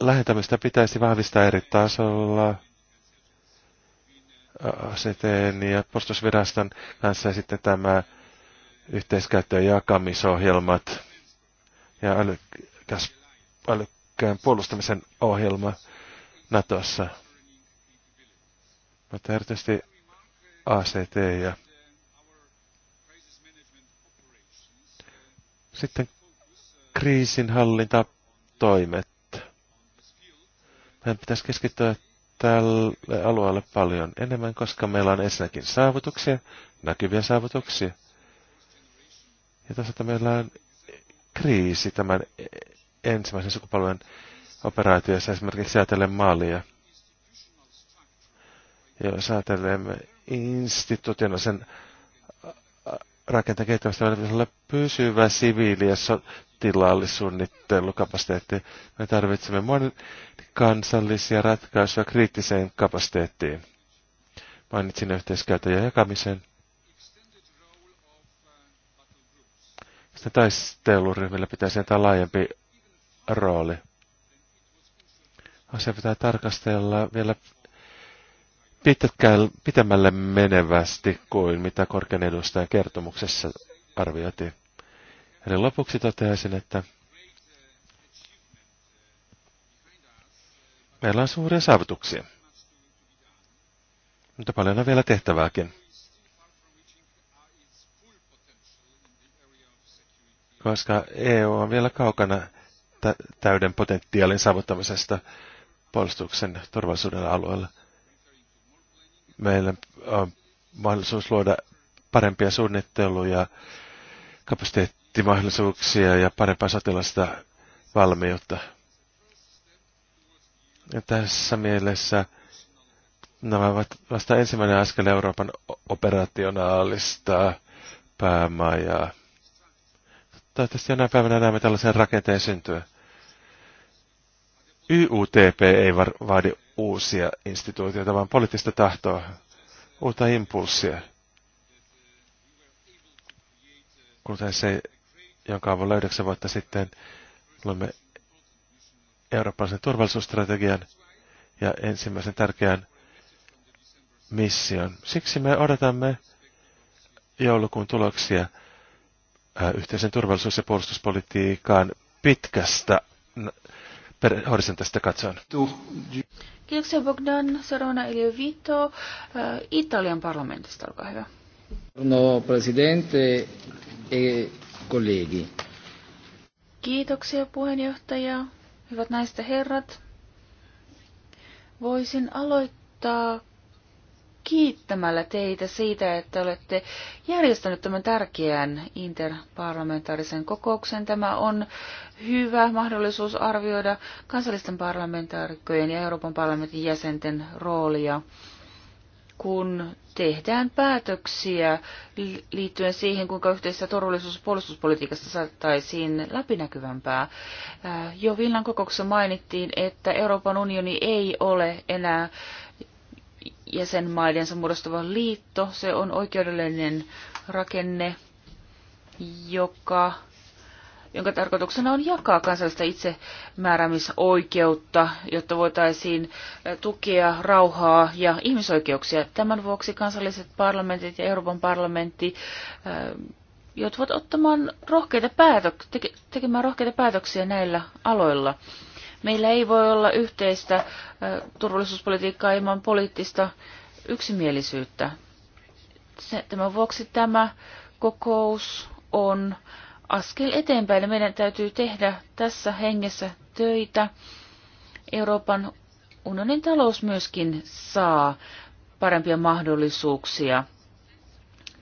lähentämistä pitäisi vahvistaa eri tasolla ACTn ja postusviraston kanssa ja sitten tämä yhteiskäyttöön ja jakamisohjelmat ja älykkäs, älykkään puolustamisen ohjelma Natossa. Mutta erityisesti ACT ja Sitten kriisinhallinta toimet. Meidän pitäisi keskittyä tälle alueelle paljon enemmän, koska meillä on ensinnäkin saavutuksia, näkyviä saavutuksia. Ja tässä meillä on kriisi tämän ensimmäisen sukupolven operaatiossa, esimerkiksi ajatellen maalia. Ja jos ajatellen rakentaa kehittämistä välillä pysyvä siviili- ja sotilaallissuunnittelukapasiteetti. Me tarvitsemme monikansallisia ratkaisuja kriittiseen kapasiteettiin. Mainitsin yhteiskäytön ja jakamisen. Sitten taisteluryhmillä pitäisi antaa laajempi rooli. Asia pitää tarkastella vielä pitemmälle menevästi kuin mitä korkean edustajan kertomuksessa arvioitiin. Eli lopuksi toteaisin, että meillä on suuria saavutuksia. Mutta paljon on vielä tehtävääkin. Koska EU on vielä kaukana täyden potentiaalin saavuttamisesta puolustuksen turvallisuuden alueella meillä on mahdollisuus luoda parempia suunnitteluja, kapasiteettimahdollisuuksia ja parempaa sotilasta valmiutta. Ja tässä mielessä nämä ovat vasta ensimmäinen askel Euroopan operationaalista päämajaa. Toivottavasti jonain päivänä näemme tällaisen rakenteen syntyä. YUTP ei vaadi uusia instituutioita, vaan poliittista tahtoa, uutta impulssia. Kuten se, jonka avulla yhdeksän vuotta sitten luimme eurooppalaisen turvallisuusstrategian ja ensimmäisen tärkeän mission. Siksi me odotamme joulukuun tuloksia äh, yhteisen turvallisuus- ja puolustuspolitiikan pitkästä per, horisontista katsoen. Kiitoksia Bogdan Sarona Eliovito eh, Italian parlamentista, olkaa hyvä. No, presidente e kollegi. Kiitoksia puheenjohtaja. Hyvät naiset ja herrat. Voisin aloittaa kiittämällä teitä siitä, että olette järjestänyt tämän tärkeän interparlamentaarisen kokouksen. Tämä on hyvä mahdollisuus arvioida kansallisten parlamentaarikkojen ja Euroopan parlamentin jäsenten roolia, kun tehdään päätöksiä liittyen siihen, kuinka yhteisessä turvallisuus- ja puolustuspolitiikassa saattaisiin läpinäkyvämpää. Jo Villan kokouksessa mainittiin, että Euroopan unioni ei ole enää jäsenmaidensa muodostava liitto. Se on oikeudellinen rakenne, joka, jonka tarkoituksena on jakaa kansallista itsemääräämisoikeutta, jotta voitaisiin tukea rauhaa ja ihmisoikeuksia. Tämän vuoksi kansalliset parlamentit ja Euroopan parlamentti joutuvat ottamaan rohkeita päätöksiä, tekemään rohkeita päätöksiä näillä aloilla. Meillä ei voi olla yhteistä turvallisuuspolitiikkaa ilman poliittista yksimielisyyttä. Tämän vuoksi tämä kokous on askel eteenpäin ja meidän täytyy tehdä tässä hengessä töitä. Euroopan unionin talous myöskin saa parempia mahdollisuuksia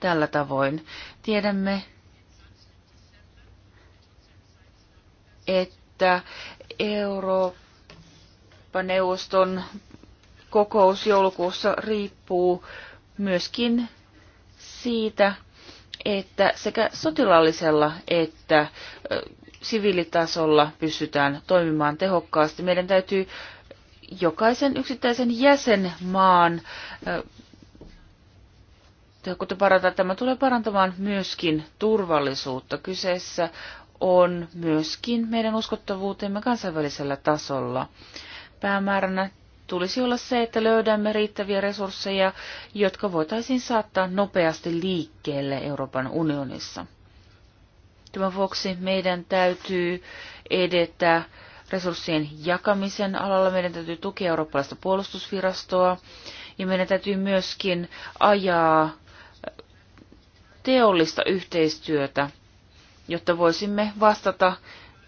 tällä tavoin. Tiedämme, että että Eurooppa-neuvoston kokous joulukuussa riippuu myöskin siitä, että sekä sotilaallisella että siviilitasolla pystytään toimimaan tehokkaasti. Meidän täytyy jokaisen yksittäisen jäsenmaan tehokkuutta parantaa Tämä tulee parantamaan myöskin turvallisuutta. Kyseessä on myöskin meidän uskottavuutemme kansainvälisellä tasolla. Päämääränä tulisi olla se, että löydämme riittäviä resursseja, jotka voitaisiin saattaa nopeasti liikkeelle Euroopan unionissa. Tämän vuoksi meidän täytyy edetä resurssien jakamisen alalla, meidän täytyy tukea eurooppalaista puolustusvirastoa ja meidän täytyy myöskin ajaa teollista yhteistyötä jotta voisimme vastata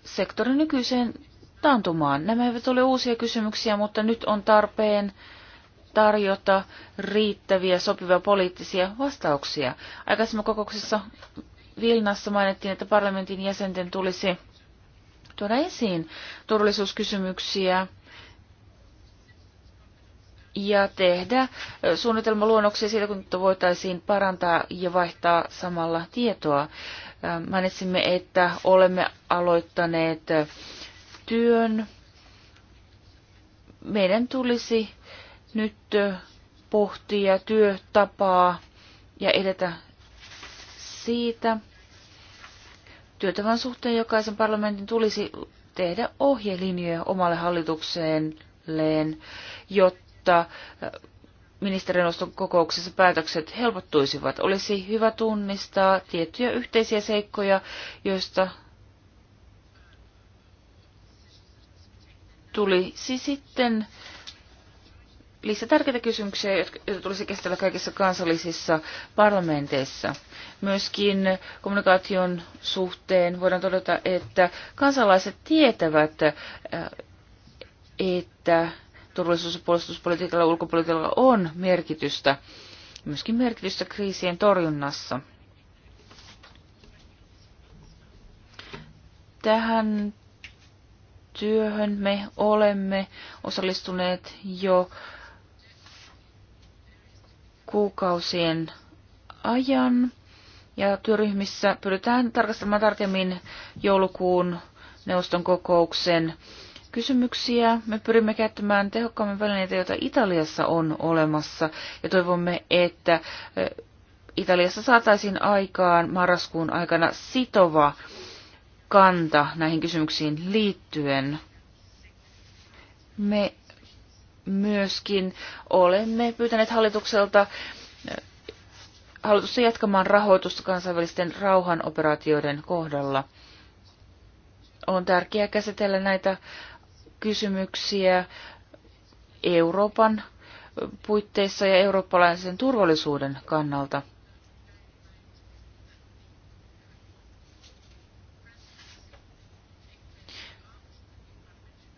sektorin nykyiseen taantumaan. Nämä eivät ole uusia kysymyksiä, mutta nyt on tarpeen tarjota riittäviä sopivia poliittisia vastauksia. Aikaisemmin kokouksessa Vilnassa mainittiin, että parlamentin jäsenten tulisi tuoda esiin turvallisuuskysymyksiä ja tehdä suunnitelmaluonnoksia siitä, kun voitaisiin parantaa ja vaihtaa samalla tietoa. Mainitsimme, että olemme aloittaneet työn. Meidän tulisi nyt pohtia työtapaa ja edetä siitä Työtavan suhteen jokaisen parlamentin tulisi tehdä ohjelinjoja omalle hallitukselleen, jotta ministerineuvoston kokouksessa päätökset helpottuisivat. Olisi hyvä tunnistaa tiettyjä yhteisiä seikkoja, joista tulisi sitten lisää tärkeitä kysymyksiä, joita tulisi kestellä kaikissa kansallisissa parlamenteissa. Myöskin kommunikaation suhteen voidaan todeta, että kansalaiset tietävät, äh, että turvallisuus- ja puolustuspolitiikalla ja ulkopolitiikalla on merkitystä, myöskin merkitystä kriisien torjunnassa. Tähän työhön me olemme osallistuneet jo kuukausien ajan. Ja työryhmissä pyritään tarkastelemaan tarkemmin joulukuun neuvoston kokouksen kysymyksiä. Me pyrimme käyttämään tehokkaammin välineitä, joita Italiassa on olemassa, ja toivomme, että Italiassa saataisiin aikaan marraskuun aikana sitova kanta näihin kysymyksiin liittyen. Me myöskin olemme pyytäneet hallitukselta hallitusta jatkamaan rahoitusta kansainvälisten rauhanoperaatioiden kohdalla. On tärkeää käsitellä näitä kysymyksiä Euroopan puitteissa ja eurooppalaisen turvallisuuden kannalta.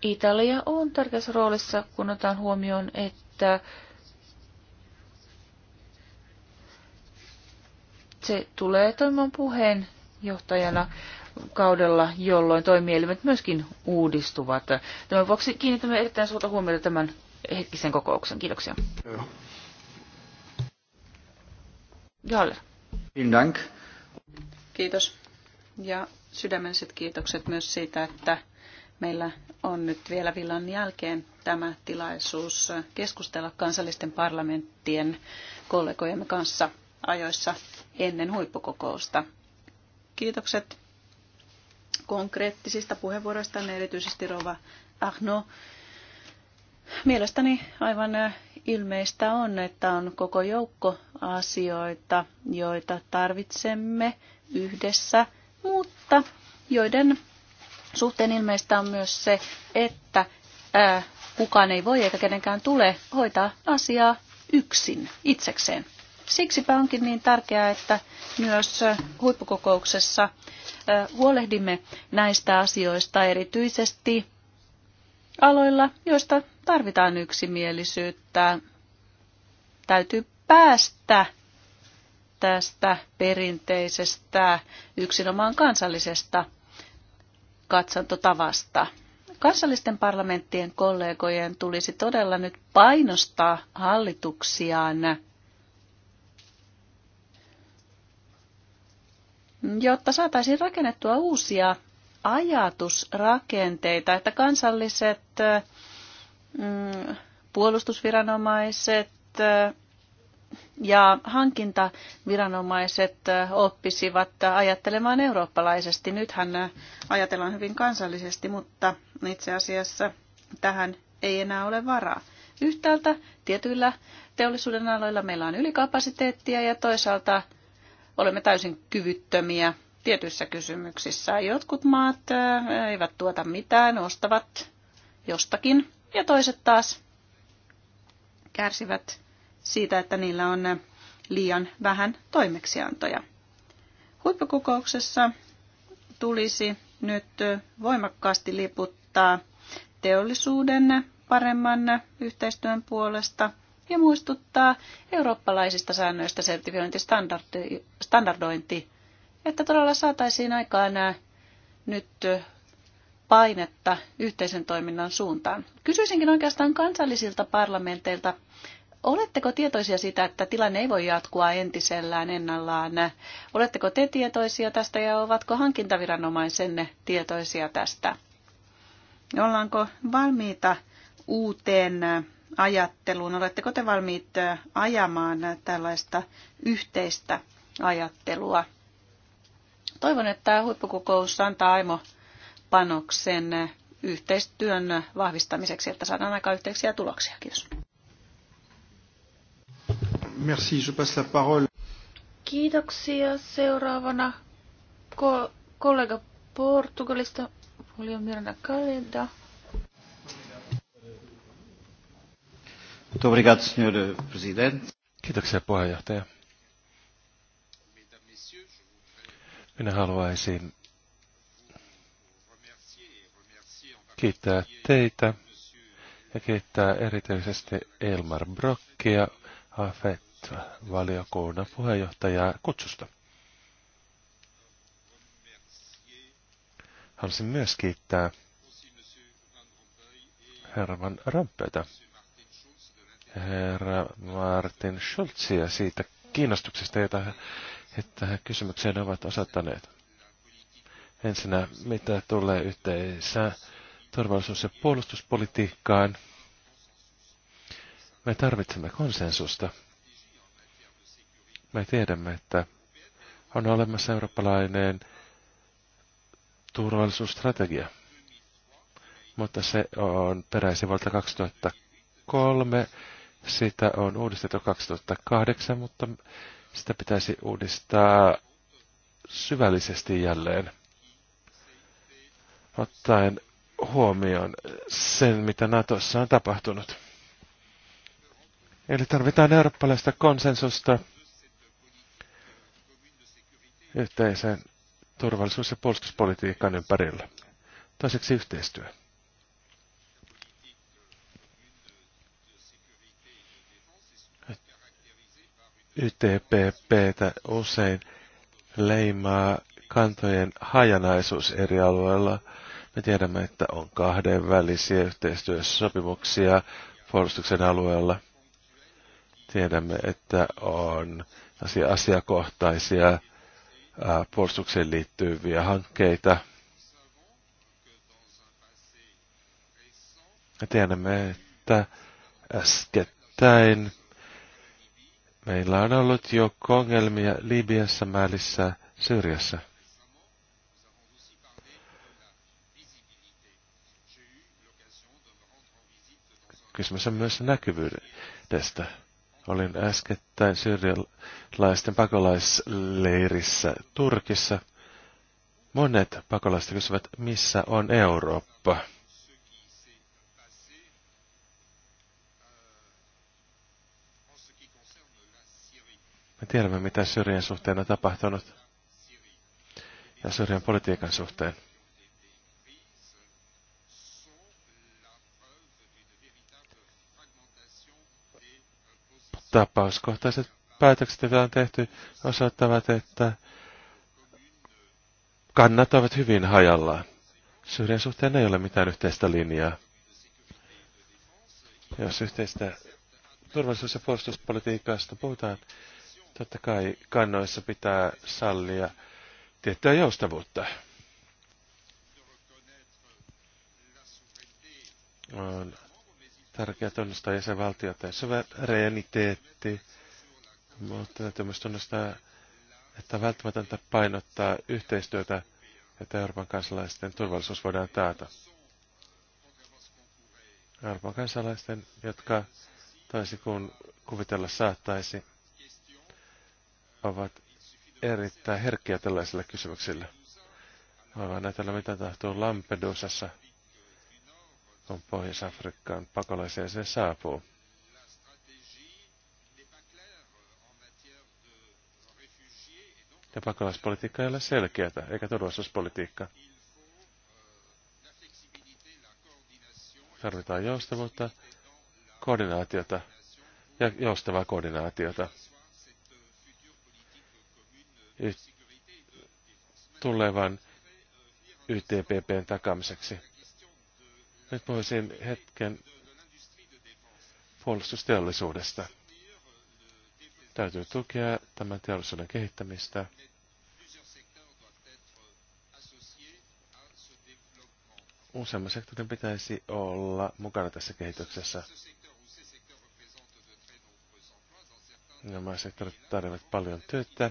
Italia on tärkeässä roolissa, kun otetaan huomioon, että se tulee toimimaan puheenjohtajana kaudella, jolloin toimielimet myöskin uudistuvat. Tämän vuoksi kiinnitämme erittäin suurta huomiota tämän hetkisen kokouksen. Kiitoksia. Dank. Kiitos. Ja sydämelliset kiitokset myös siitä, että meillä on nyt vielä villan jälkeen tämä tilaisuus keskustella kansallisten parlamenttien kollegojemme kanssa ajoissa ennen huippukokousta. Kiitokset konkreettisista puheenvuoroista, erityisesti Rova Ahno. Mielestäni aivan äh, ilmeistä on, että on koko joukko asioita, joita tarvitsemme yhdessä, mutta joiden suhteen ilmeistä on myös se, että ää, äh, kukaan ei voi eikä kenenkään tule hoitaa asiaa yksin itsekseen. Siksipä onkin niin tärkeää, että myös äh, huippukokouksessa huolehdimme näistä asioista erityisesti aloilla, joista tarvitaan yksimielisyyttä. Täytyy päästä tästä perinteisestä yksinomaan kansallisesta katsantotavasta. Kansallisten parlamenttien kollegojen tulisi todella nyt painostaa hallituksiaan jotta saataisiin rakennettua uusia ajatusrakenteita, että kansalliset mm, puolustusviranomaiset ja hankintaviranomaiset oppisivat ajattelemaan eurooppalaisesti. Nythän ajatellaan hyvin kansallisesti, mutta itse asiassa tähän ei enää ole varaa. Yhtäältä tietyillä teollisuuden aloilla meillä on ylikapasiteettia ja toisaalta olemme täysin kyvyttömiä tietyissä kysymyksissä. Jotkut maat äh, eivät tuota mitään, ostavat jostakin ja toiset taas kärsivät siitä, että niillä on äh, liian vähän toimeksiantoja. Huippukokouksessa tulisi nyt äh, voimakkaasti liputtaa teollisuuden paremman yhteistyön puolesta – ja muistuttaa eurooppalaisista säännöistä sertifiointistandardointi, että todella saataisiin aikaan nämä äh, nyt äh, painetta yhteisen toiminnan suuntaan. Kysyisinkin oikeastaan kansallisilta parlamenteilta, oletteko tietoisia siitä, että tilanne ei voi jatkua entisellään ennallaan? Oletteko te tietoisia tästä ja ovatko hankintaviranomaisenne tietoisia tästä? Ollaanko valmiita uuteen ajatteluun. Oletteko te valmiit ajamaan tällaista yhteistä ajattelua? Toivon, että huippukokous antaa aimo panoksen yhteistyön vahvistamiseksi, että saadaan aika yhteisiä tuloksia. Kiitos. Merci, je passe la parole. Kiitoksia. Seuraavana kollega Portugalista, Julio Mirna Kalenda. Eh, Kiitoksia puheenjohtaja. Minä haluaisin kiittää teitä ja kiittää erityisesti Elmar Brockia, AFET-valiokunnan puheenjohtajaa kutsusta. Haluaisin myös kiittää herran Rampeita herra Martin Schulzia siitä kiinnostuksesta, jota he tähän kysymykseen ovat osoittaneet. Ensinnä, mitä tulee yhteensä turvallisuus- ja puolustuspolitiikkaan, me tarvitsemme konsensusta. Me tiedämme, että on olemassa eurooppalainen turvallisuusstrategia, mutta se on peräisin vuodelta 2003 sitä on uudistettu 2008, mutta sitä pitäisi uudistaa syvällisesti jälleen. Ottaen huomioon sen, mitä Natossa on tapahtunut. Eli tarvitaan eurooppalaista konsensusta yhteisen turvallisuus- ja puolustuspolitiikan ympärillä. Toiseksi yhteistyö. YTPPtä usein leimaa kantojen hajanaisuus eri alueilla. Me tiedämme, että on kahdenvälisiä yhteistyösopimuksia puolustuksen alueella. Tiedämme, että on asiakohtaisia puolustukseen liittyviä hankkeita. Me tiedämme, että äskettäin Meillä on ollut jo ongelmia Libiassa, Mälissä, Syyriassa. Kysymys on myös näkyvyydestä. Olin äskettäin syyrialaisten pakolaisleirissä Turkissa. Monet pakolaiset kysyvät, missä on Eurooppa. Me tiedämme, mitä Syyrian suhteen on tapahtunut ja Syyrian politiikan suhteen. Tapauskohtaiset päätökset, joita on tehty, osoittavat, että kannat ovat hyvin hajallaan. Syyrian suhteen ei ole mitään yhteistä linjaa. Jos yhteistä turvallisuus- ja puolustuspolitiikasta puhutaan, Totta kai kannoissa pitää sallia tiettyä joustavuutta. On tärkeää tunnustaa jäsenvaltiota ja suvereniteetti, mutta täytyy myös tunnustaa, että on välttämätöntä painottaa yhteistyötä, että Euroopan kansalaisten turvallisuus voidaan taata. Euroopan kansalaisten, jotka toisin kuin kuvitella saattaisi, ovat erittäin herkkiä tällaisille kysymyksille. Voidaan näytellä, mitä tahtuu Lampedusassa, kun Pohjois-Afrikkaan pakolaiseen se saapuu. Ja pakolaispolitiikka ei ole selkeätä, eikä turvallisuuspolitiikka. Tarvitaan joustavuutta, koordinaatiota ja joustavaa koordinaatiota tulevan YTPPn takaamiseksi. Nyt voisin hetken puolustusteollisuudesta. Täytyy tukea tämän teollisuuden kehittämistä. Useamman sektorin pitäisi olla mukana tässä kehityksessä. Nämä sektorit tarvitsevat paljon työtä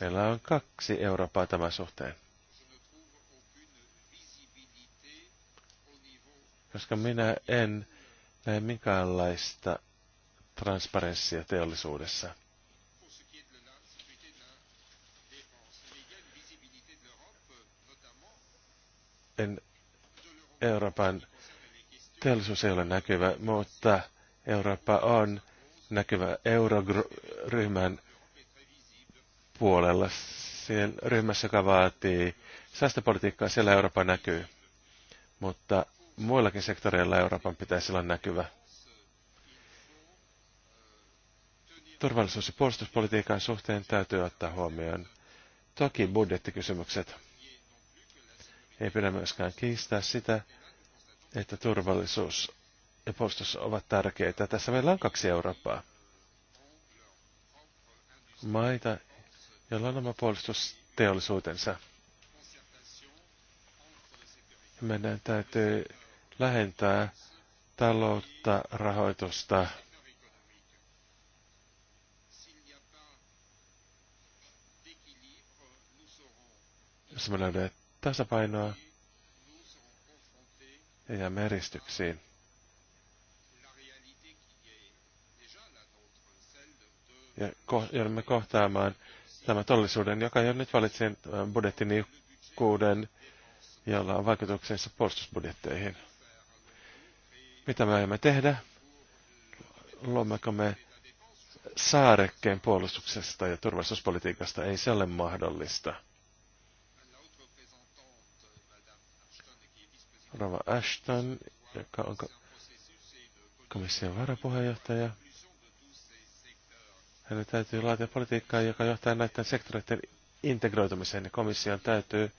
Meillä on kaksi Eurooppaa tämän suhteen. Koska minä en näe minkäänlaista transparenssia teollisuudessa. En Euroopan teollisuus ei ole näkyvä, mutta Eurooppa on näkyvä euroryhmän puolella siellä ryhmässä, joka vaatii säästöpolitiikkaa, siellä Eurooppa näkyy. Mutta muillakin sektoreilla Euroopan pitäisi olla näkyvä. Turvallisuus- ja puolustuspolitiikan suhteen täytyy ottaa huomioon toki budjettikysymykset. Ei pidä myöskään kiistää sitä, että turvallisuus ja puolustus ovat tärkeitä. Tässä meillä on kaksi Eurooppaa. Maita, jolla on oma puolustusteollisuutensa. Meidän täytyy lähentää taloutta, rahoitusta, jos me löydämme tasapainoa ja meristyksiin, Ja ko- joudumme kohtaamaan Tämä todellisuuden, joka jo nyt valitsee äh, budjettiniukkuuden, jolla on vaikutuksensa puolustusbudjetteihin. Mitä me aiomme tehdä? Luommeko me saarekkeen puolustuksesta ja turvallisuuspolitiikasta? Ei se ole mahdollista. Rova Ashton, joka on komission varapuheenjohtaja, Eli täytyy laatia politiikkaa, joka johtaa näiden sektoreiden integroitumiseen. Ja komission täytyy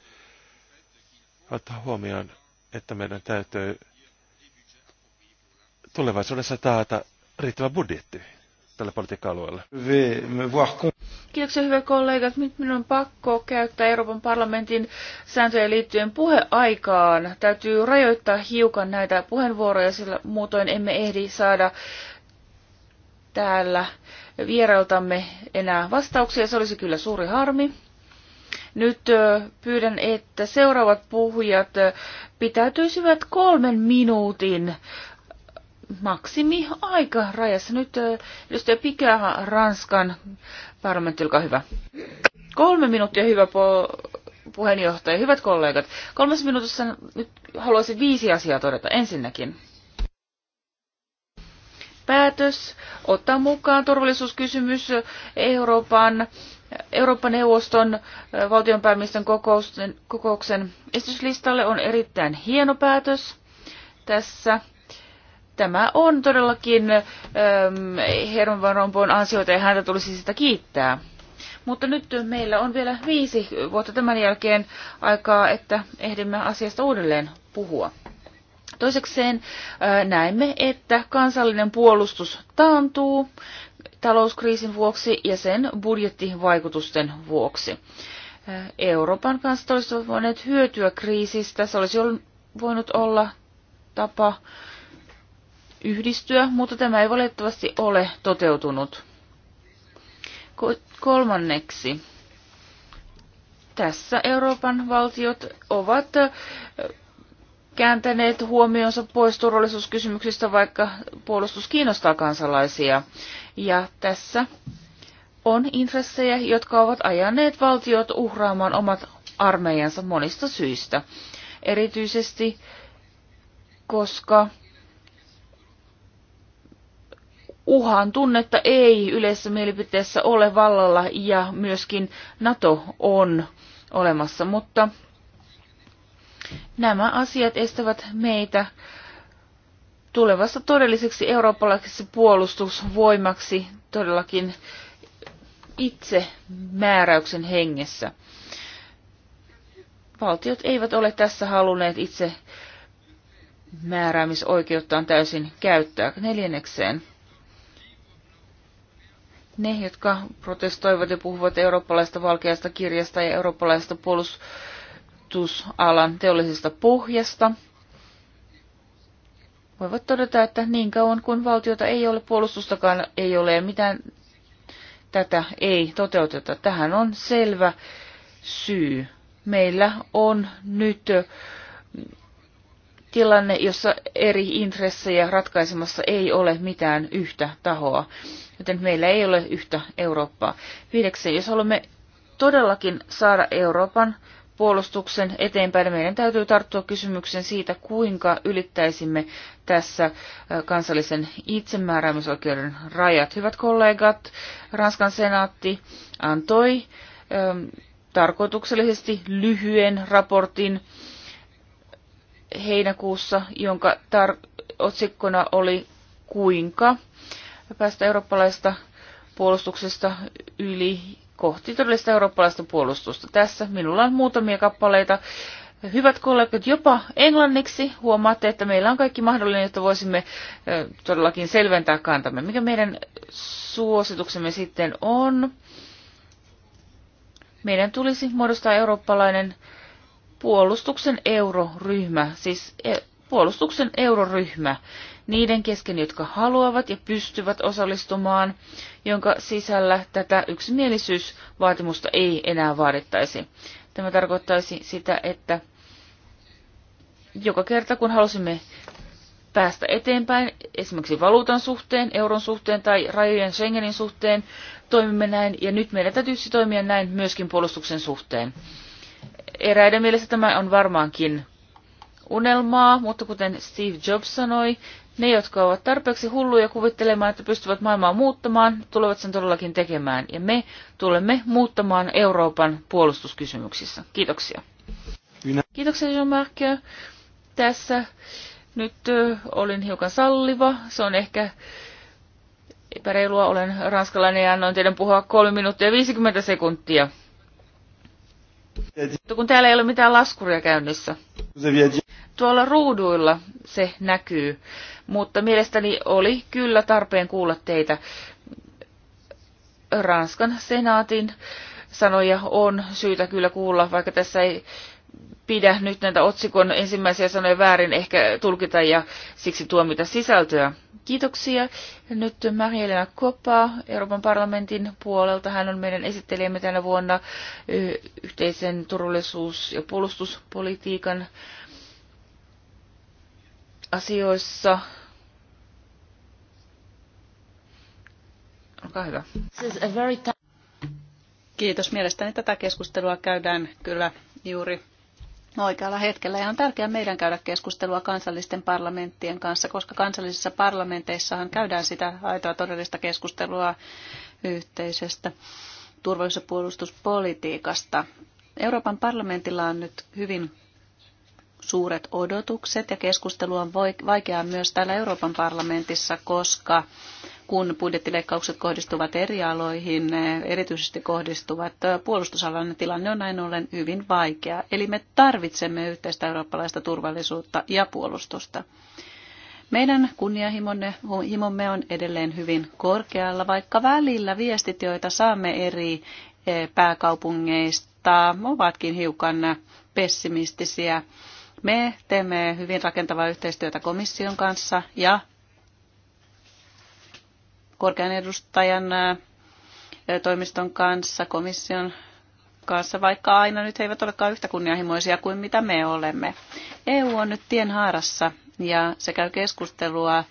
ottaa huomioon, että meidän täytyy tulevaisuudessa taata riittävä budjetti tälle politiikka alueelle Kiitoksia hyvät kollegat. Nyt minun on pakko käyttää Euroopan parlamentin sääntöjen liittyen puheaikaan. Täytyy rajoittaa hiukan näitä puheenvuoroja, sillä muutoin emme ehdi saada täällä vierailtamme enää vastauksia. Se olisi kyllä suuri harmi. Nyt pyydän, että seuraavat puhujat pitäytyisivät kolmen minuutin maksimi aika rajassa. Nyt edustaja Pikä Ranskan parlamentti, olkaa hyvä. Kolme minuuttia, hyvä po- puheenjohtaja, hyvät kollegat. Kolmessa minuutissa nyt haluaisin viisi asiaa todeta. Ensinnäkin, päätös ottaa mukaan turvallisuuskysymys Euroopan Eurooppa-neuvoston äh, valtionpäämiesten kokouksen, kokouksen esityslistalle on erittäin hieno päätös tässä. Tämä on todellakin ähm, Herman Van Rompuyn ansioita ja häntä tulisi sitä kiittää. Mutta nyt meillä on vielä viisi vuotta tämän jälkeen aikaa, että ehdimme asiasta uudelleen puhua. Toisekseen näemme, että kansallinen puolustus taantuu talouskriisin vuoksi ja sen budjettivaikutusten vuoksi. Euroopan kanssa olisi voineet hyötyä kriisistä. Se olisi voinut olla tapa yhdistyä, mutta tämä ei valitettavasti ole toteutunut. Kolmanneksi, tässä Euroopan valtiot ovat kääntäneet huomionsa pois turvallisuuskysymyksistä, vaikka puolustus kiinnostaa kansalaisia. Ja tässä on intressejä, jotka ovat ajaneet valtiot uhraamaan omat armeijansa monista syistä. Erityisesti koska uhan tunnetta ei yleisessä mielipiteessä ole vallalla ja myöskin NATO on olemassa, mutta Nämä asiat estävät meitä tulevasta todelliseksi eurooppalaiseksi puolustusvoimaksi todellakin itse määräyksen hengessä. Valtiot eivät ole tässä halunneet itse määräämisoikeuttaan täysin käyttää. Neljännekseen ne, jotka protestoivat ja puhuvat eurooppalaista valkeasta kirjasta ja eurooppalaista puolustusvoimasta, kuljetusalan teollisesta pohjasta, voivat todeta, että niin kauan kuin valtiota ei ole, puolustustakaan ei ole ja mitään tätä ei toteuteta. Tähän on selvä syy. Meillä on nyt tilanne, jossa eri intressejä ratkaisemassa ei ole mitään yhtä tahoa, joten meillä ei ole yhtä Eurooppaa. Viideksi, jos haluamme todellakin saada Euroopan puolustuksen eteenpäin. Meidän täytyy tarttua kysymykseen siitä, kuinka ylittäisimme tässä äh, kansallisen itsemääräämisoikeuden rajat. Hyvät kollegat, Ranskan senaatti antoi ähm, tarkoituksellisesti lyhyen raportin heinäkuussa, jonka tar- otsikkona oli kuinka päästä eurooppalaista puolustuksesta yli kohti todellista eurooppalaista puolustusta. Tässä minulla on muutamia kappaleita. Hyvät kollegat, jopa englanniksi huomaatte, että meillä on kaikki mahdollinen, että voisimme todellakin selventää kantamme. Mikä meidän suosituksemme sitten on? Meidän tulisi muodostaa eurooppalainen puolustuksen euroryhmä, siis e- puolustuksen euroryhmä niiden kesken, jotka haluavat ja pystyvät osallistumaan, jonka sisällä tätä yksimielisyysvaatimusta ei enää vaadittaisi. Tämä tarkoittaisi sitä, että joka kerta kun halusimme päästä eteenpäin, esimerkiksi valuutan suhteen, euron suhteen tai rajojen Schengenin suhteen, toimimme näin, ja nyt meidän täytyisi toimia näin myöskin puolustuksen suhteen. Eräiden mielestä tämä on varmaankin unelmaa, mutta kuten Steve Jobs sanoi, ne, jotka ovat tarpeeksi hulluja kuvittelemaan, että pystyvät maailmaa muuttamaan, tulevat sen todellakin tekemään. Ja me tulemme muuttamaan Euroopan puolustuskysymyksissä. Kiitoksia. Minä. Kiitoksia, Jean-Marc. Tässä nyt olin hiukan salliva. Se on ehkä epäreilua. Olen ranskalainen ja annoin teidän puhua 3 minuuttia ja 50 sekuntia. Mutta kun täällä ei ole mitään laskuria käynnissä tuolla ruuduilla se näkyy. Mutta mielestäni oli kyllä tarpeen kuulla teitä. Ranskan senaatin sanoja on syytä kyllä kuulla, vaikka tässä ei pidä nyt näitä otsikon ensimmäisiä sanoja väärin ehkä tulkita ja siksi tuomita sisältöä. Kiitoksia. Nyt Marielena Koppa Euroopan parlamentin puolelta. Hän on meidän esittelijämme tänä vuonna yhteisen turvallisuus- ja puolustuspolitiikan asioissa. Olkaa hyvä. Kiitos. Mielestäni tätä keskustelua käydään kyllä juuri oikealla hetkellä. Ja on tärkeää meidän käydä keskustelua kansallisten parlamenttien kanssa, koska kansallisissa parlamenteissahan käydään sitä aitoa todellista keskustelua yhteisestä turvallisuus- ja puolustuspolitiikasta. Euroopan parlamentilla on nyt hyvin suuret odotukset ja keskustelu on vaikeaa myös täällä Euroopan parlamentissa, koska kun budjettileikkaukset kohdistuvat eri aloihin, erityisesti kohdistuvat puolustusalan niin tilanne on näin ollen hyvin vaikea. Eli me tarvitsemme yhteistä eurooppalaista turvallisuutta ja puolustusta. Meidän kunnianhimomme on edelleen hyvin korkealla, vaikka välillä viestit, joita saamme eri pääkaupungeista, ovatkin hiukan pessimistisiä me teemme hyvin rakentavaa yhteistyötä komission kanssa ja korkean edustajan toimiston kanssa, komission kanssa, vaikka aina nyt he eivät olekaan yhtä kunnianhimoisia kuin mitä me olemme. EU on nyt tienhaarassa ja se käy keskustelua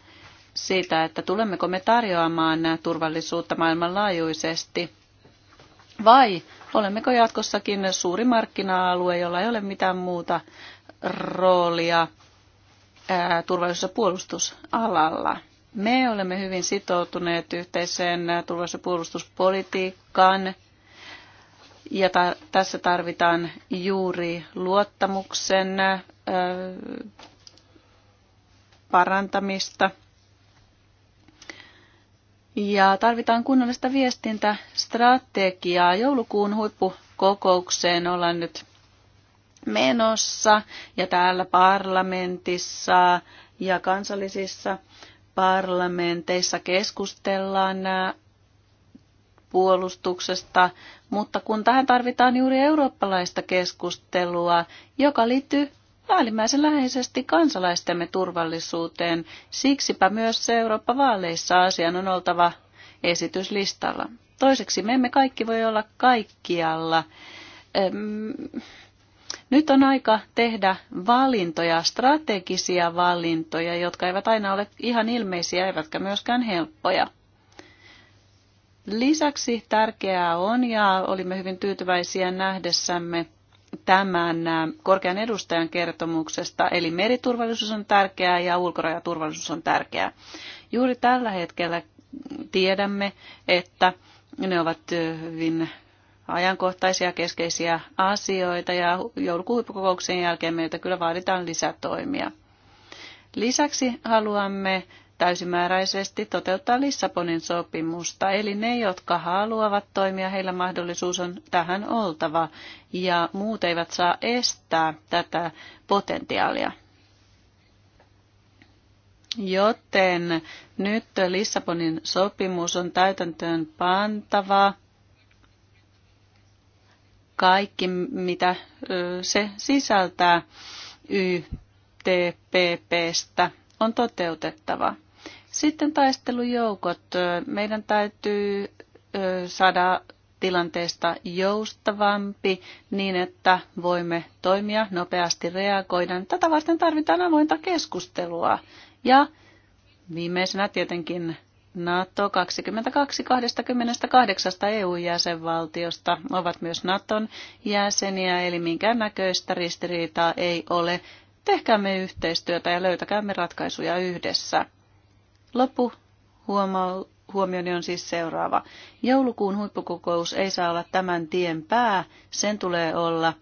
siitä, että tulemmeko me tarjoamaan turvallisuutta maailmanlaajuisesti vai olemmeko jatkossakin suuri markkina-alue, jolla ei ole mitään muuta roolia turvallisuus- ja puolustusalalla. Me olemme hyvin sitoutuneet yhteiseen turvallisuus- ja puolustuspolitiikkaan, ja ta- tässä tarvitaan juuri luottamuksen ää, parantamista. Ja tarvitaan kunnollista viestintästrategiaa. Joulukuun huippukokoukseen ollaan nyt menossa ja täällä parlamentissa ja kansallisissa parlamenteissa keskustellaan äh, puolustuksesta, mutta kun tähän tarvitaan juuri eurooppalaista keskustelua, joka liittyy päällimmäisen läheisesti kansalaistemme turvallisuuteen. Siksipä myös Eurooppa-vaaleissa asian on oltava esityslistalla. Toiseksi me emme kaikki voi olla kaikkialla. Nyt on aika tehdä valintoja, strategisia valintoja, jotka eivät aina ole ihan ilmeisiä eivätkä myöskään helppoja. Lisäksi tärkeää on, ja olimme hyvin tyytyväisiä nähdessämme tämän korkean edustajan kertomuksesta, eli meriturvallisuus on tärkeää ja ulkorajaturvallisuus on tärkeää. Juuri tällä hetkellä tiedämme, että ne ovat hyvin ajankohtaisia keskeisiä asioita ja joulukuun jälkeen meiltä kyllä vaaditaan lisätoimia. Lisäksi haluamme täysimääräisesti toteuttaa Lissabonin sopimusta, eli ne, jotka haluavat toimia, heillä mahdollisuus on tähän oltava, ja muut eivät saa estää tätä potentiaalia. Joten nyt Lissabonin sopimus on täytäntöön pantava kaikki, mitä se sisältää YTPPstä, on toteutettava. Sitten taistelujoukot. Meidän täytyy saada tilanteesta joustavampi niin, että voimme toimia nopeasti reagoida. Tätä varten tarvitaan avointa keskustelua ja viimeisenä tietenkin NATO 22 28 EU-jäsenvaltiosta ovat myös Naton jäseniä, eli minkään näköistä ristiriitaa ei ole. Tehkäämme yhteistyötä ja löytäkäämme ratkaisuja yhdessä. Loppu huomioni on siis seuraava. Joulukuun huippukokous ei saa olla tämän tien pää, sen tulee olla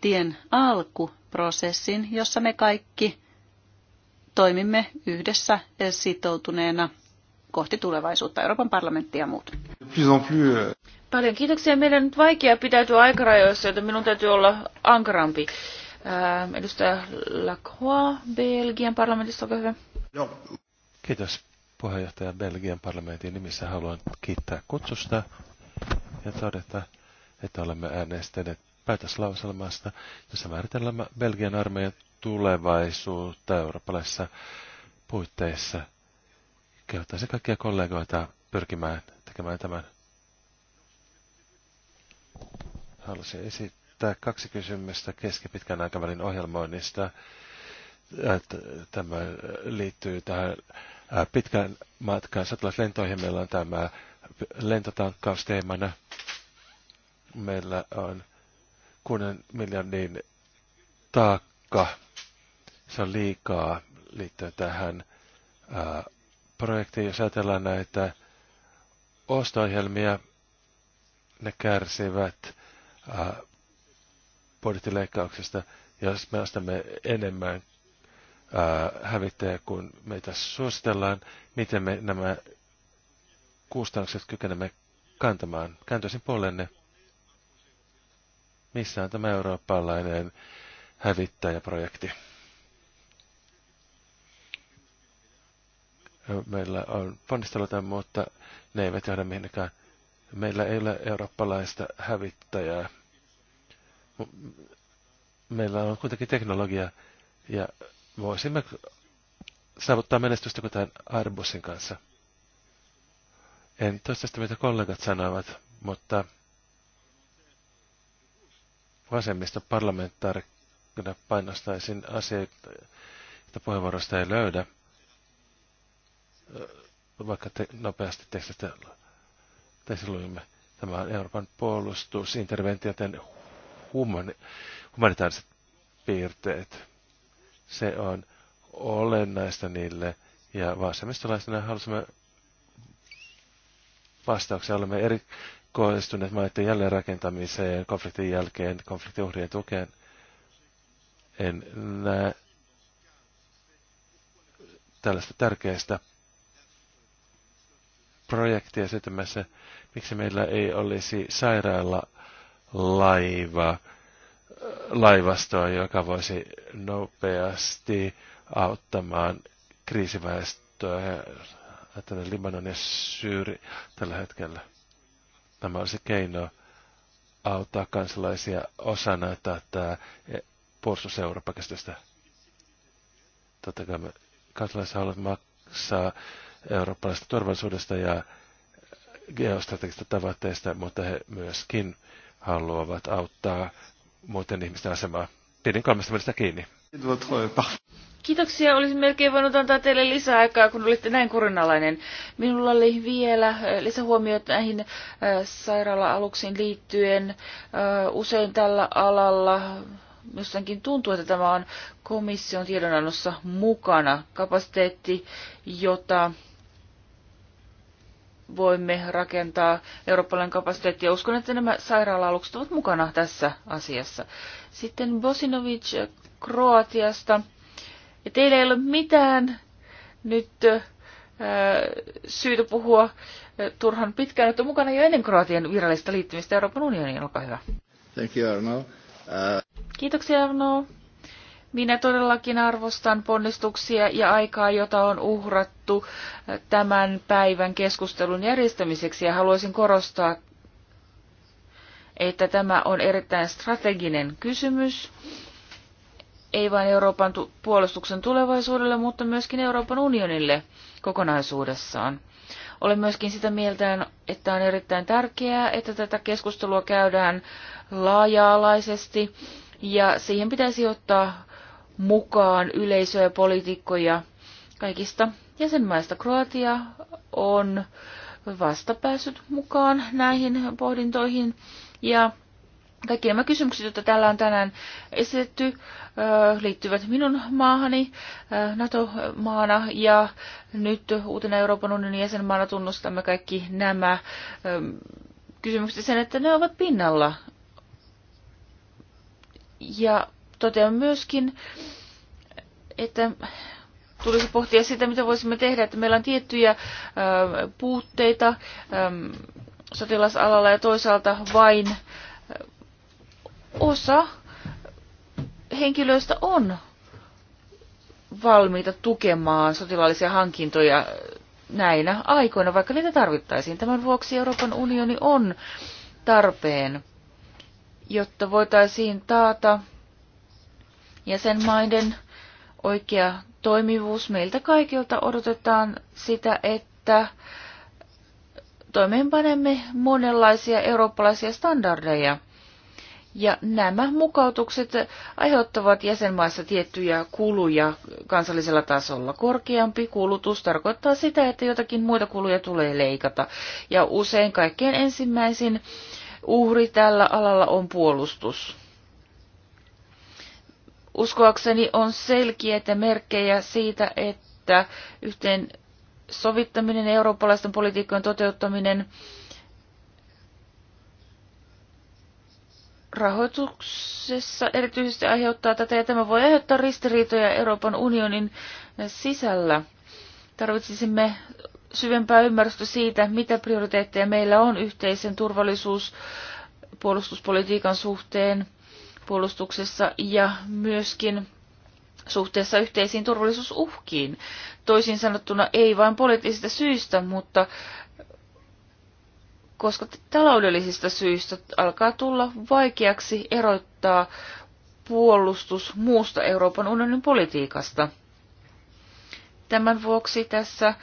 tien alkuprosessin, jossa me kaikki toimimme yhdessä sitoutuneena kohti tulevaisuutta, Euroopan parlamenttia ja muut. Euh, Paljon kiitoksia. Meidän on nyt vaikea pitäytyä aikarajoissa, joten minun täytyy olla ankarampi. Ää, äh, edustaja Lacroix, Belgian parlamentista, olkaa hyvä. Joo. Kiitos puheenjohtaja Belgian parlamentin nimissä. Haluan kiittää kutsusta ja todeta, että olemme äänestäneet päätöslauselmasta, jossa määritellään Belgian armeijan tulevaisuutta eurooppalaisissa puitteissa – kehottaisin kaikkia kollegoita pyrkimään tekemään tämän. Haluaisin esittää kaksi kysymystä keskipitkän aikavälin ohjelmoinnista. Äh, tämä liittyy tähän äh, pitkään matkaan sotilaslentoihin. Meillä on tämä lentotankkaus teemana. Meillä on 6 miljardin taakka. Se on liikaa liittyen tähän äh, projekti, jos ajatellaan näitä osto ne kärsivät äh, budjettileikkauksesta. Jos me ostamme enemmän äh, hävittäjä kuin meitä suositellaan, miten me nämä kustannukset kykenemme kantamaan. Kääntöisin puolenne. Missä on tämä eurooppalainen hävittäjäprojekti? Meillä on ponnisteluita, mutta ne eivät johda mihinkään. Meillä ei ole eurooppalaista hävittäjää. Meillä on kuitenkin teknologia ja voisimme saavuttaa menestystä kuten Arbusin kanssa. En toistaista, mitä kollegat sanovat, mutta vasemmista parlamentaarikkoina painostaisin asioita, että puheenvuorosta ei löydä vaikka te, nopeasti tekstistä tässä luimme. Tämä on Euroopan puolustusinterventioiden humani, humanitaariset piirteet. Se on olennaista niille ja vasemmistolaisena halusimme vastauksia. Olemme eri koistuneet maiden jälleenrakentamiseen konfliktin jälkeen, konfliktiuhrien tukeen. En näe tällaista tärkeästä projektia syntymässä, miksi meillä ei olisi sairaala laiva, laivastoa, joka voisi nopeasti auttamaan kriisiväestöä tänne Libanon ja Syyri tällä hetkellä. Tämä olisi keino auttaa kansalaisia osana tätä puolustus Totta kai me kansalaiset haluavat maksaa eurooppalaisesta turvallisuudesta ja geostrategisista tavoitteista, mutta he myöskin haluavat auttaa muiden ihmisten asemaa. Pidin kolmesta välistä kiinni. Kiitoksia. Olisin melkein voinut antaa teille lisää aikaa, kun olitte näin kurinalainen. Minulla oli vielä lisähuomioita näihin sairaala-aluksiin liittyen. Usein tällä alalla jostakin tuntuu, että tämä on komission tiedonannossa mukana. Kapasiteetti, jota voimme rakentaa eurooppalainen kapasiteetti. Ja uskon, että nämä sairaala-alukset ovat mukana tässä asiassa. Sitten Bosinovic Kroatiasta. Ja teillä ei ole mitään nyt syytä puhua turhan pitkään, että on mukana jo ennen Kroatian virallista liittymistä Euroopan unioniin. Olkaa hyvä. Thank you, Arno. Uh... Kiitoksia, Arno. Minä todellakin arvostan ponnistuksia ja aikaa, jota on uhrattu tämän päivän keskustelun järjestämiseksi ja haluaisin korostaa, että tämä on erittäin strateginen kysymys, ei vain Euroopan puolustuksen tulevaisuudelle, mutta myöskin Euroopan unionille kokonaisuudessaan. Olen myöskin sitä mieltä, että on erittäin tärkeää, että tätä keskustelua käydään laaja-alaisesti ja siihen pitäisi ottaa mukaan yleisöä, poliitikkoja kaikista jäsenmaista. Kroatia on vasta päässyt mukaan näihin pohdintoihin ja kaikki nämä kysymykset, joita täällä on tänään esitetty, liittyvät minun maahani NATO-maana ja nyt uutena Euroopan unionin jäsenmaana tunnustamme kaikki nämä kysymykset sen, että ne ovat pinnalla. Ja totean myöskin, että tulisi pohtia sitä, mitä voisimme tehdä, että meillä on tiettyjä ö, puutteita ö, sotilasalalla ja toisaalta vain osa henkilöistä on valmiita tukemaan sotilaallisia hankintoja näinä aikoina, vaikka niitä tarvittaisiin. Tämän vuoksi Euroopan unioni on tarpeen, jotta voitaisiin taata jäsenmaiden oikea toimivuus. Meiltä kaikilta odotetaan sitä, että toimeenpanemme monenlaisia eurooppalaisia standardeja. Ja nämä mukautukset aiheuttavat jäsenmaissa tiettyjä kuluja kansallisella tasolla. Korkeampi kulutus tarkoittaa sitä, että jotakin muita kuluja tulee leikata. Ja usein kaikkein ensimmäisin uhri tällä alalla on puolustus uskoakseni on selkeitä merkkejä siitä, että yhteen sovittaminen, eurooppalaisten politiikkojen toteuttaminen rahoituksessa erityisesti aiheuttaa tätä, ja tämä voi aiheuttaa ristiriitoja Euroopan unionin sisällä. Tarvitsisimme syvempää ymmärrystä siitä, mitä prioriteetteja meillä on yhteisen turvallisuus- puolustuspolitiikan suhteen, puolustuksessa ja myöskin suhteessa yhteisiin turvallisuusuhkiin. Toisin sanottuna ei vain poliittisista syistä, mutta koska taloudellisista syistä alkaa tulla vaikeaksi erottaa puolustus muusta Euroopan unionin politiikasta. Tämän vuoksi tässä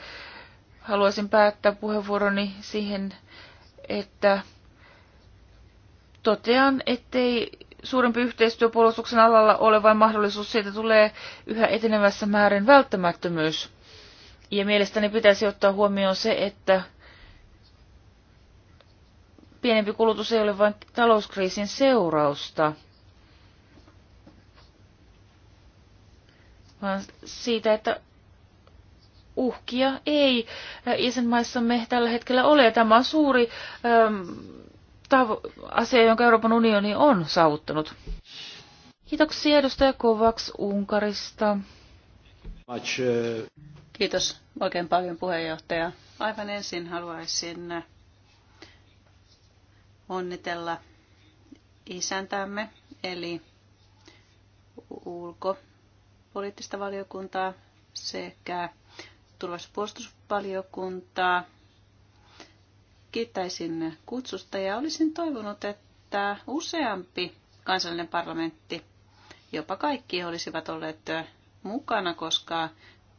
haluaisin päättää puheenvuoroni siihen, että totean, ettei suurempi yhteistyö puolustuksen alalla ole vain mahdollisuus, siitä tulee yhä etenevässä määrin välttämättömyys. Ja mielestäni pitäisi ottaa huomioon se, että pienempi kulutus ei ole vain talouskriisin seurausta, vaan siitä, että uhkia ei jäsenmaissamme tällä hetkellä ole. Tämä on suuri ähm, tavo- asia, jonka Euroopan unioni on saavuttanut. Kiitoksia edustaja Kovaks Unkarista. Uh, Kiitos oikein paljon puheenjohtaja. Aivan ensin haluaisin onnitella isäntämme, eli ulkopoliittista valiokuntaa sekä turvallisuuspuolustusvaliokuntaa kiittäisin kutsusta ja olisin toivonut, että useampi kansallinen parlamentti, jopa kaikki olisivat olleet mukana, koska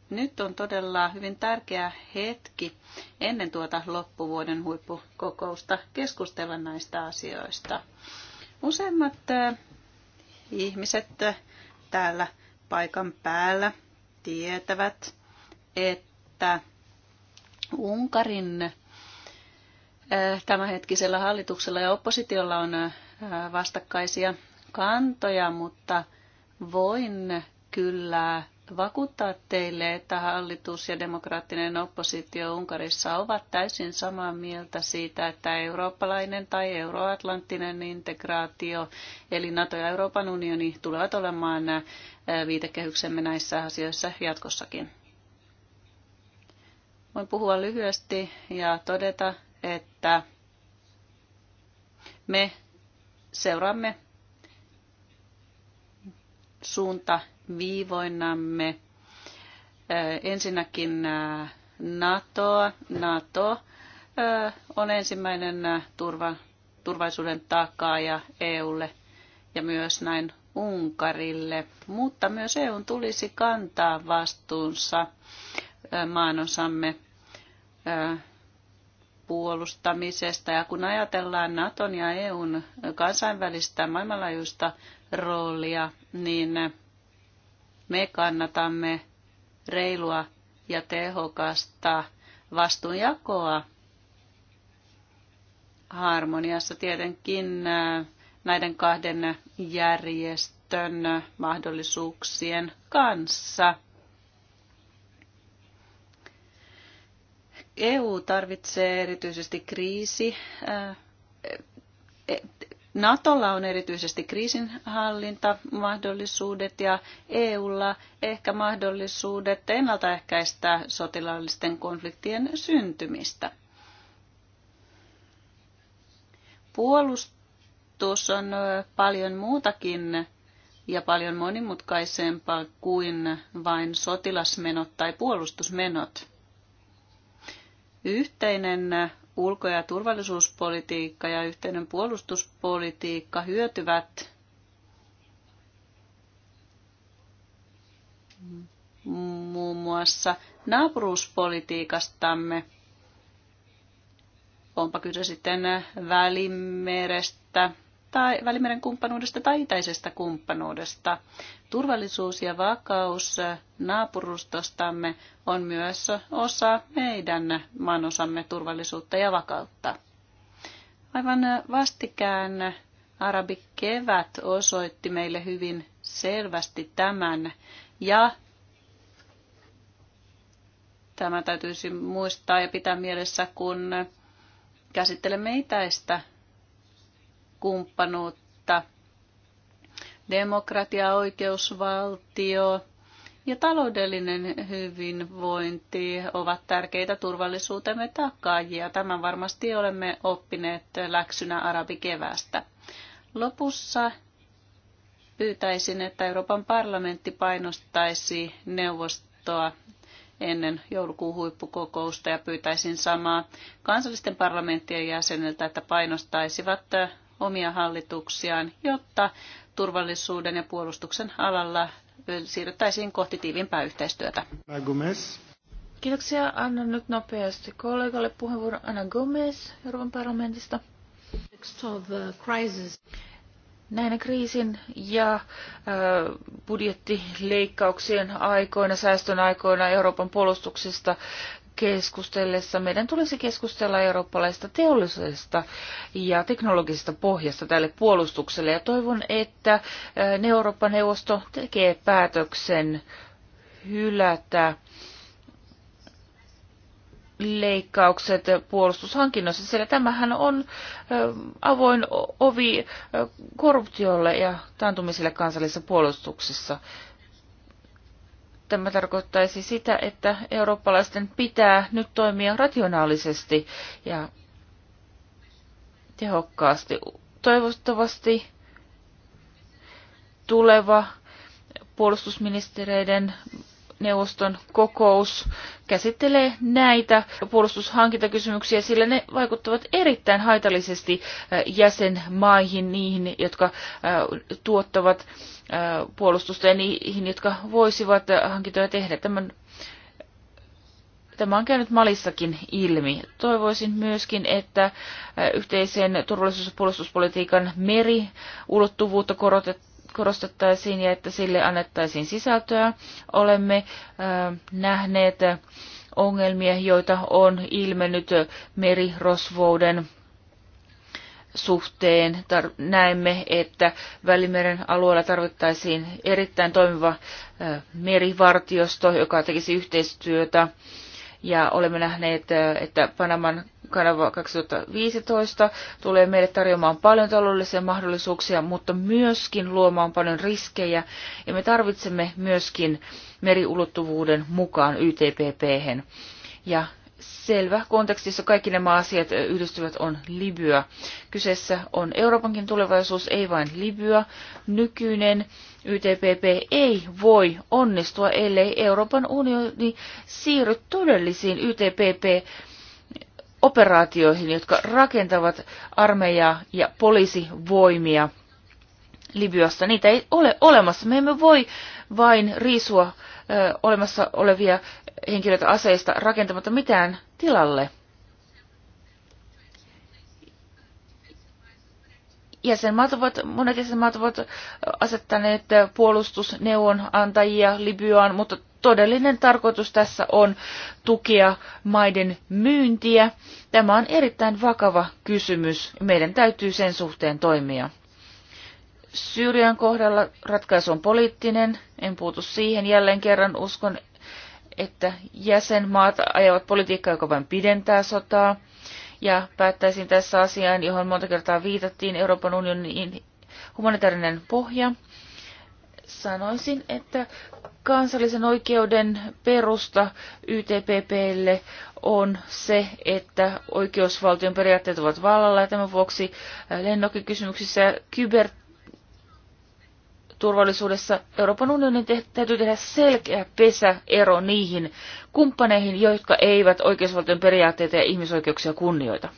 nyt on todella hyvin tärkeä hetki ennen tuota loppuvuoden huippukokousta keskustella näistä asioista. Useimmat eh, ihmiset eh, täällä paikan päällä tietävät, että Unkarin Äh, tämänhetkisellä hallituksella ja oppositiolla on äh, vastakkaisia kantoja, mutta voin kyllä vakuuttaa teille, että hallitus ja demokraattinen oppositio Unkarissa ovat täysin samaa mieltä siitä, että eurooppalainen tai euroatlanttinen integraatio, eli NATO ja Euroopan unioni, tulevat olemaan äh, viitekehyksemme näissä asioissa jatkossakin. Voin puhua lyhyesti ja todeta, että me seuraamme suunta viivoinamme äh, ensinnäkin NATOa. Äh, NATO äh, on ensimmäinen turva, turvallisuuden takaaja EUlle ja myös näin Unkarille, mutta myös EUn tulisi kantaa vastuunsa maanosamme puolustamisesta. Ja kun ajatellaan Naton ja EUn kansainvälistä maailmanlaajuista roolia, niin me kannatamme reilua ja tehokasta vastuunjakoa harmoniassa tietenkin äh, näiden kahden järjestön mahdollisuuksien kanssa. EU tarvitsee erityisesti kriisi. Äh, e, Natolla on erityisesti kriisinhallintamahdollisuudet ja EUlla ehkä mahdollisuudet ennaltaehkäistä sotilaallisten konfliktien syntymistä. Puolustus on äh, paljon muutakin ja paljon monimutkaisempaa kuin vain sotilasmenot tai puolustusmenot yhteinen ulko- ja turvallisuuspolitiikka ja yhteinen puolustuspolitiikka hyötyvät muun muassa naapuruuspolitiikastamme, onpa kyse sitten välimerestä tai Välimeren kumppanuudesta tai itäisestä kumppanuudesta. Turvallisuus ja vakaus naapurustostamme on myös osa meidän maanosamme turvallisuutta ja vakautta. Aivan vastikään arabikevät osoitti meille hyvin selvästi tämän ja tämä täytyisi muistaa ja pitää mielessä, kun käsittelemme itäistä kumppanuutta, demokratia, oikeusvaltio ja taloudellinen hyvinvointi ovat tärkeitä turvallisuutemme takaajia. Tämän varmasti olemme oppineet läksynä arabikeväästä. Lopussa pyytäisin, että Euroopan parlamentti painostaisi neuvostoa ennen joulukuun huippukokousta ja pyytäisin samaa kansallisten parlamenttien jäseniltä, että painostaisivat omia hallituksiaan, jotta turvallisuuden ja puolustuksen alalla siirryttäisiin kohti tiivimpää yhteistyötä. Gomez. Kiitoksia. Annan nyt nopeasti kollegalle puheenvuoron Anna Gomez Euroopan parlamentista. Uh, Näinä kriisin ja budjettileikkauksien aikoina, säästön aikoina Euroopan puolustuksesta keskustellessa meidän tulisi keskustella eurooppalaista teollisesta ja teknologisesta pohjasta tälle puolustukselle. Ja toivon, että eh, Euroopan neuvosto tekee päätöksen hylätä leikkaukset puolustushankinnoissa, sillä tämähän on eh, avoin ovi eh, korruptiolle ja taantumiselle kansallisessa puolustuksessa. Tämä tarkoittaisi sitä, että eurooppalaisten pitää nyt toimia rationaalisesti ja tehokkaasti. Toivottavasti tuleva puolustusministereiden neuvoston kokous käsittelee näitä puolustushankintakysymyksiä, sillä ne vaikuttavat erittäin haitallisesti äh, jäsenmaihin, niihin, jotka äh, tuottavat äh, puolustusta ja niihin, jotka voisivat hankintoja tehdä. Tämän Tämä on käynyt Malissakin ilmi. Toivoisin myöskin, että yhteisen turvallisuus- ja puolustuspolitiikan meriulottuvuutta korotettaisiin korostettaisiin ja että sille annettaisiin sisältöä. Olemme nähneet ongelmia, joita on ilmennyt merirosvouden suhteen. Tar- näemme, että Välimeren alueella tarvittaisiin erittäin toimiva merivartiosto, joka tekisi yhteistyötä. Ja olemme nähneet, että Panaman Kanava 2015 tulee meille tarjoamaan paljon taloudellisia mahdollisuuksia, mutta myöskin luomaan paljon riskejä. Ja me tarvitsemme myöskin meriulottuvuuden mukaan ytpp -hän. Ja selvä kontekstissa kaikki nämä asiat yhdistyvät, on Libya. Kyseessä on Euroopankin tulevaisuus, ei vain Libya. Nykyinen YTPP ei voi onnistua, ellei Euroopan unioni siirry todellisiin YTPP operaatioihin, jotka rakentavat armeijaa ja poliisivoimia Libyassa. Niitä ei ole olemassa. Me emme voi vain riisua ö, olemassa olevia henkilöitä aseista rakentamatta mitään tilalle. jäsenmaat ovat, monet jäsenmaat ovat asettaneet puolustusneuvonantajia Libyaan, mutta todellinen tarkoitus tässä on tukea maiden myyntiä. Tämä on erittäin vakava kysymys. Meidän täytyy sen suhteen toimia. Syyrian kohdalla ratkaisu on poliittinen. En puutu siihen jälleen kerran. Uskon, että jäsenmaat ajavat politiikkaa, joka vain pidentää sotaa. Ja päättäisin tässä asiaan, johon monta kertaa viitattiin, Euroopan unionin humanitaarinen pohja sanoisin, että kansallisen oikeuden perusta YTPPlle on se, että oikeusvaltion periaatteet ovat vallalla ja tämän vuoksi äh, lennokkikysymyksissä ja kyberturvallisuudessa Euroopan unionin te- täytyy tehdä selkeä pesäero niihin kumppaneihin, jotka eivät oikeusvaltion periaatteita ja ihmisoikeuksia kunnioita.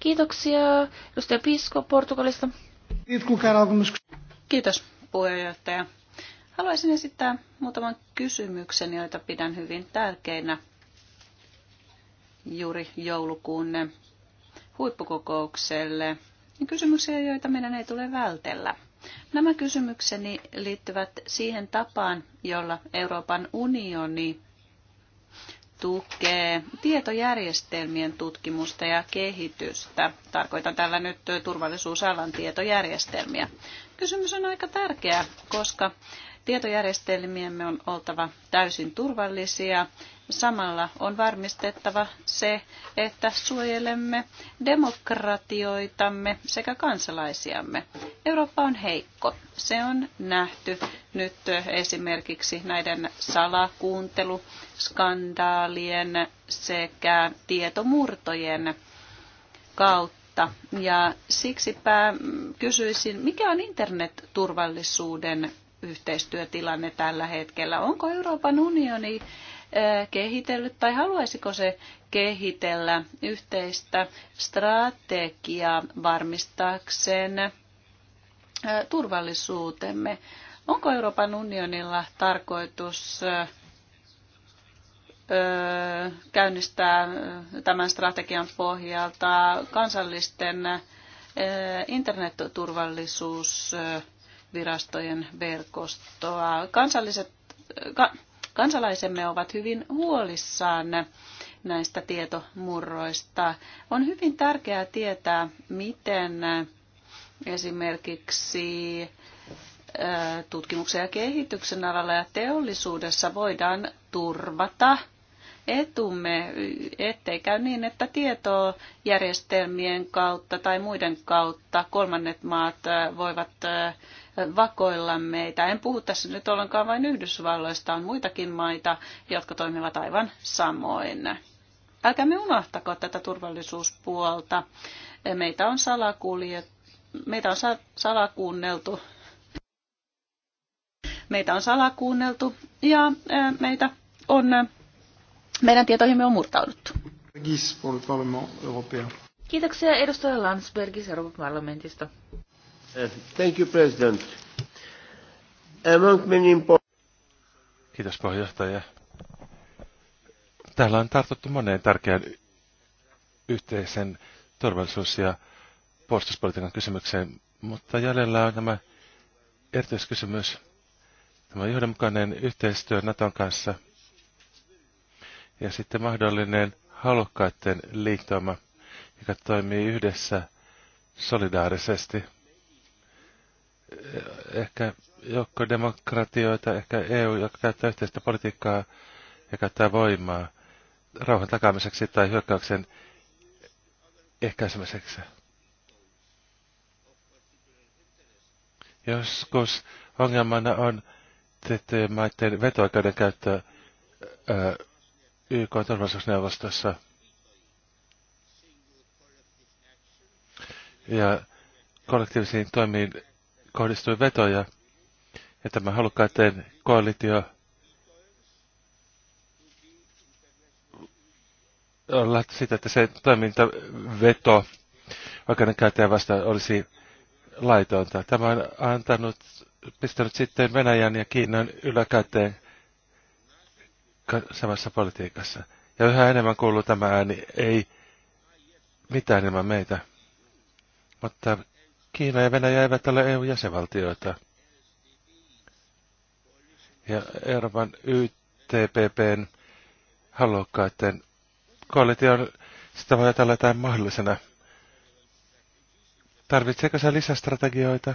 Kiitoksia. Edustaja Pisko Portugalista. Kiitos puheenjohtaja. Haluaisin esittää muutaman kysymyksen, joita pidän hyvin tärkeinä juuri joulukuun huippukokoukselle. Niin kysymyksiä, joita meidän ei tule vältellä. Nämä kysymykseni liittyvät siihen tapaan, jolla Euroopan unioni tukee tietojärjestelmien tutkimusta ja kehitystä. Tarkoitan tällä nyt turvallisuusalan tietojärjestelmiä kysymys on aika tärkeä, koska tietojärjestelmiemme on oltava täysin turvallisia. Samalla on varmistettava se, että suojelemme demokratioitamme sekä kansalaisiamme. Eurooppa on heikko. Se on nähty nyt esimerkiksi näiden salakuunteluskandaalien sekä tietomurtojen kautta turvallisuudesta ja siksipä kysyisin, mikä on internetturvallisuuden yhteistyötilanne tällä hetkellä? Onko Euroopan unioni eh, kehitellyt tai haluaisiko se kehitellä yhteistä strategiaa varmistaakseen eh, turvallisuutemme? Onko Euroopan unionilla tarkoitus eh, käynnistää tämän strategian pohjalta kansallisten internetturvallisuusvirastojen verkostoa. Kansalliset, ka, kansalaisemme ovat hyvin huolissaan näistä tietomurroista. On hyvin tärkeää tietää, miten esimerkiksi tutkimuksen ja kehityksen alalla ja teollisuudessa voidaan turvata etumme, ettei käy niin, että tietojärjestelmien kautta tai muiden kautta kolmannet maat voivat vakoilla meitä. En puhu tässä nyt ollenkaan vain Yhdysvalloista, on muitakin maita, jotka toimivat aivan samoin. Älkäämme unohtako tätä turvallisuuspuolta. Meitä on, salakuljet... meitä on salakuunneltu. Meitä on salakuunneltu ja meitä on meidän tietoihimme on murtauduttu. Kiitoksia edustaja Landsbergis Euroopan parlamentista. Eh, thank you, President. Kiitos puheenjohtaja. Täällä on tartuttu moneen tärkeään yhteisen turvallisuus- ja puolustuspolitiikan kysymykseen, mutta jäljellä on tämä erityiskysymys, tämä johdonmukainen yhteistyö Naton kanssa – ja sitten mahdollinen halukkaiden liittoma, joka toimii yhdessä solidaarisesti. Ehkä joukko demokratioita, ehkä EU, joka käyttää yhteistä politiikkaa ja käyttää voimaa rauhan takaamiseksi tai hyökkäyksen ehkäisemiseksi. Joskus ongelmana on tiettyjen maiden veto käyttö YK turvallisuusneuvostossa. Ja kollektiivisiin toimiin kohdistui vetoja, ja tämä halukkaiden koalitio lähti siitä, että se toimintaveto käyttäjän vastaan olisi laitonta. Tämä on antanut, pistänyt sitten Venäjän ja Kiinan yläkäteen samassa politiikassa. Ja yhä enemmän kuuluu tämä ääni, ei mitään ilman meitä. Mutta Kiina ja Venäjä eivät ole EU-jäsenvaltioita. Ja Euroopan YTPPn halukkaiden koalition, sitä voi ajatella jotain mahdollisena. Tarvitseeko se lisästrategioita?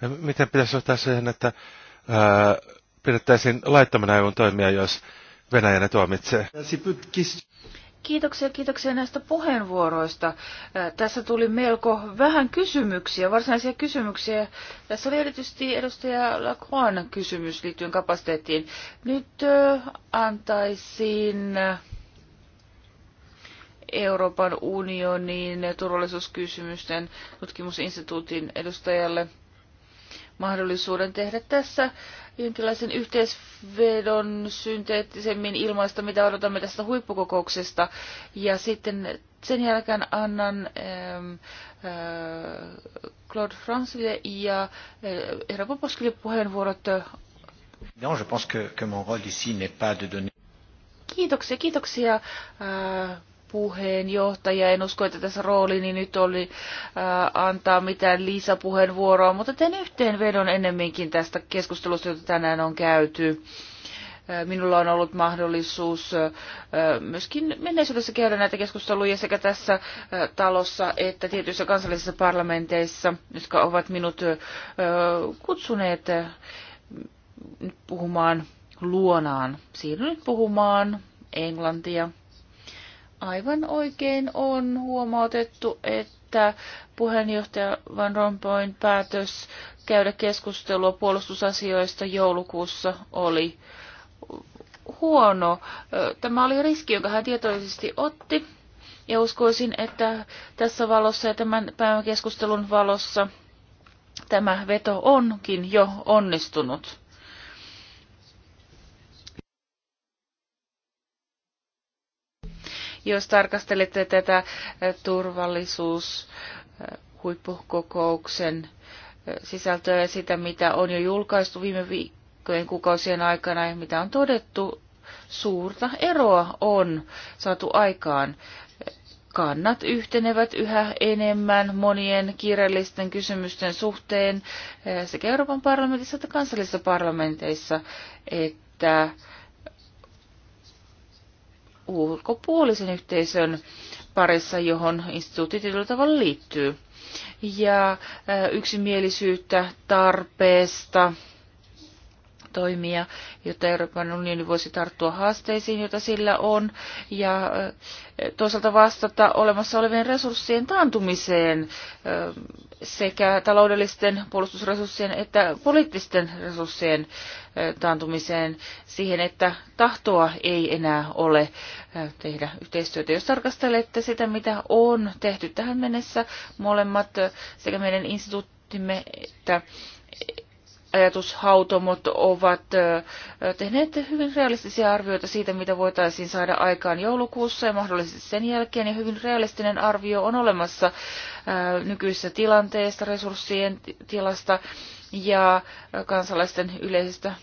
Miten pitäisi ottaa siihen, että ää, pidettäisiin laittomana EUn toimia, jos Venäjä ne tuomitsee? Kiitoksia, kiitoksia näistä puheenvuoroista. Tässä tuli melko vähän kysymyksiä, varsinaisia kysymyksiä. Tässä oli erityisesti edustaja Lacroix'n kysymys liittyen kapasiteettiin. Nyt antaisin Euroopan unionin turvallisuuskysymysten tutkimusinstituutin edustajalle mahdollisuuden tehdä tässä jonkinlaisen yhteisvedon synteettisemmin ilmaista, mitä odotamme tästä huippukokouksesta. Ja sitten sen jälkeen annan ähm, äh, Claude Francille ja äh, herra Poposkille puheenvuorot. Non, je pense que, que mon rôle ici n'est pas de donner... Kiitoksia, kiitoksia. Äh, puheenjohtaja. En usko, että tässä roolini nyt oli äh, antaa mitään lisäpuheenvuoroa, mutta teen yhteenvedon ennemminkin tästä keskustelusta, jota tänään on käyty. Äh, minulla on ollut mahdollisuus äh, myöskin menneisyydessä käydä näitä keskusteluja sekä tässä äh, talossa että tietyissä kansallisissa parlamenteissa, jotka ovat minut kutsuneet puhumaan luonaan. Siirryn nyt puhumaan englantia aivan oikein on huomautettu, että puheenjohtaja Van Rompuyn päätös käydä keskustelua puolustusasioista joulukuussa oli huono. Tämä oli riski, jonka hän tietoisesti otti. Ja uskoisin, että tässä valossa ja tämän päivän keskustelun valossa tämä veto onkin jo onnistunut. Jos tarkastelette tätä turvallisuushuippukokouksen sisältöä ja sitä, mitä on jo julkaistu viime viikkojen kuukausien aikana ja mitä on todettu, suurta eroa on saatu aikaan. Kannat yhtenevät yhä enemmän monien kirjallisten kysymysten suhteen sekä Euroopan parlamentissa että kansallisissa parlamenteissa, että ulkopuolisen yhteisön parissa, johon instituutti tietyllä tavalla liittyy. Ja yksimielisyyttä tarpeesta toimia, jotta Euroopan unioni voisi tarttua haasteisiin, joita sillä on, ja toisaalta vastata olemassa olevien resurssien taantumiseen sekä taloudellisten puolustusresurssien että poliittisten resurssien taantumiseen siihen, että tahtoa ei enää ole tehdä yhteistyötä. Jos tarkastelette sitä, mitä on tehty tähän mennessä, molemmat sekä meidän instituuttimme että ajatushautomot ovat tehneet hyvin realistisia arvioita siitä, mitä voitaisiin saada aikaan joulukuussa ja mahdollisesti sen jälkeen. Ja hyvin realistinen arvio on olemassa nykyisessä tilanteesta, resurssien tilasta ja kansalaisten yleisestä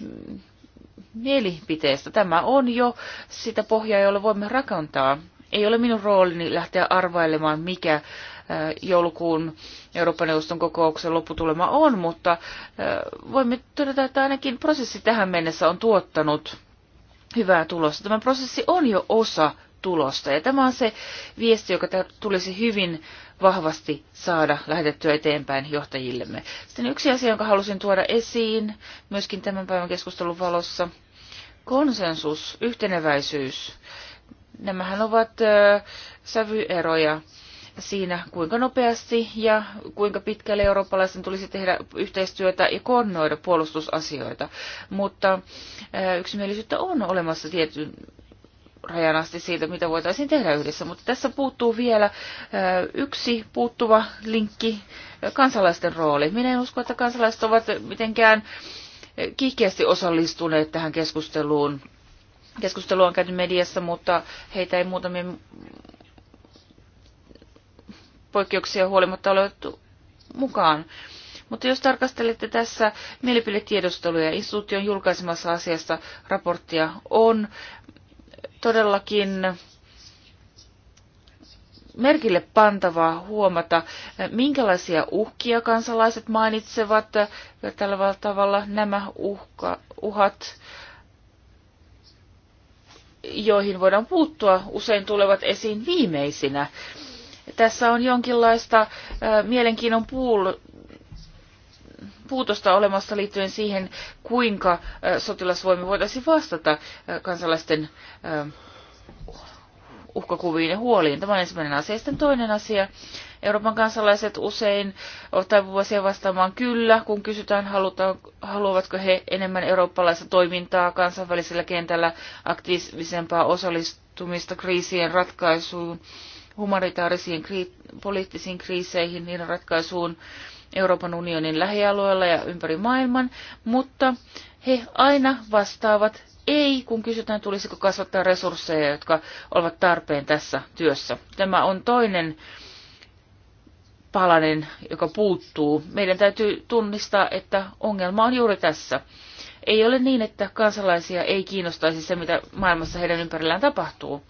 mielipiteestä. Tämä on jo sitä pohjaa, jolle voimme rakentaa. Ei ole minun roolini lähteä arvailemaan, mikä joulukuun Euroopan neuvoston kokouksen lopputulema on, mutta voimme todeta, että ainakin prosessi tähän mennessä on tuottanut hyvää tulosta. Tämä prosessi on jo osa tulosta ja tämä on se viesti, joka tulisi hyvin vahvasti saada lähetettyä eteenpäin johtajillemme. Sitten yksi asia, jonka halusin tuoda esiin myöskin tämän päivän keskustelun valossa, konsensus, yhteneväisyys. Nämähän ovat ö, sävyeroja siinä, kuinka nopeasti ja kuinka pitkälle eurooppalaisten tulisi tehdä yhteistyötä ja koordinoida puolustusasioita. Mutta äh, yksimielisyyttä on olemassa tietyn rajan asti siitä, mitä voitaisiin tehdä yhdessä. Mutta tässä puuttuu vielä äh, yksi puuttuva linkki, äh, kansalaisten rooli. Minä en usko, että kansalaiset ovat mitenkään kiihkeästi osallistuneet tähän keskusteluun. Keskustelu on käyty mediassa, mutta heitä ei muutamien poikkeuksia huolimatta ole otettu mukaan. Mutta jos tarkastelette tässä mielipidetiedusteluja, instituution julkaisemassa asiasta raporttia on todellakin merkille pantavaa huomata, minkälaisia uhkia kansalaiset mainitsevat tällä tavalla nämä uhka, uhat joihin voidaan puuttua, usein tulevat esiin viimeisinä tässä on jonkinlaista mielenkiinnon puul- puutosta olemassa liittyen siihen, kuinka sotilasvoimi voitaisiin vastata kansalaisten uhkakuviin ja huoliin. Tämä on ensimmäinen asia. Sitten toinen asia. Euroopan kansalaiset usein ovat taipuvaisia vastaamaan kyllä, kun kysytään, haluavatko he enemmän eurooppalaista toimintaa kansainvälisellä kentällä, aktiivisempaa osallistumista kriisien ratkaisuun humanitaarisiin poliittisiin kriiseihin, niiden ratkaisuun Euroopan unionin lähialueella ja ympäri maailman, mutta he aina vastaavat ei, kun kysytään tulisiko kasvattaa resursseja, jotka ovat tarpeen tässä työssä. Tämä on toinen palanen, joka puuttuu. Meidän täytyy tunnistaa, että ongelma on juuri tässä. Ei ole niin, että kansalaisia ei kiinnostaisi se, mitä maailmassa heidän ympärillään tapahtuu.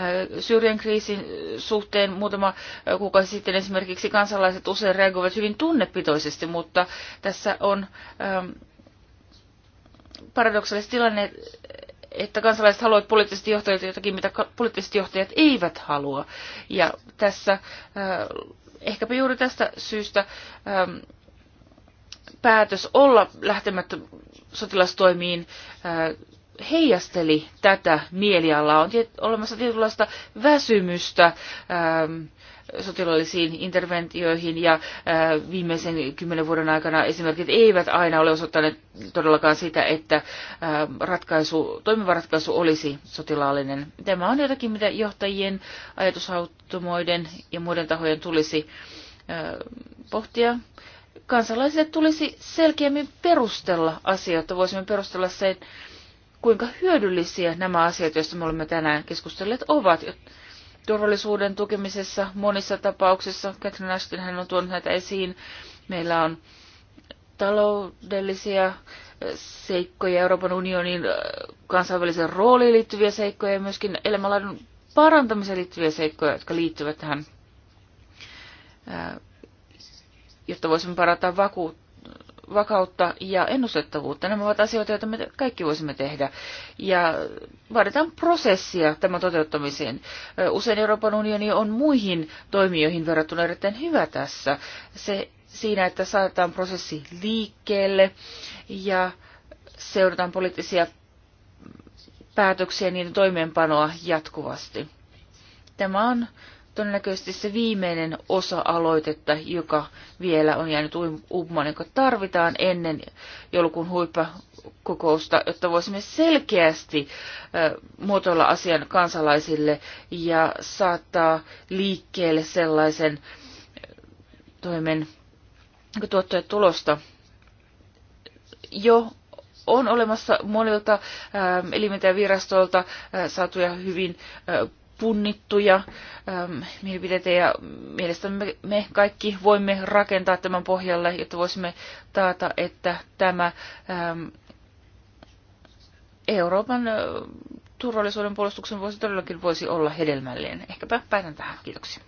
Äh, Syyrian kriisin suhteen muutama äh, kuukausi sitten esimerkiksi kansalaiset usein reagoivat hyvin tunnepitoisesti, mutta tässä on ähm, paradoksaalinen tilanne, että kansalaiset haluavat poliittisesti johtajat jotakin, mitä poliittiset johtajat eivät halua. Ja tässä äh, ehkäpä juuri tästä syystä ähm, päätös olla lähtemättä sotilastoimiin heijasteli tätä mielialaa. On olemassa tietynlaista väsymystä ähm, sotilaallisiin interventioihin ja äh, viimeisen kymmenen vuoden aikana esimerkiksi eivät aina ole osoittaneet todellakaan sitä, että äh, ratkaisu, toimiva ratkaisu olisi sotilaallinen. Tämä on jotakin, mitä johtajien, ajatushautomoiden ja muiden tahojen tulisi äh, pohtia kansalaisille tulisi selkeämmin perustella asioita. Voisimme perustella sen kuinka hyödyllisiä nämä asiat, joista me olemme tänään keskustelleet, ovat turvallisuuden tukemisessa monissa tapauksissa. Catherine Ashton hän on tuonut näitä esiin. Meillä on taloudellisia äh, seikkoja, Euroopan unionin äh, kansainvälisen rooliin liittyviä seikkoja ja myöskin elämänlaadun parantamiseen liittyviä seikkoja, jotka liittyvät tähän, äh, jotta voisimme parantaa vakuutta vakautta ja ennustettavuutta. Nämä ovat asioita, joita me kaikki voisimme tehdä. Ja vaaditaan prosessia tämän toteuttamiseen. Usein Euroopan unioni on muihin toimijoihin verrattuna erittäin hyvä tässä. Se siinä, että saadaan prosessi liikkeelle ja seurataan poliittisia päätöksiä ja niiden toimeenpanoa jatkuvasti. Tämä on todennäköisesti se viimeinen osa aloitetta, joka vielä on jäänyt umman, joka tarvitaan ennen joulukuun huippakokousta, jotta voisimme selkeästi muotoilla asian kansalaisille ja saattaa liikkeelle sellaisen toimen tuottoja tulosta. Jo on olemassa monilta elimintä ja virastoilta saatuja hyvin punnittuja ähm, mielipiteitä ja mielestäni me kaikki voimme rakentaa tämän pohjalle, jotta voisimme taata, että tämä ähm, Euroopan äh, turvallisuuden puolustuksen voisi todellakin voisi olla hedelmällinen. Ehkäpä päätän tähän. Kiitoksia.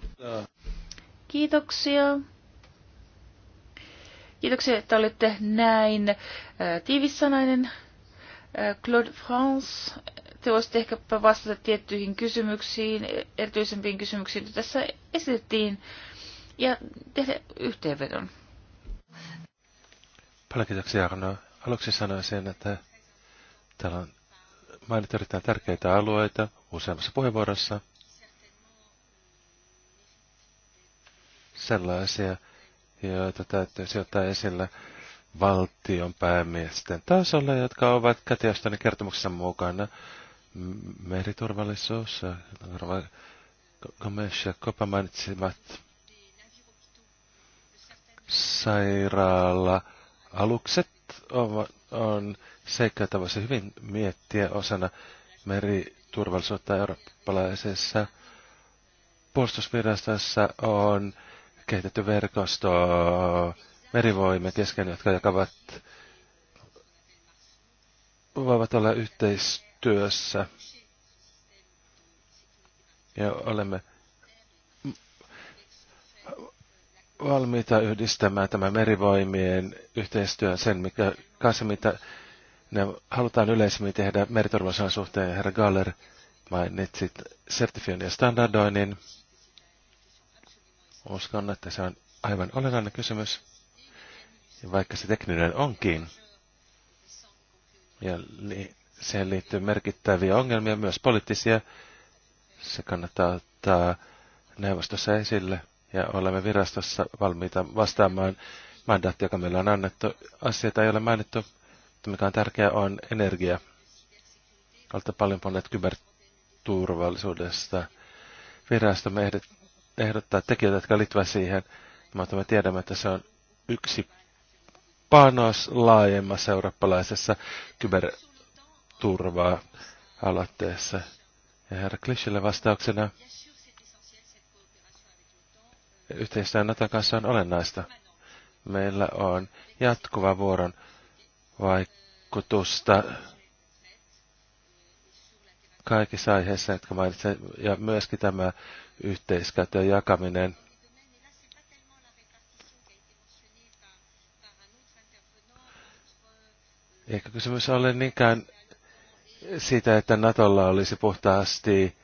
Kiitoksia. Kiitoksia, että olitte näin äh, tiivissanainen. Äh, Claude France te voisitte ehkäpä vastata tiettyihin kysymyksiin, erityisempiin kysymyksiin, joita tässä esitettiin, ja tehdä yhteenvedon. Paljon kiitoksia, Arno. Aluksi sen, että täällä on mainittu erittäin tärkeitä alueita useammassa puheenvuorossa. Sellaisia, joita täytyy ottaa esillä valtion päämiesten tasolla, jotka ovat kätiöstäni kertomuksessa mukana meriturvallisuus, Gomes ja Kopa mainitsivat sairaala-alukset on, on seikka, jota voisi hyvin miettiä osana meriturvallisuutta eurooppalaisessa puolustusvirastossa on kehitetty verkosto merivoimien kesken, jotka jakavat voivat olla yhteistyössä työssä. Ja olemme valmiita yhdistämään tämä merivoimien yhteistyön sen, mikä kanssa mitä ne halutaan yleisemmin tehdä meriturvallisuuden suhteen. Herra Galler mainitsi sertifioinnin ja standardoinnin. Uskon, että se on aivan olennainen kysymys. Ja vaikka se tekninen onkin, ja Siihen liittyy merkittäviä ongelmia, myös poliittisia. Se kannattaa ottaa neuvostossa esille ja olemme virastossa valmiita vastaamaan mandaatti, joka meillä on annettu. Asioita ei ole mainittu, mutta mikä on tärkeää on energia. Olette paljon puhuneet kyberturvallisuudesta. Virastomme ehdottaa tekijöitä, jotka liittyvät siihen, mutta me tiedämme, että se on yksi panos laajemmassa eurooppalaisessa kyber turvaa aloitteessa. Ja herra Klischille vastauksena yhteistyö Natan kanssa on olennaista. Meillä on jatkuva vuoron vaikutusta kaikissa aiheissa, jotka mainitsin, ja myöskin tämä yhteiskäytön jakaminen. Eikä kysymys ole niinkään siitä, että Natolla olisi puhtaasti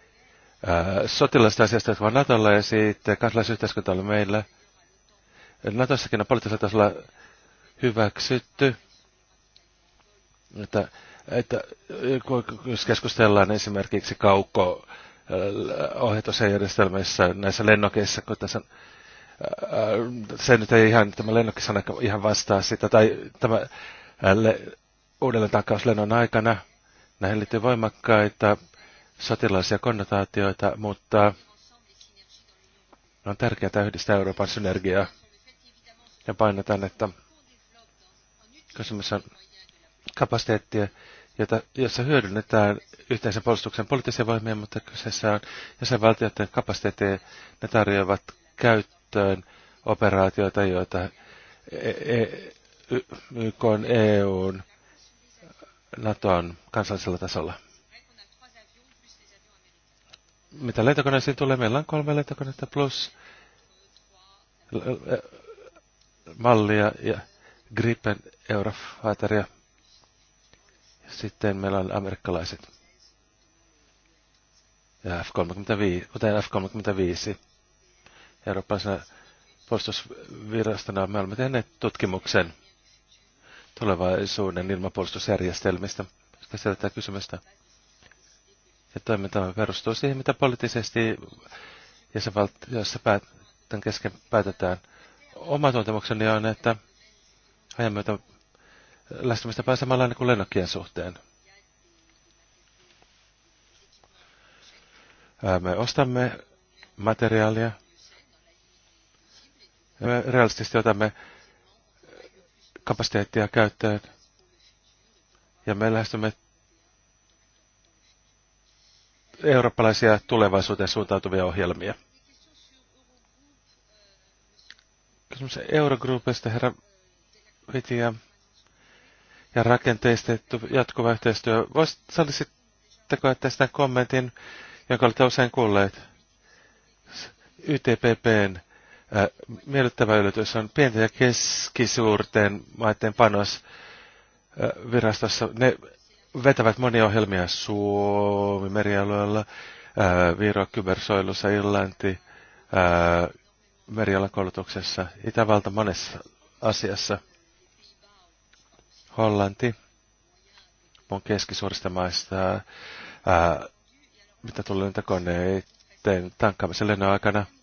sotilaista asiasta, jotka ovat Natolla ja siitä kansalaisyhteiskunta oli meillä. Natossakin on poliittisella tasolla hyväksytty, että, että jos keskustellaan esimerkiksi kauko ohjatusjärjestelmissä näissä lennokeissa, kun tässä se nyt ei ihan, tämä lennokkisana ihan vastaa sitä, tai tämä le, uudelleen takauslennon aikana – Näihin liittyy voimakkaita sotilaisia konnotaatioita, mutta on tärkeää yhdistää Euroopan synergiaa. Ja painotan, että kysymys on kapasiteettia, jota, jossa hyödynnetään yhteisen puolustuksen poliittisia voimia, mutta kyseessä on jäsenvaltioiden kapasiteettia. Ne tarjoavat käyttöön operaatioita, joita e- e- YK, EUn, on kansallisella tasolla. Mitä lentokoneisiin tulee, meillä on kolme lentokonetta plus e- mallia ja Gripen Eurofighteria. Sitten meillä on amerikkalaiset. Ja F-35, kuten F-35. Eurooppalaisena puolustusvirastona me olemme tehneet tutkimuksen tulevaisuuden ilmapuolustusjärjestelmistä, jotka selittää kysymystä. Ja toiminta perustuu siihen, mitä poliittisesti jäsenvaltioissa tämän kesken päätetään. Oma tuntemukseni on, että ajan myötä lähestymistapa pääsemällä niin kuin lennokkien suhteen. Me ostamme materiaalia, me realistisesti otamme kapasiteettia käyttöön. Ja me lähestymme eurooppalaisia tulevaisuuteen suuntautuvia ohjelmia. Kysymys Eurogroupista, herra Vitiä, ja rakenteista jatkuva yhteistyö. Voisitteko tästä kommentin, jonka olette usein kuulleet? YTPPn miellyttävä yllätys on pienten ja keskisuurten maiden panos virastossa. Ne vetävät monia ohjelmia Suomi merialueella, Viro kybersoilussa, Irlanti, merialan koulutuksessa, Itävalta monessa asiassa, Hollanti, on keskisuurista maista, mitä tulee niitä koneiden tankkaamisen lennon aikana –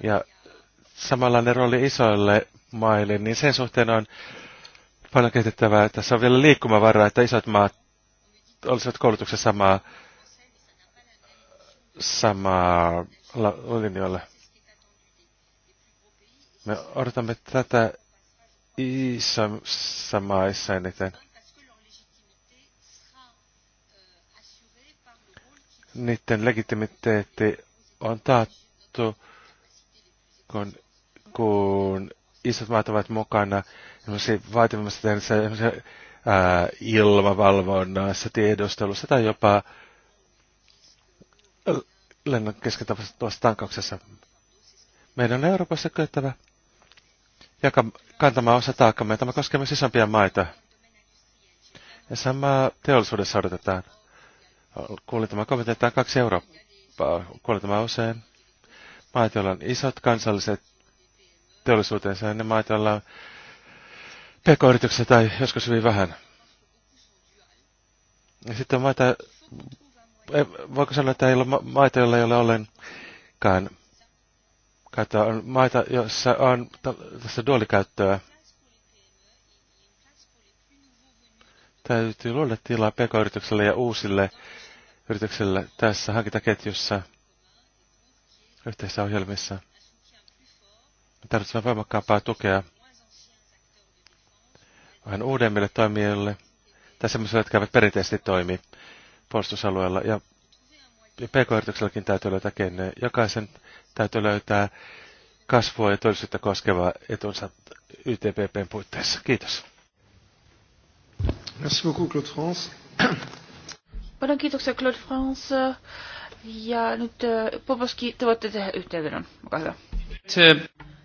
ja samanlainen rooli isoille maille, niin sen suhteen on paljon kehitettävää. Tässä on vielä liikkumavaraa, että isot maat olisivat koulutuksessa samaa, samaa linjoilla. Me odotamme tätä isoissa maissa eniten. Niiden legitimiteetti on taattu kun, kun isot maat ovat mukana vaatimusta tehdä ilmavalvonnassa, tiedustelussa tai jopa lennon keskitapaisessa tankauksessa. Meidän on Euroopassa kyettävä ja kantamaan osa taakkamme. Tämä koskee myös isompia maita. Ja sama teollisuudessa odotetaan. Kuulin tämä kommentetaan kaksi Eurooppaa. Kuulin tämä usein maat, joilla on isot kansalliset teollisuutensa, ja ne maat, joilla on pk tai joskus hyvin vähän. Ja sitten on maita, e, voiko sanoa, että ei ole maita, joilla ei ole ollenkaan Kato, on maita, joissa on tässä duolikäyttöä. Täytyy luoda tilaa pk-yritykselle ja uusille yrityksille tässä hankintaketjussa – yhteisissä ohjelmissa. Me tarvitsemme voimakkaampaa tukea vähän uudemmille toimijoille tai sellaisille, jotka eivät perinteisesti toimi puolustusalueella. Ja, ja PK-yritykselläkin täytyy löytää kenne. Jokaisen täytyy löytää kasvua ja työllisyyttä koskeva etunsa YTPPn puitteissa. Kiitos. Merci beaucoup, Claude France. Paljon kiitoksia, Claude France. Ja nyt Poposki, te voitte tehdä yhteenvedon. Olkaa hyvä.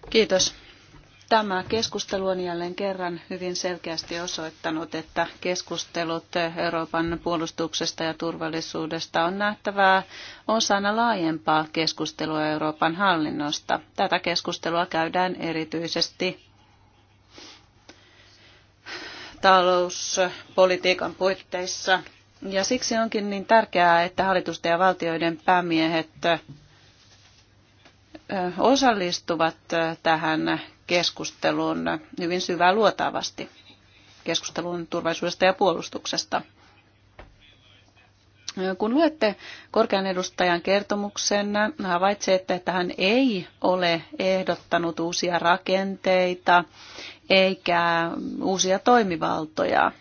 Kiitos. Tämä keskustelu on jälleen kerran hyvin selkeästi osoittanut, että keskustelut Euroopan puolustuksesta ja turvallisuudesta on nähtävää osana laajempaa keskustelua Euroopan hallinnosta. Tätä keskustelua käydään erityisesti talouspolitiikan puitteissa ja siksi onkin niin tärkeää, että hallitusten ja valtioiden päämiehet osallistuvat tähän keskusteluun hyvin syvää luotaavasti, keskusteluun turvallisuudesta ja puolustuksesta. Kun luette korkean edustajan kertomuksen, havaitsette, että hän ei ole ehdottanut uusia rakenteita eikä uusia toimivaltoja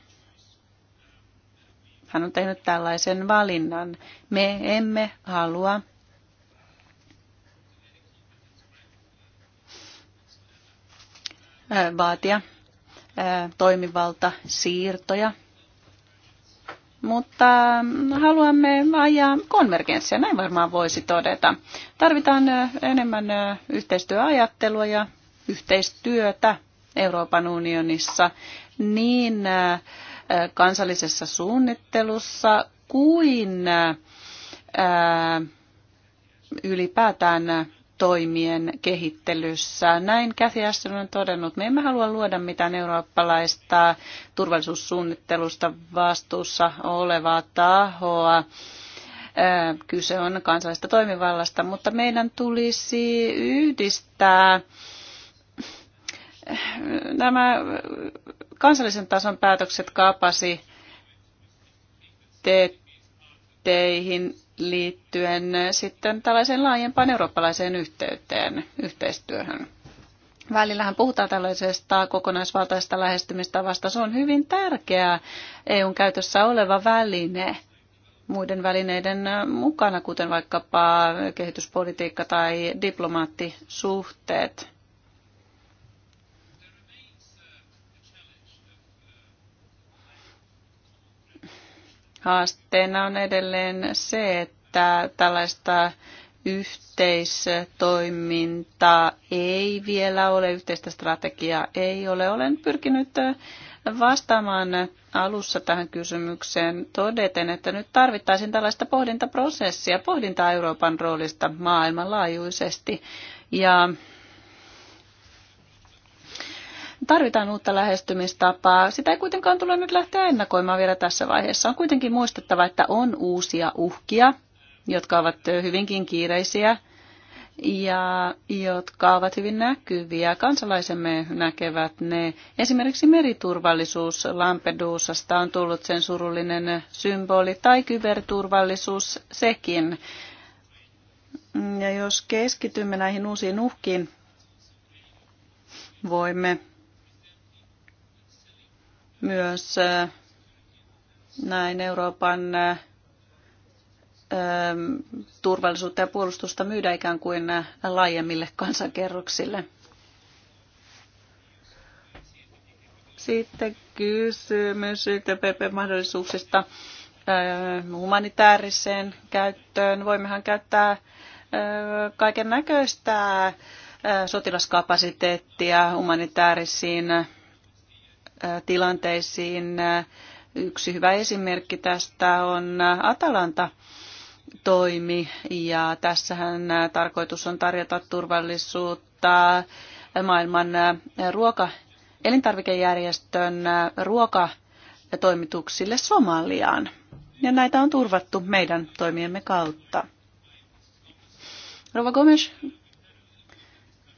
hän on tehnyt tällaisen valinnan. Me emme halua vaatia toimivalta siirtoja, mutta mm, haluamme ajaa konvergenssia, näin varmaan voisi todeta. Tarvitaan enemmän yhteistyöajattelua ja yhteistyötä Euroopan unionissa niin kansallisessa suunnittelussa kuin ylipäätään toimien kehittelyssä. Näin Kathy Ashton on todennut, me emme halua luoda mitään eurooppalaista turvallisuussuunnittelusta vastuussa olevaa tahoa. Kyse on kansallista toimivallasta, mutta meidän tulisi yhdistää nämä kansallisen tason päätökset teihin liittyen sitten tällaiseen laajempaan eurooppalaiseen yhteyteen, yhteistyöhön. Välillähän puhutaan tällaisesta kokonaisvaltaisesta lähestymistavasta. Se on hyvin tärkeää EUn käytössä oleva väline muiden välineiden mukana, kuten vaikkapa kehityspolitiikka tai diplomaattisuhteet. Haasteena on edelleen se, että tällaista yhteistoimintaa ei vielä ole, yhteistä strategiaa ei ole. Olen pyrkinyt vastaamaan alussa tähän kysymykseen todeten, että nyt tarvittaisiin tällaista pohdintaprosessia, pohdintaa Euroopan roolista maailmanlaajuisesti. Ja Tarvitaan uutta lähestymistapaa. Sitä ei kuitenkaan tule nyt lähteä ennakoimaan vielä tässä vaiheessa. On kuitenkin muistettava, että on uusia uhkia, jotka ovat hyvinkin kiireisiä ja jotka ovat hyvin näkyviä. Kansalaisemme näkevät ne. Esimerkiksi meriturvallisuus Lampedusasta on tullut sen surullinen symboli, tai kyberturvallisuus sekin. Ja jos keskitymme näihin uusiin uhkiin, voimme myös näin Euroopan turvallisuutta ja puolustusta myydä ikään kuin laajemmille kansankerroksille. Sitten kysymys YTPP-mahdollisuuksista humanitaariseen käyttöön. Voimmehan käyttää kaiken näköistä sotilaskapasiteettia humanitaarisiin tilanteisiin. Yksi hyvä esimerkki tästä on Atalanta toimi ja tässähän tarkoitus on tarjota turvallisuutta maailman ruoka, elintarvikejärjestön ruokatoimituksille Somaliaan. Ja näitä on turvattu meidän toimiemme kautta. Rova Gomes,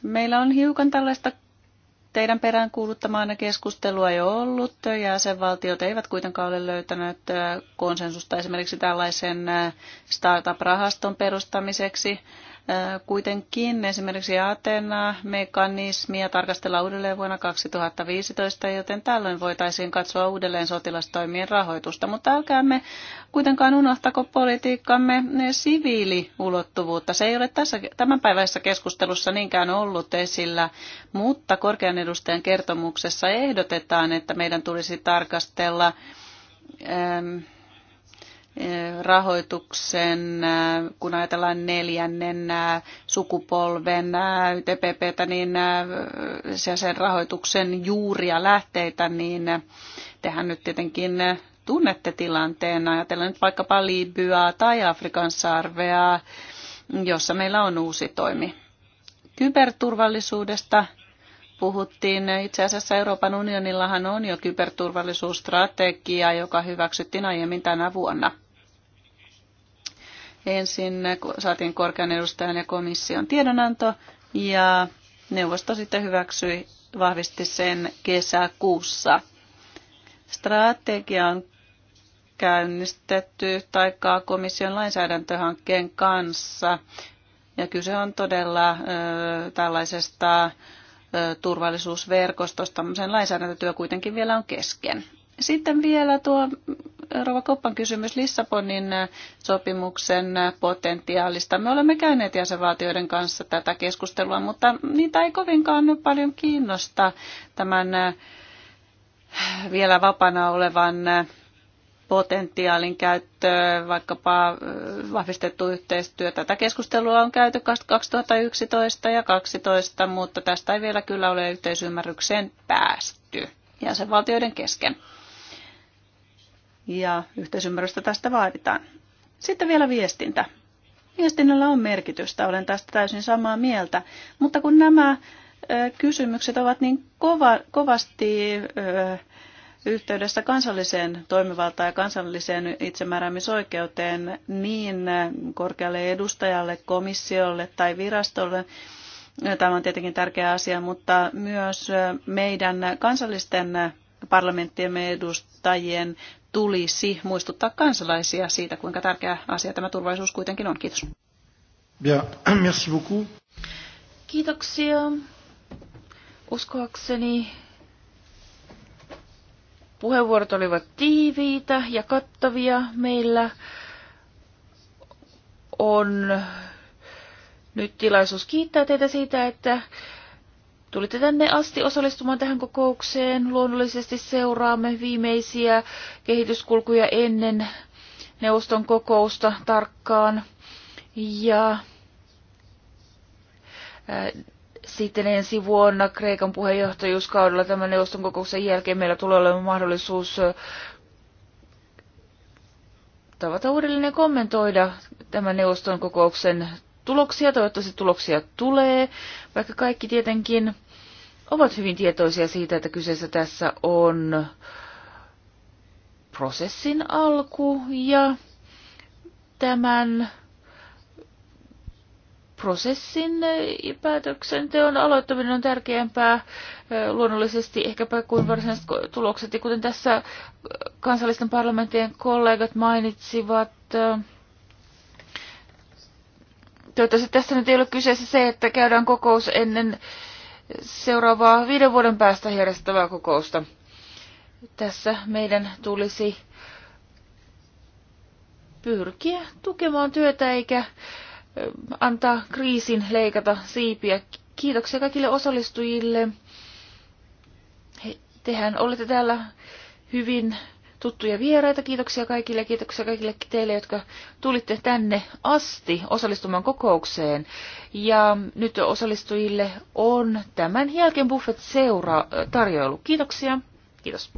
meillä on hiukan tällaista teidän peräänkuuluttamaanne keskustelua jo ollut. Jäsenvaltiot eivät kuitenkaan ole löytäneet äh, konsensusta esimerkiksi tällaisen äh, startup-rahaston perustamiseksi. Kuitenkin esimerkiksi Atena-mekanismia tarkastellaan uudelleen vuonna 2015, joten tällöin voitaisiin katsoa uudelleen sotilastoimien rahoitusta. Mutta älkäämme kuitenkaan unohtako politiikkamme siviiliulottuvuutta. Se ei ole tässä tämänpäiväisessä keskustelussa niinkään ollut esillä, mutta korkean edustajan kertomuksessa ehdotetaan, että meidän tulisi tarkastella ähm, Eh, rahoituksen, eh, kun ajatellaan neljännen eh, sukupolven TPPtä, niin se sen rahoituksen juuria lähteitä, niin tehän nyt tietenkin tunnette tilanteen, ajatellen nyt vaikkapa Libyaa tai Afrikan sarvea, jossa meillä on uusi toimi. Kyberturvallisuudesta puhuttiin. Itse asiassa Euroopan unionillahan on jo kyberturvallisuusstrategia, joka hyväksyttiin aiemmin tänä vuonna. Ensin saatiin korkean edustajan ja komission tiedonanto ja neuvosto sitten hyväksyi, vahvisti sen kesäkuussa. Strategia on käynnistetty taikaa komission lainsäädäntöhankkeen kanssa. Ja kyse on todella ö, tällaisesta ö, turvallisuusverkostosta. Sen lainsäädäntötyö kuitenkin vielä on kesken. Sitten vielä tuo Rova Koppan kysymys Lissabonin sopimuksen potentiaalista. Me olemme käyneet jäsenvaltioiden kanssa tätä keskustelua, mutta niitä ei kovinkaan nyt paljon kiinnosta tämän äh, vielä vapana olevan äh, potentiaalin käyttö, vaikkapa äh, vahvistettu yhteistyö. Tätä keskustelua on käyty 2011 ja 2012, mutta tästä ei vielä kyllä ole yhteisymmärrykseen päästy jäsenvaltioiden kesken ja yhteisymmärrystä tästä vaaditaan. Sitten vielä viestintä. Viestinnällä on merkitystä, olen tästä täysin samaa mieltä, mutta kun nämä kysymykset ovat niin kova, kovasti yhteydessä kansalliseen toimivaltaan ja kansalliseen itsemääräämisoikeuteen niin korkealle edustajalle, komissiolle tai virastolle. Tämä on tietenkin tärkeä asia, mutta myös meidän kansallisten parlamenttien edustajien tulisi muistuttaa kansalaisia siitä, kuinka tärkeä asia tämä turvallisuus kuitenkin on. Kiitos. Bien, merci beaucoup. Kiitoksia. Uskoakseni puheenvuorot olivat tiiviitä ja kattavia. Meillä on nyt tilaisuus kiittää teitä siitä, että tulitte tänne asti osallistumaan tähän kokoukseen. Luonnollisesti seuraamme viimeisiä kehityskulkuja ennen neuvoston kokousta tarkkaan. Ja äh, sitten ensi vuonna Kreikan puheenjohtajuuskaudella tämän neuvoston kokouksen jälkeen meillä tulee olemaan mahdollisuus äh, tavata uudelleen kommentoida tämän neuvoston kokouksen tuloksia. Toivottavasti tuloksia tulee, vaikka kaikki tietenkin ovat hyvin tietoisia siitä, että kyseessä tässä on prosessin alku ja tämän prosessin ja päätöksenteon aloittaminen on tärkeämpää luonnollisesti ehkäpä kuin varsinaiset tulokset. Ja kuten tässä kansallisten parlamenttien kollegat mainitsivat, Toivottavasti tässä nyt ei ole kyseessä se, että käydään kokous ennen seuraavaa viiden vuoden päästä järjestävää kokousta. Tässä meidän tulisi pyrkiä tukemaan työtä eikä antaa kriisin leikata siipiä. Kiitoksia kaikille osallistujille. He, tehän olette täällä hyvin tuttuja vieraita. Kiitoksia kaikille ja kiitoksia kaikille teille, jotka tulitte tänne asti osallistumaan kokoukseen. Ja nyt osallistujille on tämän jälkeen buffet seura tarjoilu. Kiitoksia. Kiitos.